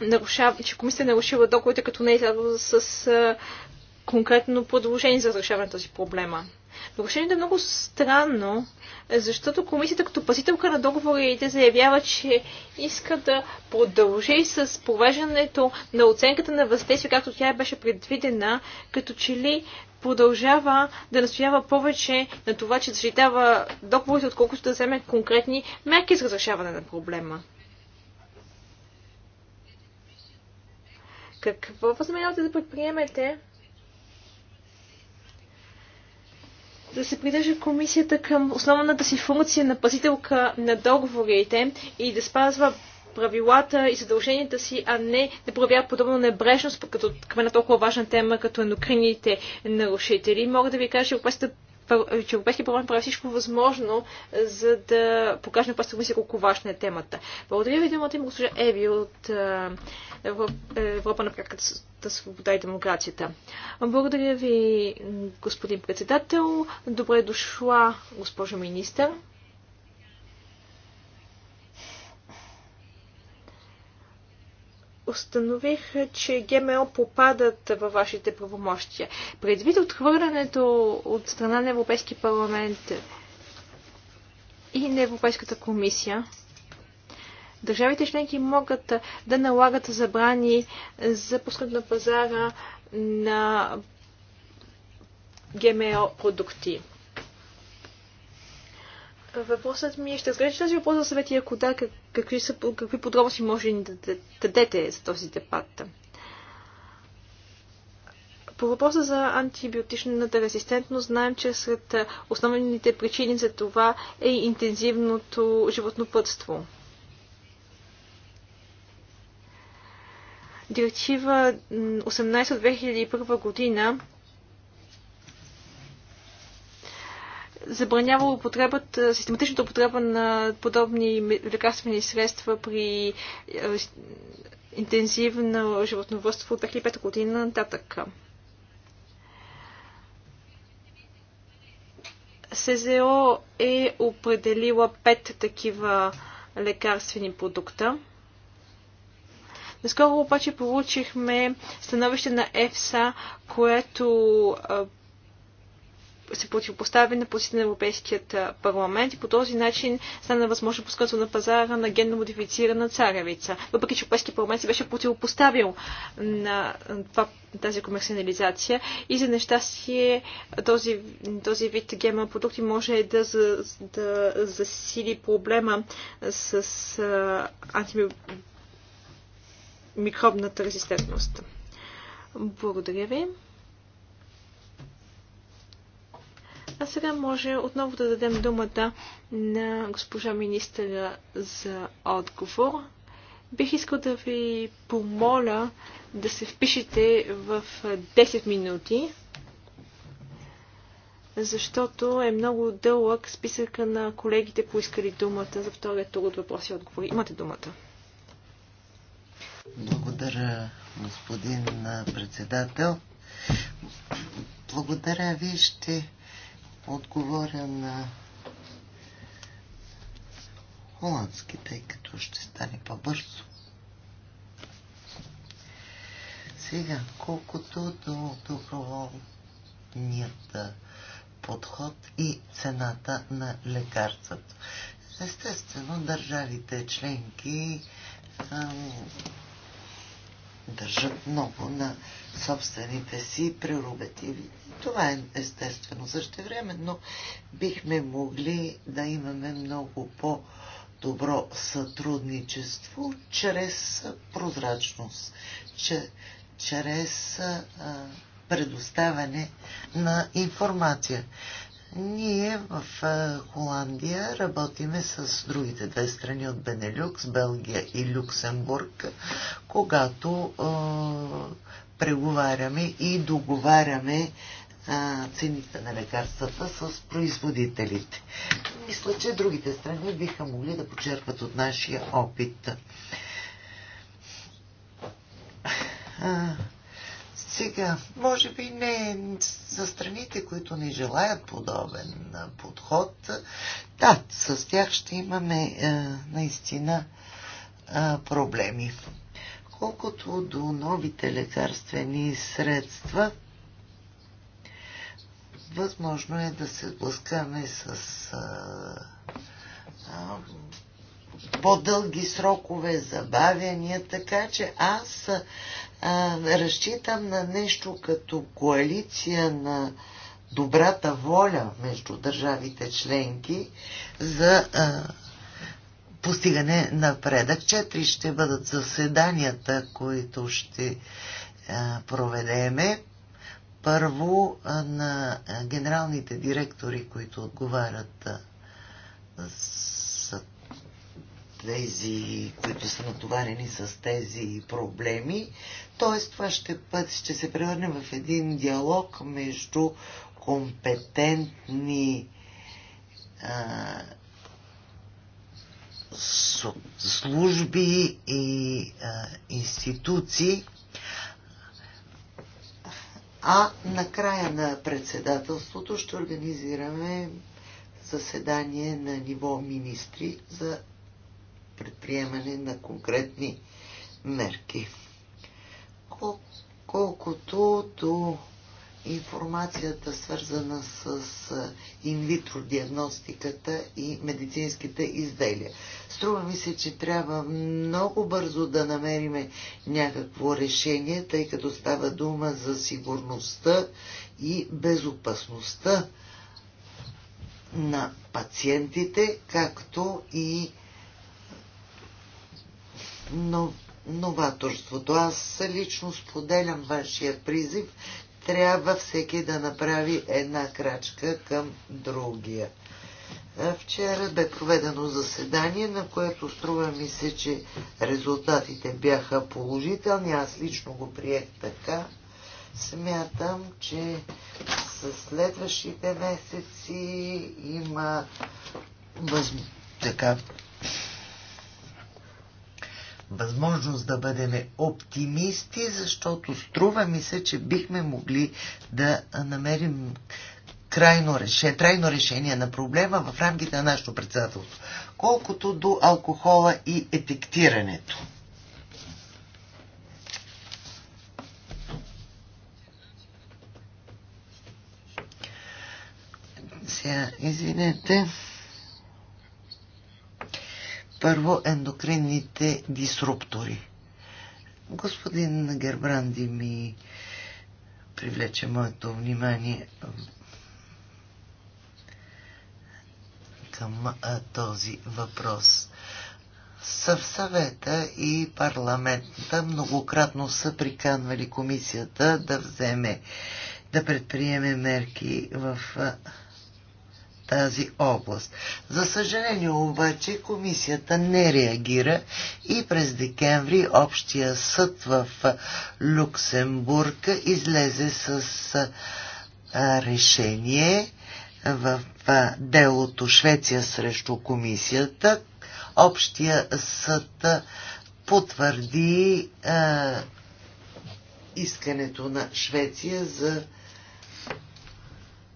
нарушава, че комисията е нарушила договорите, като не е с конкретно продължение за разрешаване на този проблема. Нарушението е много странно, защото комисията като пасителка на договорите заявява, че иска да продължи с провеждането на оценката на въздействие, както тя беше предвидена, като че ли продължава да настоява повече на това, че защитава договорите, отколкото да вземе конкретни мерки за разрешаване на проблема. Какво възмерявате да предприемете, да се придържа комисията към основната си функция на пазителка на договорите и да спазва правилата и задълженията си, а не да проявява подобна небрежност като към една толкова важна тема, като ендокрините нарушители. Мога да ви кажа, че Европейската че Европейския парламент прави всичко възможно, за да покаже на паста комисия колко важна е темата. Благодаря ви, думата има госпожа Еви от Европа на пряката свобода и демокрацията. Благодаря ви, господин председател. Добре дошла, госпожо министър. установих, че ГМО попадат във вашите правомощия. Предвид отхвърлянето от страна на Европейски парламент и на Европейската комисия, държавите членки могат да налагат забрани за пускането на пазара на ГМО продукти. Въпросът ми е, ще разгледате този въпрос за съвети, ако да, какви, са, какви подробности може да дадете за този депат. По въпроса за антибиотичната резистентност, знаем, че сред основните причини за това е интензивното животнопътство. Директива 18 от 2001 година забранява употребата, систематичната употреба на подобни лекарствени средства при интензивно животновътство от 2005 година нататък. СЗО е определила пет такива лекарствени продукта. Наскоро обаче получихме становище на ЕФСА, което се противопостави на позиция на Европейският парламент и по този начин стана възможно пускането на пазара на генно модифицирана царевица. Въпреки, че Европейския парламент се беше противопоставил на това, тази комерциализация и за нещастие този, този вид гема продукти може да, за, да засили проблема с а, антимикробната резистентност. Благодаря ви. А сега може отново да дадем думата на госпожа министъра за отговор. Бих искал да ви помоля да се впишете в 10 минути, защото е много дълъг списъка на колегите, поискали думата за втория тур от въпроси и отговори. Имате думата. Благодаря, господин председател. Благодаря ви. Ще отговоря на холандски, тъй като ще стане по-бързо. Сега, колкото до доброволният подход и цената на лекарството. Естествено, държавите членки държат много на собствените си прерогативи. Това е естествено. Също време, но бихме могли да имаме много по- добро сътрудничество чрез прозрачност, чрез предоставяне на информация. Ние в Холандия работиме с другите две страни от Бенелюкс, Белгия и Люксембург, когато е, преговаряме и договаряме е, цените на лекарствата с производителите. Мисля, че другите страни биха могли да почерпат от нашия опит. Сега, може би не за страните, които не желаят подобен подход, да, с тях ще имаме е, наистина е, проблеми. Колкото до новите лекарствени средства, възможно е да се сблъскаме с по-дълги срокове, забавяния, така че аз а, разчитам на нещо като коалиция на добрата воля между държавите членки за а, постигане на предък. Четири ще бъдат заседанията, които ще а, проведеме. Първо а, на генералните директори, които отговарят а, тези, които са натоварени с тези проблеми. Тоест, това ще, път, ще се превърне в един диалог между компетентни а, служби и а, институции, а на края на председателството ще организираме заседание на ниво министри за предприемане на конкретни мерки. Кол- колкото до информацията, свързана с инвитро диагностиката и медицинските изделия. Струва ми се, че трябва много бързо да намерим някакво решение, тъй като става дума за сигурността и безопасността на пациентите, както и но, новаторството. Аз лично споделям вашия призив. Трябва всеки да направи една крачка към другия. Вчера бе проведено заседание, на което струва ми се, че резултатите бяха положителни. Аз лично го приех така. Смятам, че с следващите месеци има възможност. така възможност да бъдем оптимисти, защото струва ми се, че бихме могли да намерим крайно решение, трайно решение на проблема в рамките на нашето председателство. Колкото до алкохола и етектирането. Сега, извинете. Първо ендокринните дисруптори. Господин Гербранди ми привлече моето внимание към този въпрос. Съв съвета и парламента многократно са приканвали комисията да вземе, да предприеме мерки в тази област. За съжаление обаче комисията не реагира и през декември Общия съд в Люксембург излезе с решение в делото Швеция срещу комисията. Общия съд потвърди искането на Швеция за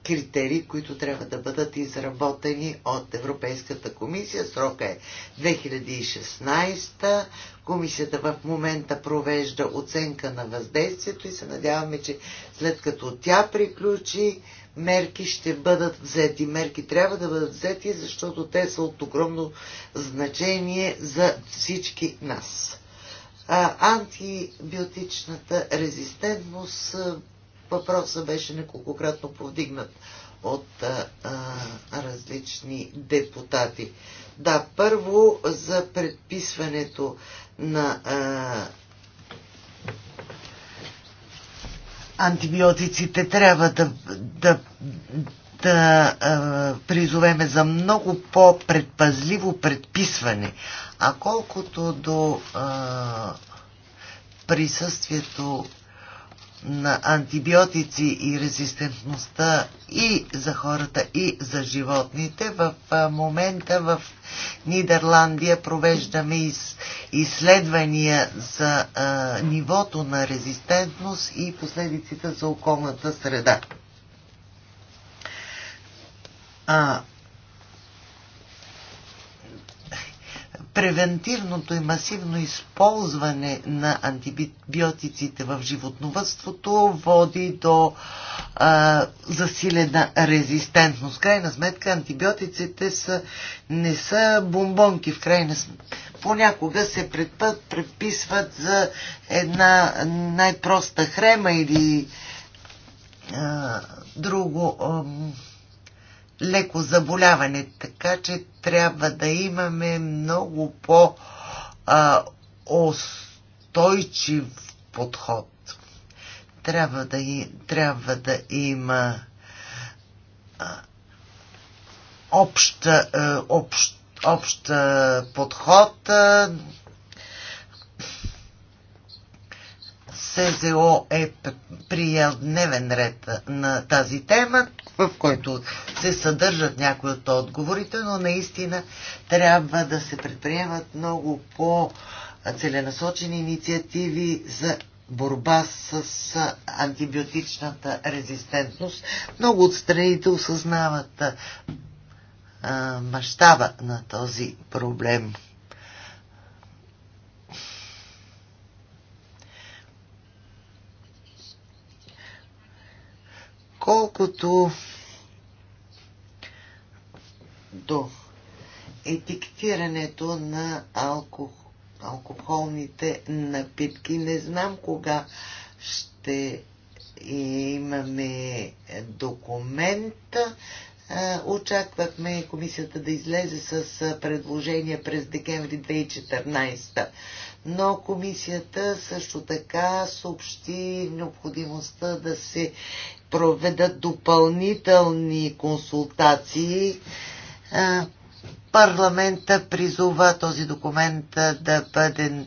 критерии, които трябва да бъдат изработени от Европейската комисия. Срока е 2016. Комисията в момента провежда оценка на въздействието и се надяваме, че след като тя приключи, мерки ще бъдат взети. Мерки трябва да бъдат взети, защото те са от огромно значение за всички нас. Антибиотичната резистентност въпросът беше неколкократно повдигнат от а, а, различни депутати. Да, първо за предписването на а, антибиотиците трябва да, да, да а, призовеме за много по-предпазливо предписване. А колкото до а, присъствието на антибиотици и резистентността и за хората, и за животните. В момента в Нидерландия провеждаме из, изследвания за а, нивото на резистентност и последиците за околната среда. А превентивното и масивно използване на антибиотиците в животновътството води до а, засилена резистентност. крайна сметка антибиотиците са, не са бомбонки. В крайна сметка понякога се предпът, предписват за една най-проста хрема или а, друго а, леко заболяване, така че трябва да имаме много по а, устойчив подход. Трябва да, и, трябва да има а, обща, а, е, общ, обща подход, а, СЗО е приял дневен ред на тази тема, в който се съдържат някои от отговорите, но наистина трябва да се предприемат много по-целенасочени инициативи за борба с антибиотичната резистентност. Много от страните осъзнават мащаба на този проблем. Колкото до етиктирането на алкохол, алкохолните напитки, не знам кога ще имаме документа. Очаквахме комисията да излезе с предложение през декември 2014. Но комисията също така съобщи необходимостта да се проведат допълнителни консултации. Парламента призова този документ да бъде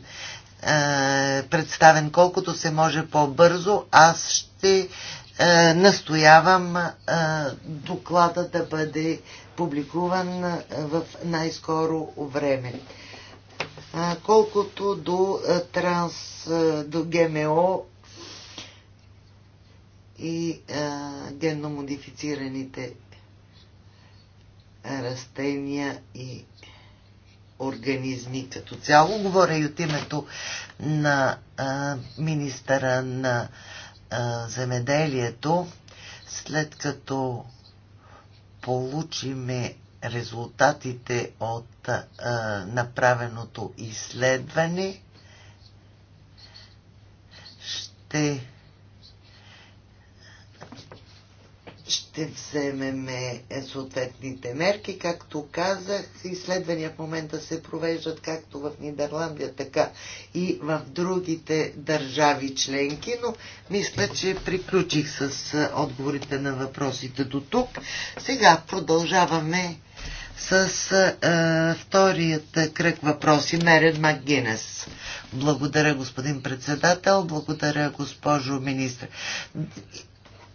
представен колкото се може по-бързо. Аз ще настоявам доклада да бъде публикуван в най-скоро време. Колкото до, транс, до ГМО и а, генномодифицираните растения и организми като цяло. Говоря и от името на а, министъра на а, земеделието, след като получиме резултатите от а, направеното изследване, ще ще вземем е, съответните мерки. Както казах, изследвания в момента се провеждат както в Нидерландия, така и в другите държави членки, но мисля, че приключих с е, отговорите на въпросите до тук. Сега продължаваме с а, е, вторият кръг въпроси. Мерен Макгинес. Благодаря, господин председател. Благодаря, госпожо министр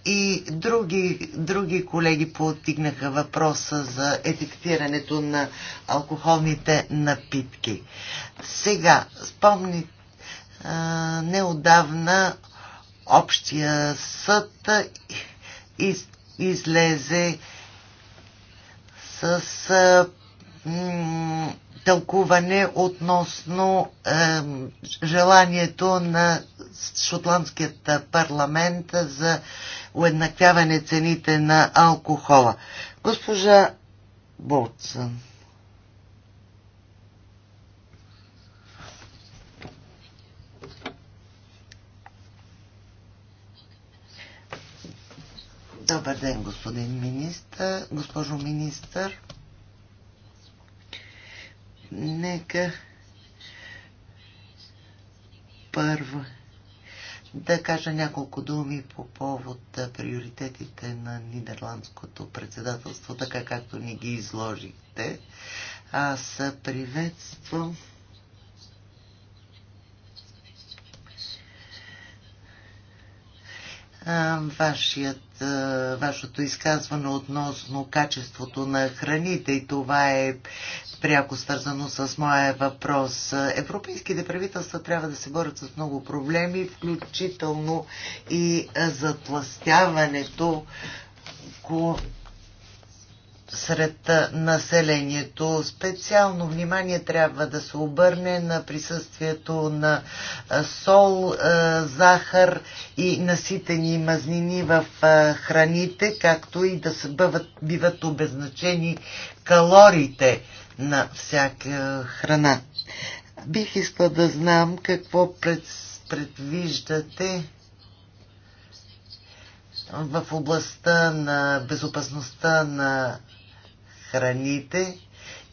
и други, други колеги повдигнаха въпроса за етикетирането на алкохолните напитки. Сега, спомни а, неодавна Общия съд из, излезе с а, м, тълкуване относно е, желанието на шотландският парламент за уеднаквяване цените на алкохола. Госпожа Болтсън. Добър ден, господин министър, госпожо министър. Нека първо да кажа няколко думи по повод приоритетите на нидерландското председателство, така както ни ги изложихте. Аз приветствам вашият е, вашето изказване относно качеството на храните и това е пряко свързано с моя въпрос. Европейските правителства трябва да се борят с много проблеми, включително и затластяването, сред населението. Специално внимание трябва да се обърне на присъствието на сол, захар и наситени мазнини в храните, както и да биват, биват обезначени калориите на всяка храна. Бих искал да знам какво пред, предвиждате в областта на безопасността на храните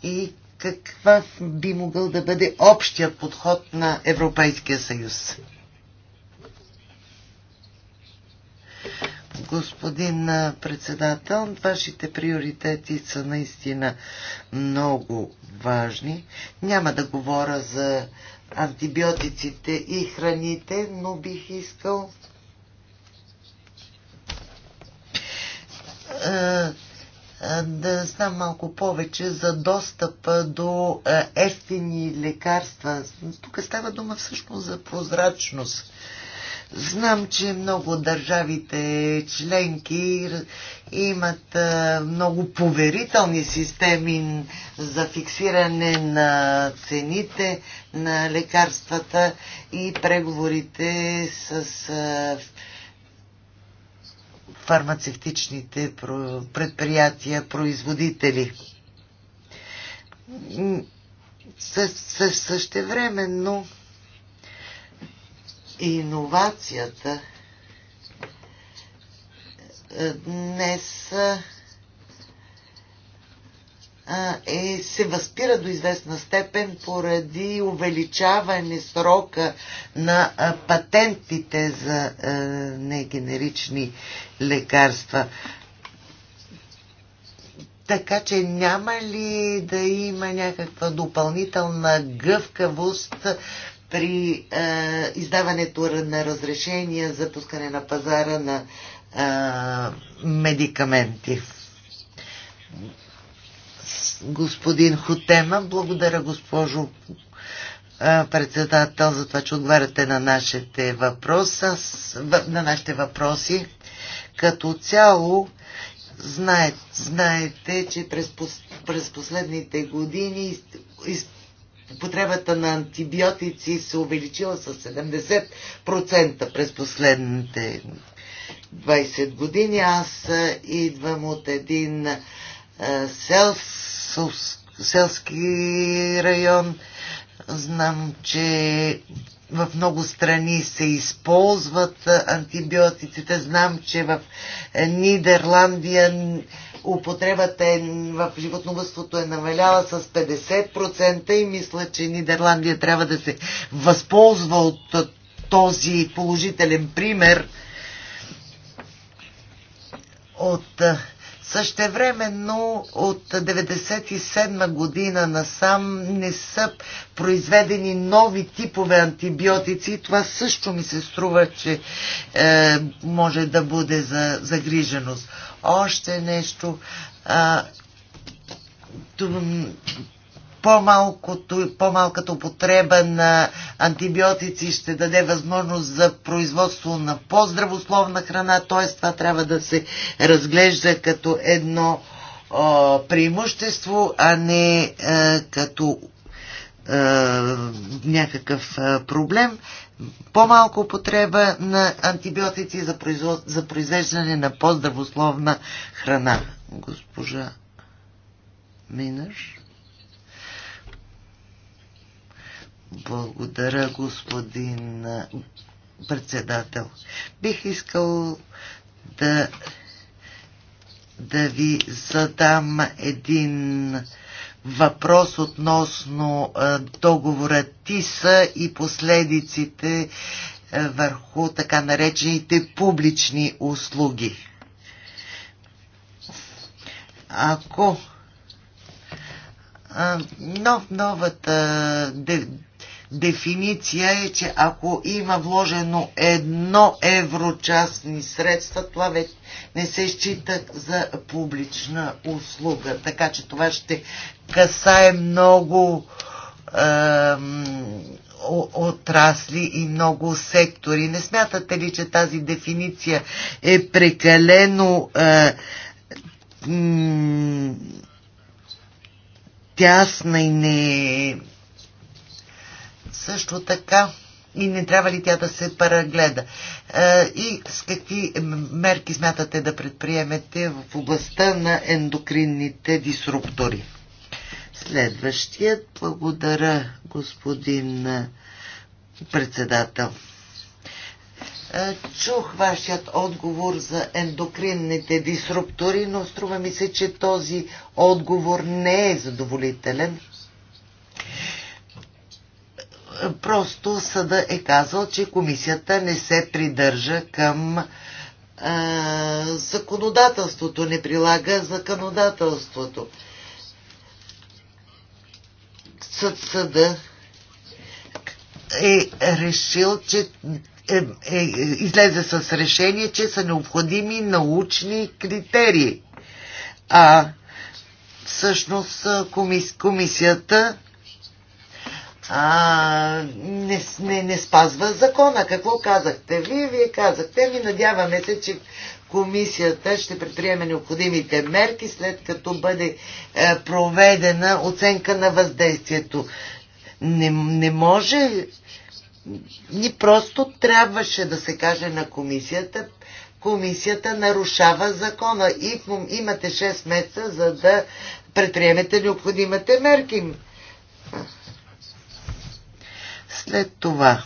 и каква би могъл да бъде общия подход на Европейския съюз? Господин председател, вашите приоритети са наистина много важни. Няма да говоря за антибиотиците и храните, но бих искал да знам малко повече за достъп до ефтини лекарства. Тук става дума всъщност за прозрачност. Знам, че много държавите членки имат много поверителни системи за фиксиране на цените на лекарствата и преговорите с фармацевтичните предприятия, производители. Същевременно иновацията е, днес е, е, се възпира до известна степен поради увеличаване срока на а, патентите за а, негенерични лекарства. Така че няма ли да има някаква допълнителна гъвкавост при е, издаването на разрешения за пускане на пазара на е, медикаменти? господин Хотема. Благодаря, госпожо председател, за това, че отговаряте на нашите въпроси. На нашите въпроси. Като цяло, знаете, знаете че през, през последните години потребата на антибиотици се увеличила с 70% през последните 20 години. Аз идвам от един селски район. Знам, че в много страни се използват антибиотиците. Знам, че в е, Нидерландия употребата е, в животновътството е намаляла с 50% и мисля, че Нидерландия трябва да се възползва от този положителен пример от Същевременно от 1997 година насам не са произведени нови типове антибиотици. Това също ми се струва, че е, може да бъде за загриженост. Още нещо. А, по-малкото, по-малката употреба на антибиотици ще даде възможност за производство на по-здравословна храна, т.е. това трябва да се разглежда като едно о, преимущество, а не е, като е, някакъв е, проблем. По-малко употреба на антибиотици за, производ... за произвеждане на по-здравословна храна. Госпожа Минаш. Благодаря, господин председател. Бих искал да, да ви задам един въпрос относно договора ТИСА и последиците върху така наречените публични услуги. Ако но новата дефиниция е, че ако има вложено едно евро частни средства, това вече не се счита за публична услуга. Така че това ще касае много е, отрасли и много сектори. Не смятате ли, че тази дефиниция е прекалено е, тясна и не също така и не трябва ли тя да се парагледа? Е, и с какви мерки смятате да предприемете в областта на ендокринните дисруптори? Следващият. Благодаря, господин председател. Е, чух вашият отговор за ендокринните дисруптори, но струва ми се, че този отговор не е задоволителен просто съда е казал, че комисията не се придържа към а, е, законодателството, не прилага законодателството. Съд съда е решил, че е, е, излезе с решение, че са необходими научни критерии. А всъщност е, комис, комисията а, не, не, не спазва закона. Какво казахте? Вие, вие казахте, ми надяваме се, че комисията ще предприеме необходимите мерки, след като бъде е, проведена оценка на въздействието. Не, не може, ни просто трябваше да се каже на комисията, комисията нарушава закона и имате 6 месеца, за да предприемете необходимите мерки. След това,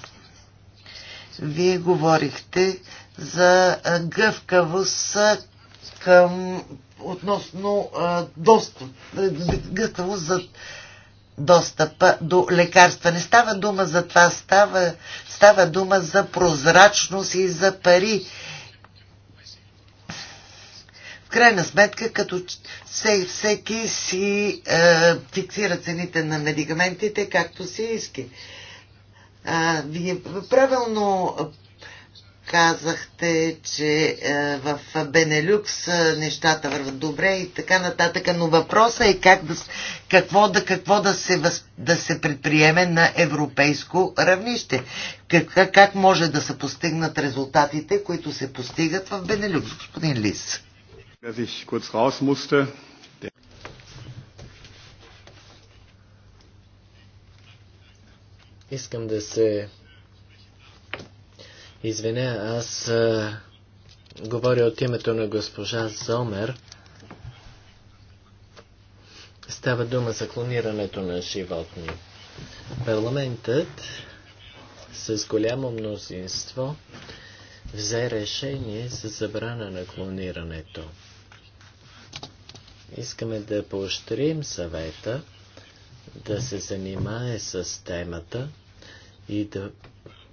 вие говорихте за гъвкавост към относно достъп, гъвкавост за достъпа до лекарства. Не става дума за това, става, става дума за прозрачност и за пари. В крайна сметка, като всеки си е, фиксира цените на медикаментите, както си иски. А, вие правилно казахте, че в Бенелюкс нещата върват добре и така нататък, но въпросът е как да, какво, да, какво да, се, въз, да се предприеме на европейско равнище. Как, как може да се постигнат резултатите, които се постигат в Бенелюкс, господин Лис? Искам да се извиня, аз а, говоря от името на госпожа Зомер. Става дума за клонирането на животни. Парламентът с голямо мнозинство взе решение за забрана на клонирането. Искаме да поощрим съвета да се занимае с темата и да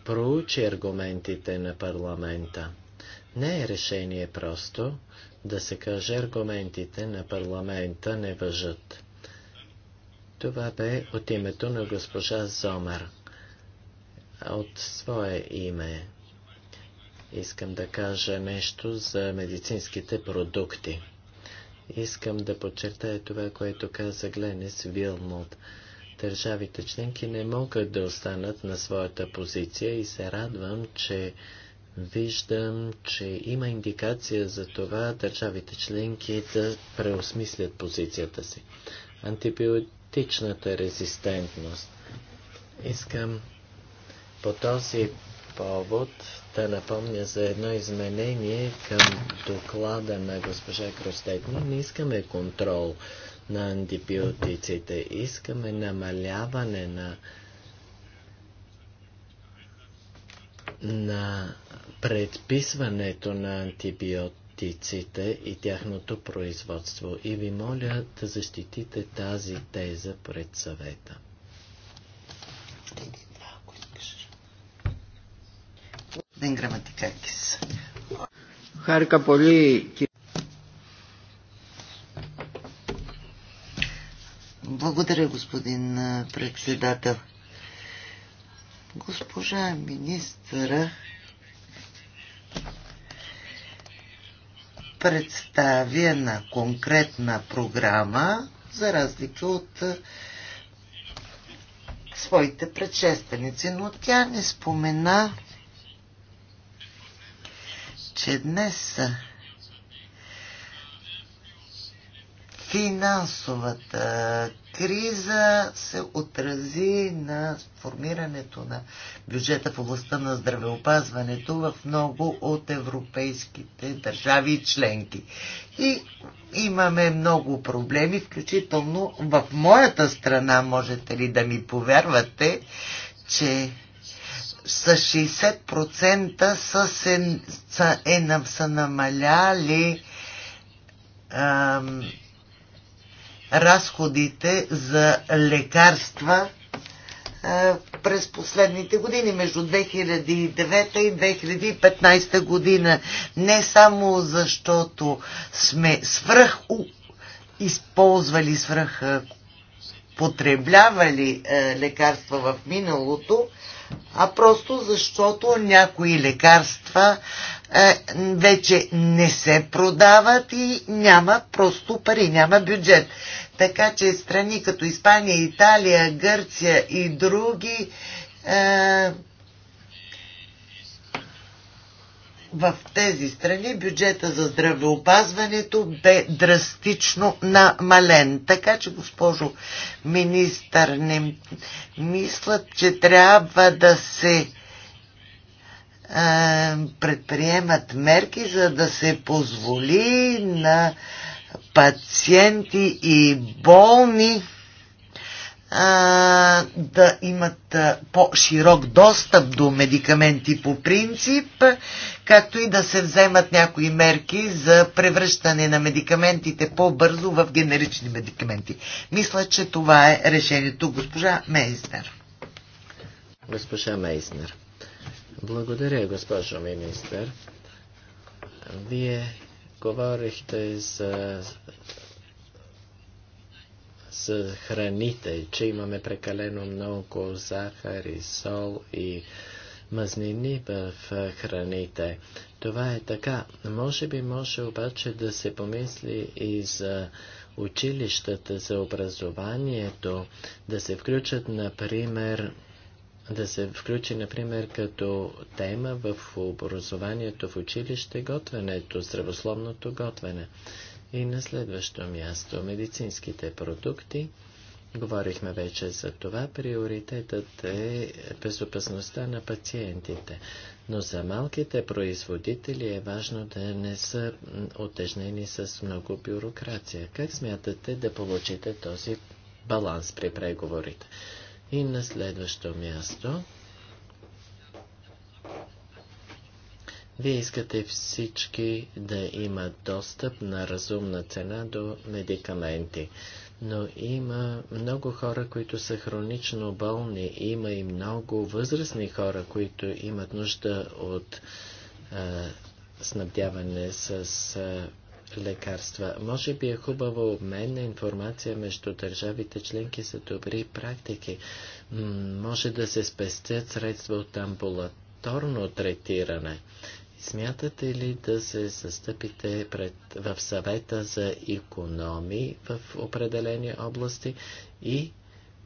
проучи аргументите на парламента. Не е решение просто да се каже аргументите на парламента не въжат. Това бе от името на госпожа Зомер. От свое име искам да кажа нещо за медицинските продукти. Искам да подчертая това, което каза Гленис Вилмут държавите членки не могат да останат на своята позиция и се радвам, че виждам, че има индикация за това държавите членки да преосмислят позицията си. Антибиотичната резистентност. Искам по този повод да напомня за едно изменение към доклада на госпожа Кростет. не искаме контрол на антибиотиците. Искаме намаляване на, на предписването на антибиотиците и тяхното производство. И ви моля да защитите тази теза пред съвета. Харка поли, Благодаря, господин председател. Госпожа министъра представи една конкретна програма, за разлика от своите предшественици, но тя не спомена, че днес финансовата криза се отрази на формирането на бюджета в областта на здравеопазването в много от европейските държави и членки. И имаме много проблеми, включително в моята страна, можете ли да ми повярвате, че с 60% са, се, са, е, са намаляли ам, разходите за лекарства през последните години, между 2009 и 2015 година. Не само защото сме свръх използвали, свръх потреблявали лекарства в миналото, а просто защото някои лекарства е, вече не се продават и няма просто пари, няма бюджет. Така че страни като Испания, Италия, Гърция и други е, в тези страни бюджета за здравеопазването бе драстично намален. Така че, госпожо министър, не мислят, че трябва да се е, предприемат мерки, за да се позволи на пациенти и болни а, е, да имат е, по-широк достъп до медикаменти по принцип, както и да се вземат някои мерки за превръщане на медикаментите по-бързо в генерични медикаменти. Мисля, че това е решението. Госпожа Мейснер. Госпожа Мейснер. Благодаря, госпожо министър. Вие говорихте за, за храните, че имаме прекалено много захар и сол и мазнини в храните. Това е така. Може би може обаче да се помисли и за училищата, за образованието, да се включат, например, да се включи, например, като тема в образованието в училище готвенето, здравословното готвене. И на следващо място медицинските продукти. Говорихме вече за това. Приоритетът е безопасността на пациентите. Но за малките производители е важно да не са отежнени с много бюрокрация. Как смятате да получите този баланс при преговорите? И на следващо място, вие искате всички да имат достъп на разумна цена до медикаменти. Но има много хора, които са хронично болни, има и много възрастни хора, които имат нужда от а, снабдяване с а, лекарства. Може би е хубаво обмен на информация между държавите членки за добри практики. Може да се спестят средства от амбулаторно третиране. Смятате ли да се застъпите пред, в съвета за економии в определени области и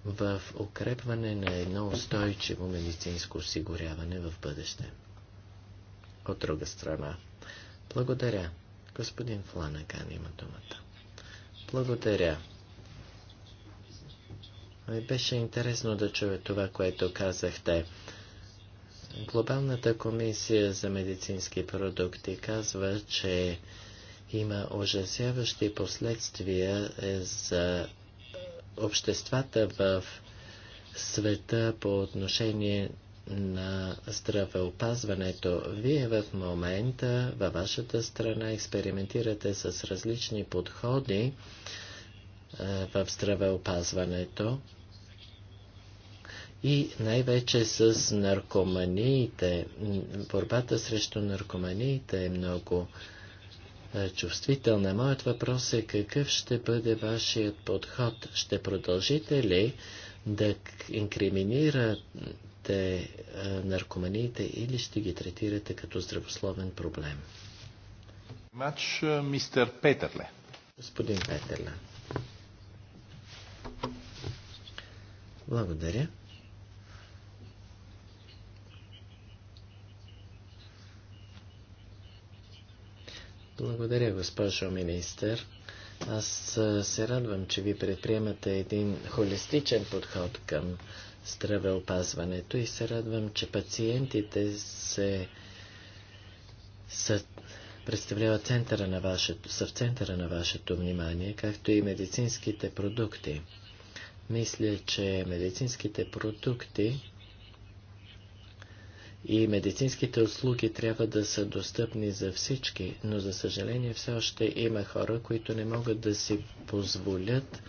в укрепване на едно устойчиво медицинско осигуряване в бъдеще? От друга страна. Благодаря. Господин Фланаган има думата. Благодаря. Ами, беше интересно да чуя това, което казахте. Глобалната комисия за медицински продукти казва, че има ужасяващи последствия за обществата в света по отношение на здравеопазването. Вие в момента във вашата страна експериментирате с различни подходи е, в здравеопазването и най-вече с наркоманиите. Борбата срещу наркоманиите е много е, чувствителна. Моят въпрос е какъв ще бъде вашият подход? Ще продължите ли да инкриминира, третирате е, наркоманиите или ще ги третирате като здравословен проблем? Мач, е, мистер Петерле. Господин Петерле. Благодаря. Благодаря, госпожо министър. Аз е, се радвам, че ви предприемате един холистичен подход към здравеопазването и се радвам, че пациентите се са, представляват центъра на вашето, са в центъра на вашето внимание, както и медицинските продукти. Мисля, че медицинските продукти и медицинските услуги трябва да са достъпни за всички, но за съжаление все още има хора, които не могат да си позволят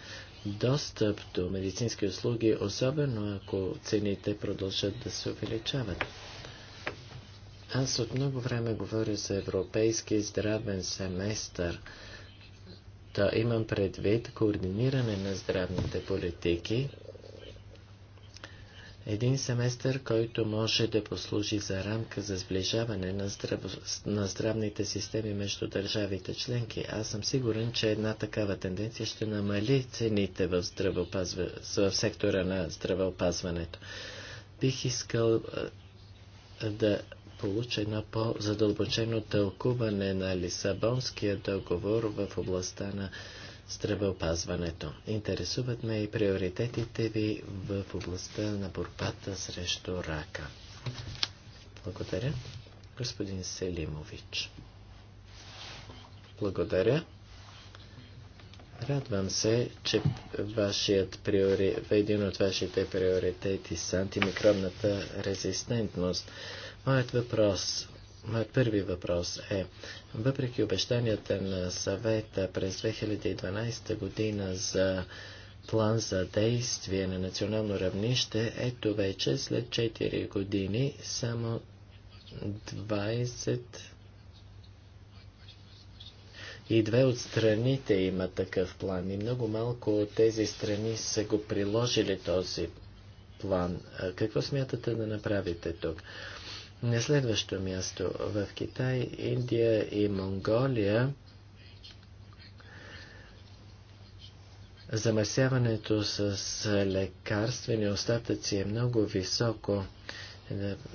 достъп до медицински услуги, особено ако цените продължат да се увеличават. Аз от много време говоря за европейски здравен семестър. Да имам предвид координиране на здравните политики един семестър, който може да послужи за рамка за сближаване на, здрав... на здравните системи между държавите членки. Аз съм сигурен, че една такава тенденция ще намали цените в, здравопазв... в сектора на здравеопазването. Бих искал да получа едно по-задълбочено тълкуване на Лисабонския договор в областта на здравеопазването. Интересуват ме и приоритетите ви в областта на борбата срещу рака. Благодаря. Господин Селимович. Благодаря. Радвам се, че вашият приори... един от вашите приоритети са антимикробната резистентност. Моят въпрос Моят първи въпрос е, въпреки обещанията на съвета през 2012 година за план за действие на национално равнище, ето вече след 4 години само 20 и две от страните има такъв план и много малко от тези страни са го приложили този план. Какво смятате да направите тук? На следващо място в Китай, Индия и Монголия замърсяването с лекарствени остатъци е много високо.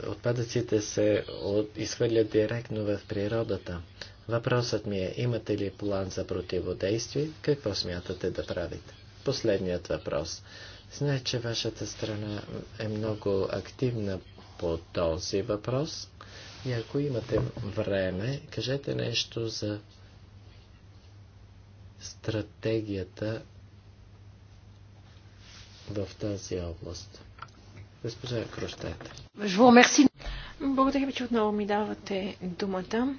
Отпадъците се от... изхвърлят директно в природата. Въпросът ми е, имате ли план за противодействие? Какво смятате да правите? Последният въпрос. Знае, че вашата страна е много активна по този въпрос. И ако имате време, кажете нещо за стратегията в тази област. Госпожа Крощета. Благодаря ви, че отново ми давате думата.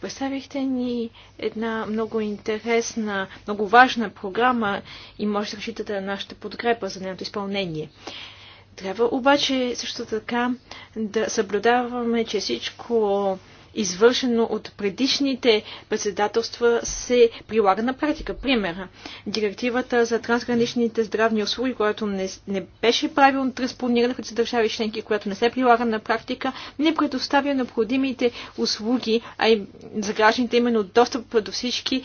Представихте ни една много интересна, много важна програма и може да разчитате на нашата подкрепа за нейното изпълнение. Трябва обаче също така да съблюдаваме, че всичко извършено от предишните председателства се прилага на практика. Пример, директивата за трансграничните здравни услуги, която не, не беше правилно транспонирана като държави членки, която не се прилага на практика, не предоставя необходимите услуги, а и за гражданите именно достъп до всички,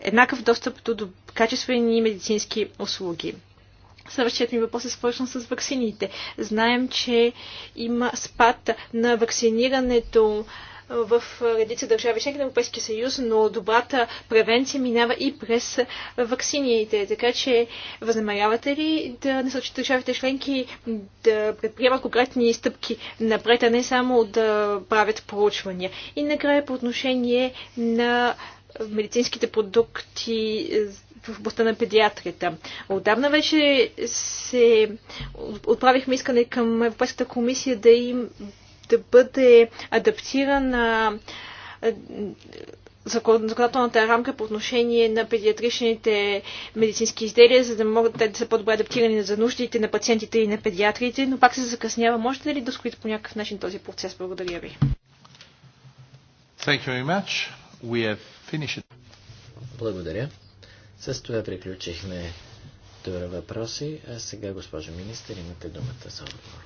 еднакъв достъп до качествени медицински услуги. Следващият ми въпрос е свързан с ваксините. Знаем, че има спад на вакцинирането в редица държави, членки на Европейския съюз, но добрата превенция минава и през вакцините. Така че възнамерявате ли да насочите държавите членки да предприемат конкретни стъпки напред, а не само да правят проучвания? И накрая по отношение на медицинските продукти в областта на педиатрията. Отдавна вече се отправихме искане към Европейската комисия да им да бъде адаптирана законодателната рамка по отношение на педиатричните медицински изделия, за да могат те да са по-добре адаптирани за нуждите на пациентите и на педиатрите, но пак се закъснява. Можете ли да ускорите по някакъв начин този процес? Благодаря ви. Thank you very much. We have finished. Благодаря. С това приключихме тура въпроси, а сега, госпожо министър, имате думата за отговор.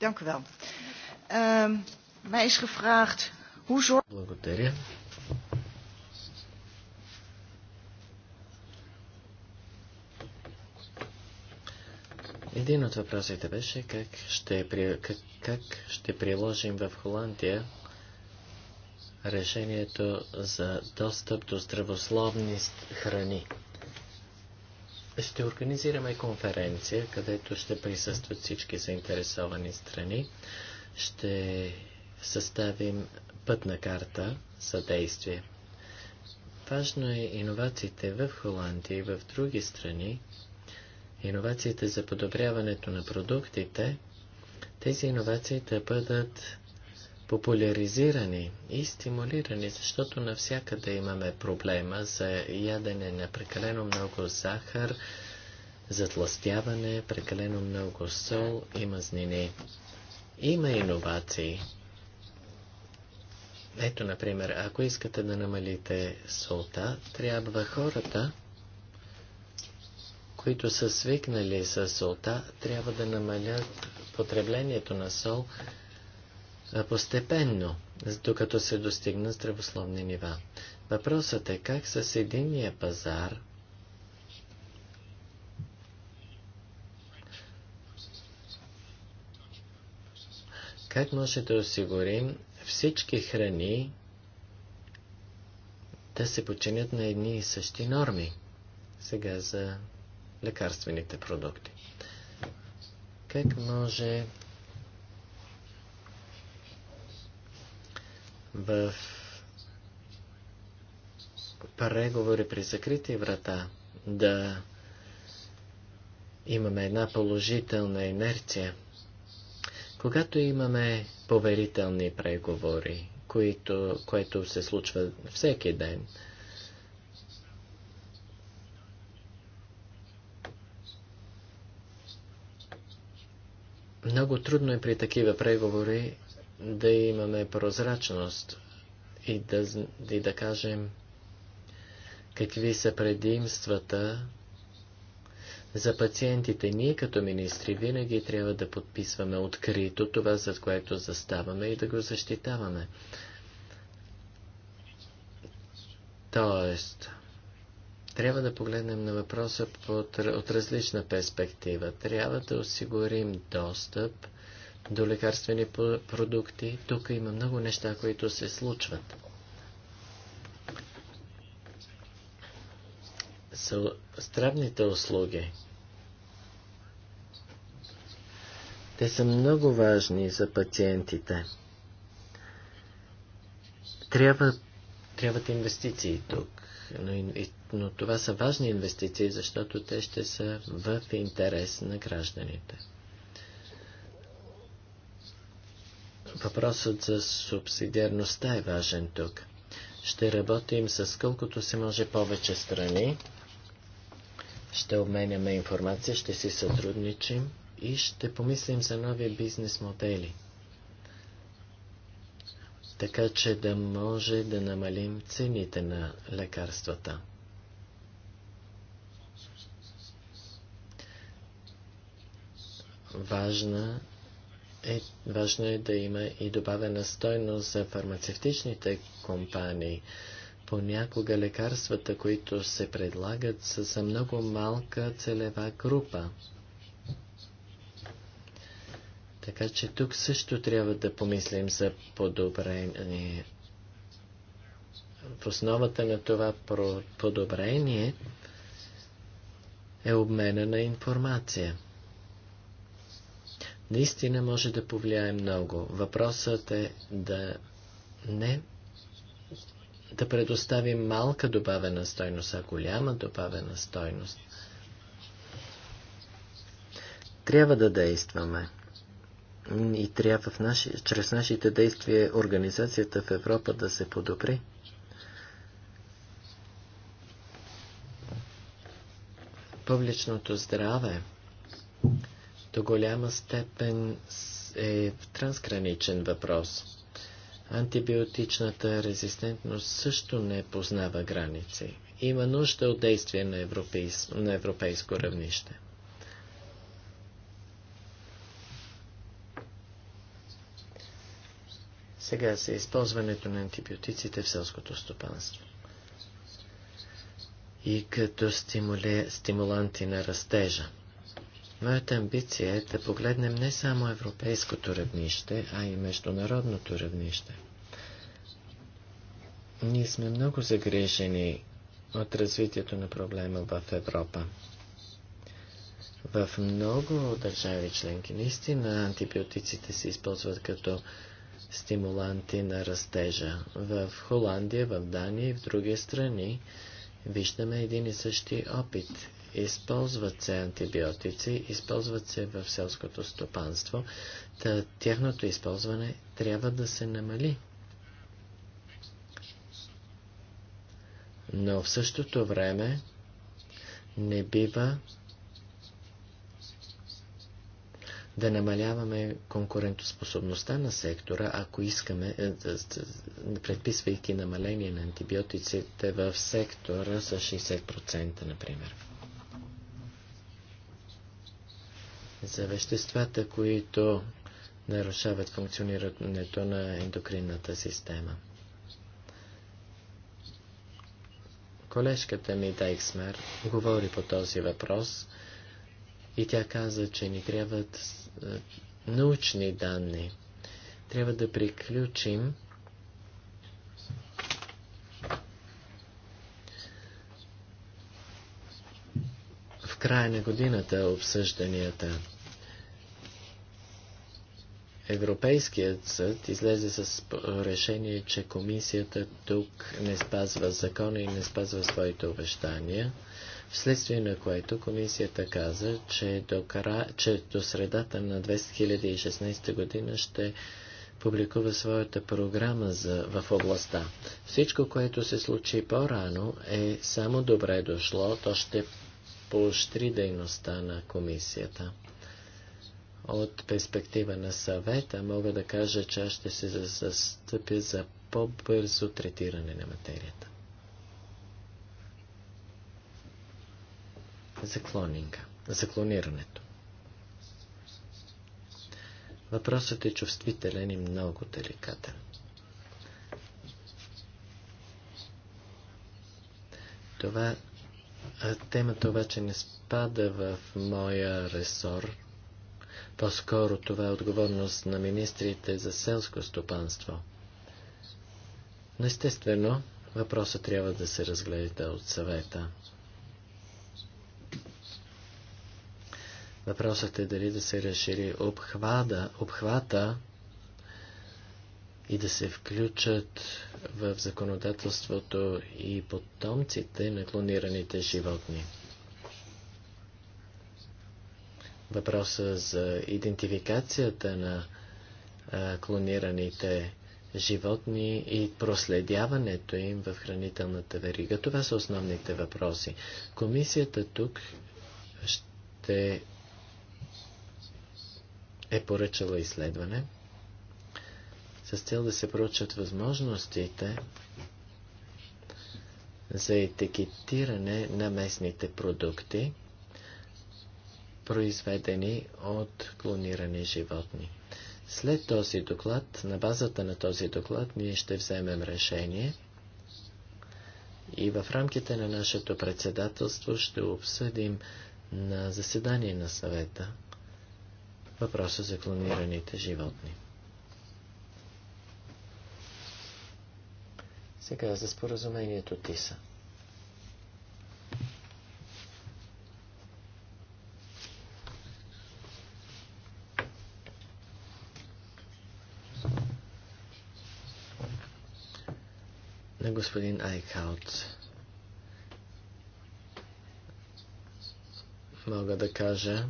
Dank u wel. Uh, mij is gevraagd hoe zorg. Благодаря. Един от въпросите беше как ще, как, как ще приложим в Холандия решението за достъп до здравословни храни. Ще организираме конференция, където ще присъстват всички заинтересовани страни. Ще съставим пътна карта за действие. Важно е иновациите в Холандия и в други страни иновациите за подобряването на продуктите, тези иновации да бъдат популяризирани и стимулирани, защото навсякъде имаме проблема за ядене на прекалено много захар, затластяване, прекалено много сол и мазнини. Има иновации. Ето, например, ако искате да намалите солта, трябва хората които са свикнали с солта, трябва да намалят потреблението на сол постепенно, докато се достигнат здравословни нива. Въпросът е как с единия пазар как може да осигурим всички храни да се починят на едни и същи норми. Сега за лекарствените продукти. Как може в преговори при закрити врата да имаме една положителна инерция. Когато имаме поверителни преговори, които, което се случва всеки ден, Много трудно е при такива преговори да имаме прозрачност и да, и да кажем какви са предимствата за пациентите. Ние като министри винаги трябва да подписваме открито това, за което заставаме и да го защитаваме. Тоест, трябва да погледнем на въпроса под, от различна перспектива. Трябва да осигурим достъп до лекарствени продукти. Тук има много неща, които се случват. Са здравните услуги. Те са много важни за пациентите. Трябва, трябват инвестиции тук но, и, но това са важни инвестиции, защото те ще са в интерес на гражданите. Въпросът за субсидиарността е важен тук. Ще работим с колкото се може повече страни, ще обменяме информация, ще си сътрудничим и ще помислим за нови бизнес модели така че да може да намалим цените на лекарствата. Важна е, важно е да има и добавена стойност за фармацевтичните компании. Понякога лекарствата, които се предлагат, са за много малка целева група. Така че тук също трябва да помислим за подобрение. В основата на това подобрение е обмена на информация. Наистина може да повлияе много. Въпросът е да не да предоставим малка добавена стойност, а голяма добавена стойност. Трябва да действаме и трябва в наши, чрез нашите действия организацията в Европа да се подобри. Публичното здраве до голяма степен е трансграничен въпрос. Антибиотичната резистентност също не познава граници. Има нужда от действие на, европейс... на европейско равнище. Сега се използването на антибиотиците в селското стопанство. И като стимуле, стимуланти на растежа. Моята амбиция е да погледнем не само европейското равнище, а и международното равнище. Ние сме много загрижени от развитието на проблема в Европа. В много държави членки наистина антибиотиците се използват като стимуланти на растежа. В Холандия, в Дания и в други страни виждаме един и същи опит. Използват се антибиотици, използват се в селското стопанство, та тяхното използване трябва да се намали. Но в същото време не бива да намаляваме конкурентоспособността на сектора, ако искаме, е, предписвайки намаление на антибиотиците в сектора с 60%, например. За веществата, които нарушават функционирането на ендокринната система. Колежката ми Дайксмер говори по този въпрос – и тя каза, че ни трябват е, научни данни. Трябва да приключим в края на годината обсъжданията. Европейският съд излезе с решение, че комисията тук не спазва закона и не спазва своите обещания вследствие на което комисията каза, че до, кара, че до средата на 2016 година ще публикува своята програма за, в областта. Всичко, което се случи по-рано, е само добре дошло, то ще поощри дейността на комисията. От перспектива на съвета мога да кажа, че аз ще се застъпя за по-бързо третиране на материята. за клонинга, за клонирането. Въпросът е чувствителен и много деликатен. Това темата обаче не спада в моя ресор. По-скоро това е отговорност на министрите за селско стопанство. Но естествено, въпросът трябва да се разгледа от съвета. Въпросът е дали да се разшири обхвата, обхвата и да се включат в законодателството и потомците на клонираните животни. Въпроса за идентификацията на клонираните животни и проследяването им в хранителната верига. Това са основните въпроси. Комисията тук ще е поръчала изследване с цел да се проучат възможностите за етикетиране на местните продукти, произведени от клонирани животни. След този доклад, на базата на този доклад, ние ще вземем решение и в рамките на нашето председателство ще обсъдим на заседание на съвета въпроса за клонираните животни. Сега за споразумението ТИСА. На господин Айкаут мога да кажа,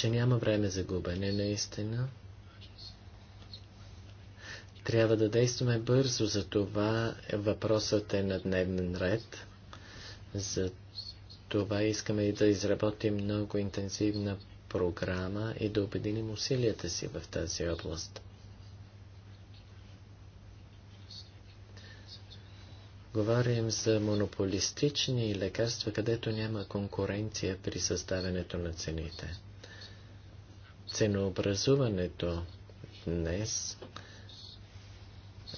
че няма време за губене наистина. Трябва да действаме бързо, за това въпросът е на дневен ред. За това искаме и да изработим много интензивна програма и да обединим усилията си в тази област. Говорим за монополистични лекарства, където няма конкуренция при съставянето на цените ценообразуването днес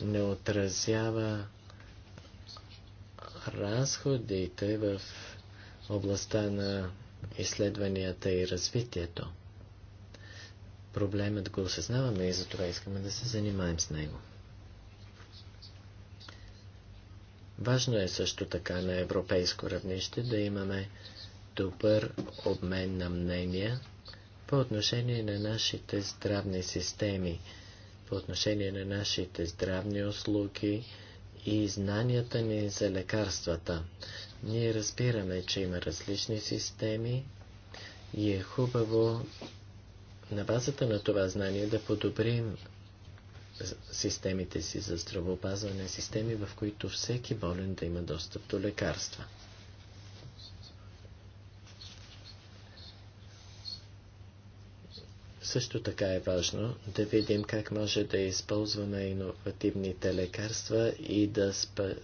не отразява разходите в областта на изследванията и развитието. Проблемът го осъзнаваме и затова искаме да се занимаем с него. Важно е също така на европейско равнище да имаме добър обмен на мнения по отношение на нашите здравни системи, по отношение на нашите здравни услуги и знанията ни за лекарствата. Ние разбираме, че има различни системи и е хубаво на базата на това знание да подобрим системите си за здравеопазване, системи, в които всеки болен да има достъп до лекарства. Също така е важно да видим как може да използваме иновативните лекарства и да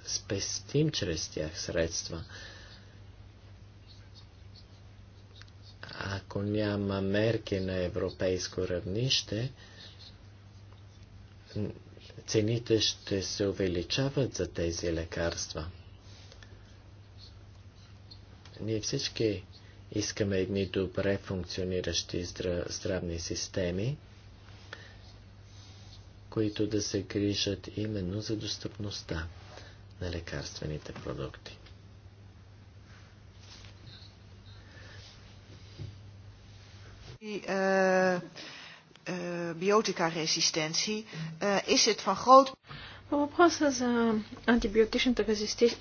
спестим чрез тях средства. Ако няма мерки на европейско равнище, цените ще се увеличават за тези лекарства. Ние всички Искаме едни добре функциониращи здравни системи, които да се грижат именно за достъпността на лекарствените продукти. antibioticaresistentie, uh, е, е, е, is het van groot по въпроса за антибиотичната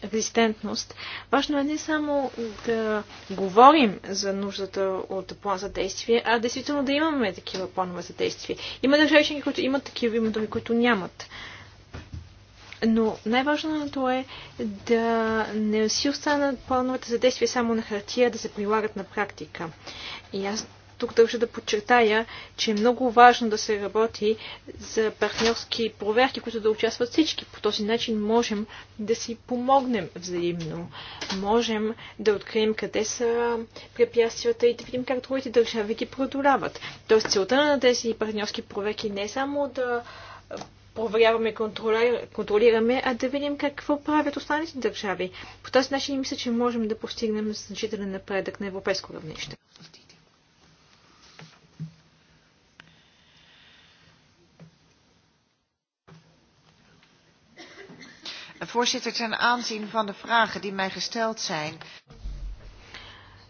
резистентност, важно е не само да говорим за нуждата от план за действие, а действително да имаме такива планове за действие. Има държави, които имат такива, има други, които нямат. Но най-важното е да не си останат плановете за действие само на хартия, да се прилагат на практика. И аз тук държа да подчертая, че е много важно да се работи за партньорски проверки, които да участват всички. По този начин можем да си помогнем взаимно. Можем да открием къде са препятствията и да видим как другите държави ги продоляват. Тоест целта на тези партньорски проверки не е само да проверяваме, контролираме, а да видим какво правят останалите държави. По този начин мисля, че можем да постигнем значителен напредък на европейско равнище. Voorzitter, ten aanzien van de vragen die mij gesteld zijn.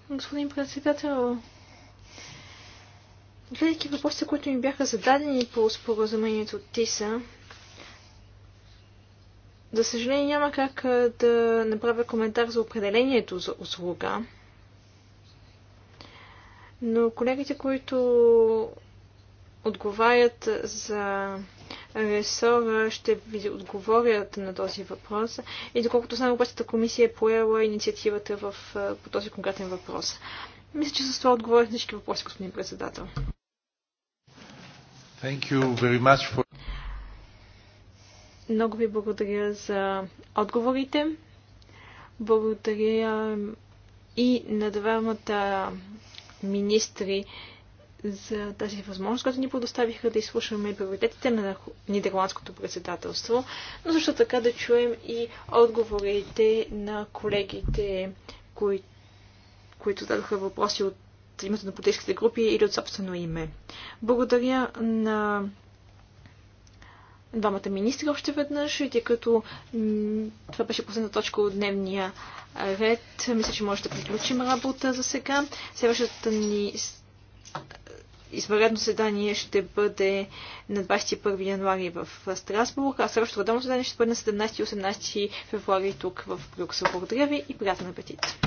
Господин председател, гледайки въпросите, които ми бяха зададени по споразумението от ТИСА, за съжаление няма как да направя коментар за определението за услуга. Но колегите, които отговарят за ресора ще ви отговорят на този въпрос. И доколкото знам, Европейската комисия е поела инициативата в, по този конкретен въпрос. Мисля, че с това отговорих всички въпроси, господин председател. Thank you very much for... Много ви благодаря за отговорите. Благодаря и на двамата министри за тази възможност, която ни предоставиха да изслушаме приоритетите на Нидерландското председателство, но също така да чуем и отговорите на колегите, кои, които дадоха въпроси от името на политическите групи или от собствено име. Благодаря на двамата министри още веднъж и тъй като това беше последна точка от дневния ред, мисля, че може да приключим работа за сега. Следващата ни извънредно седание ще бъде на 21 януари в Страсбург, а следващото редовно седание ще бъде на 17 18 февруари тук в Брюксел. Благодаря ви и приятен апетит!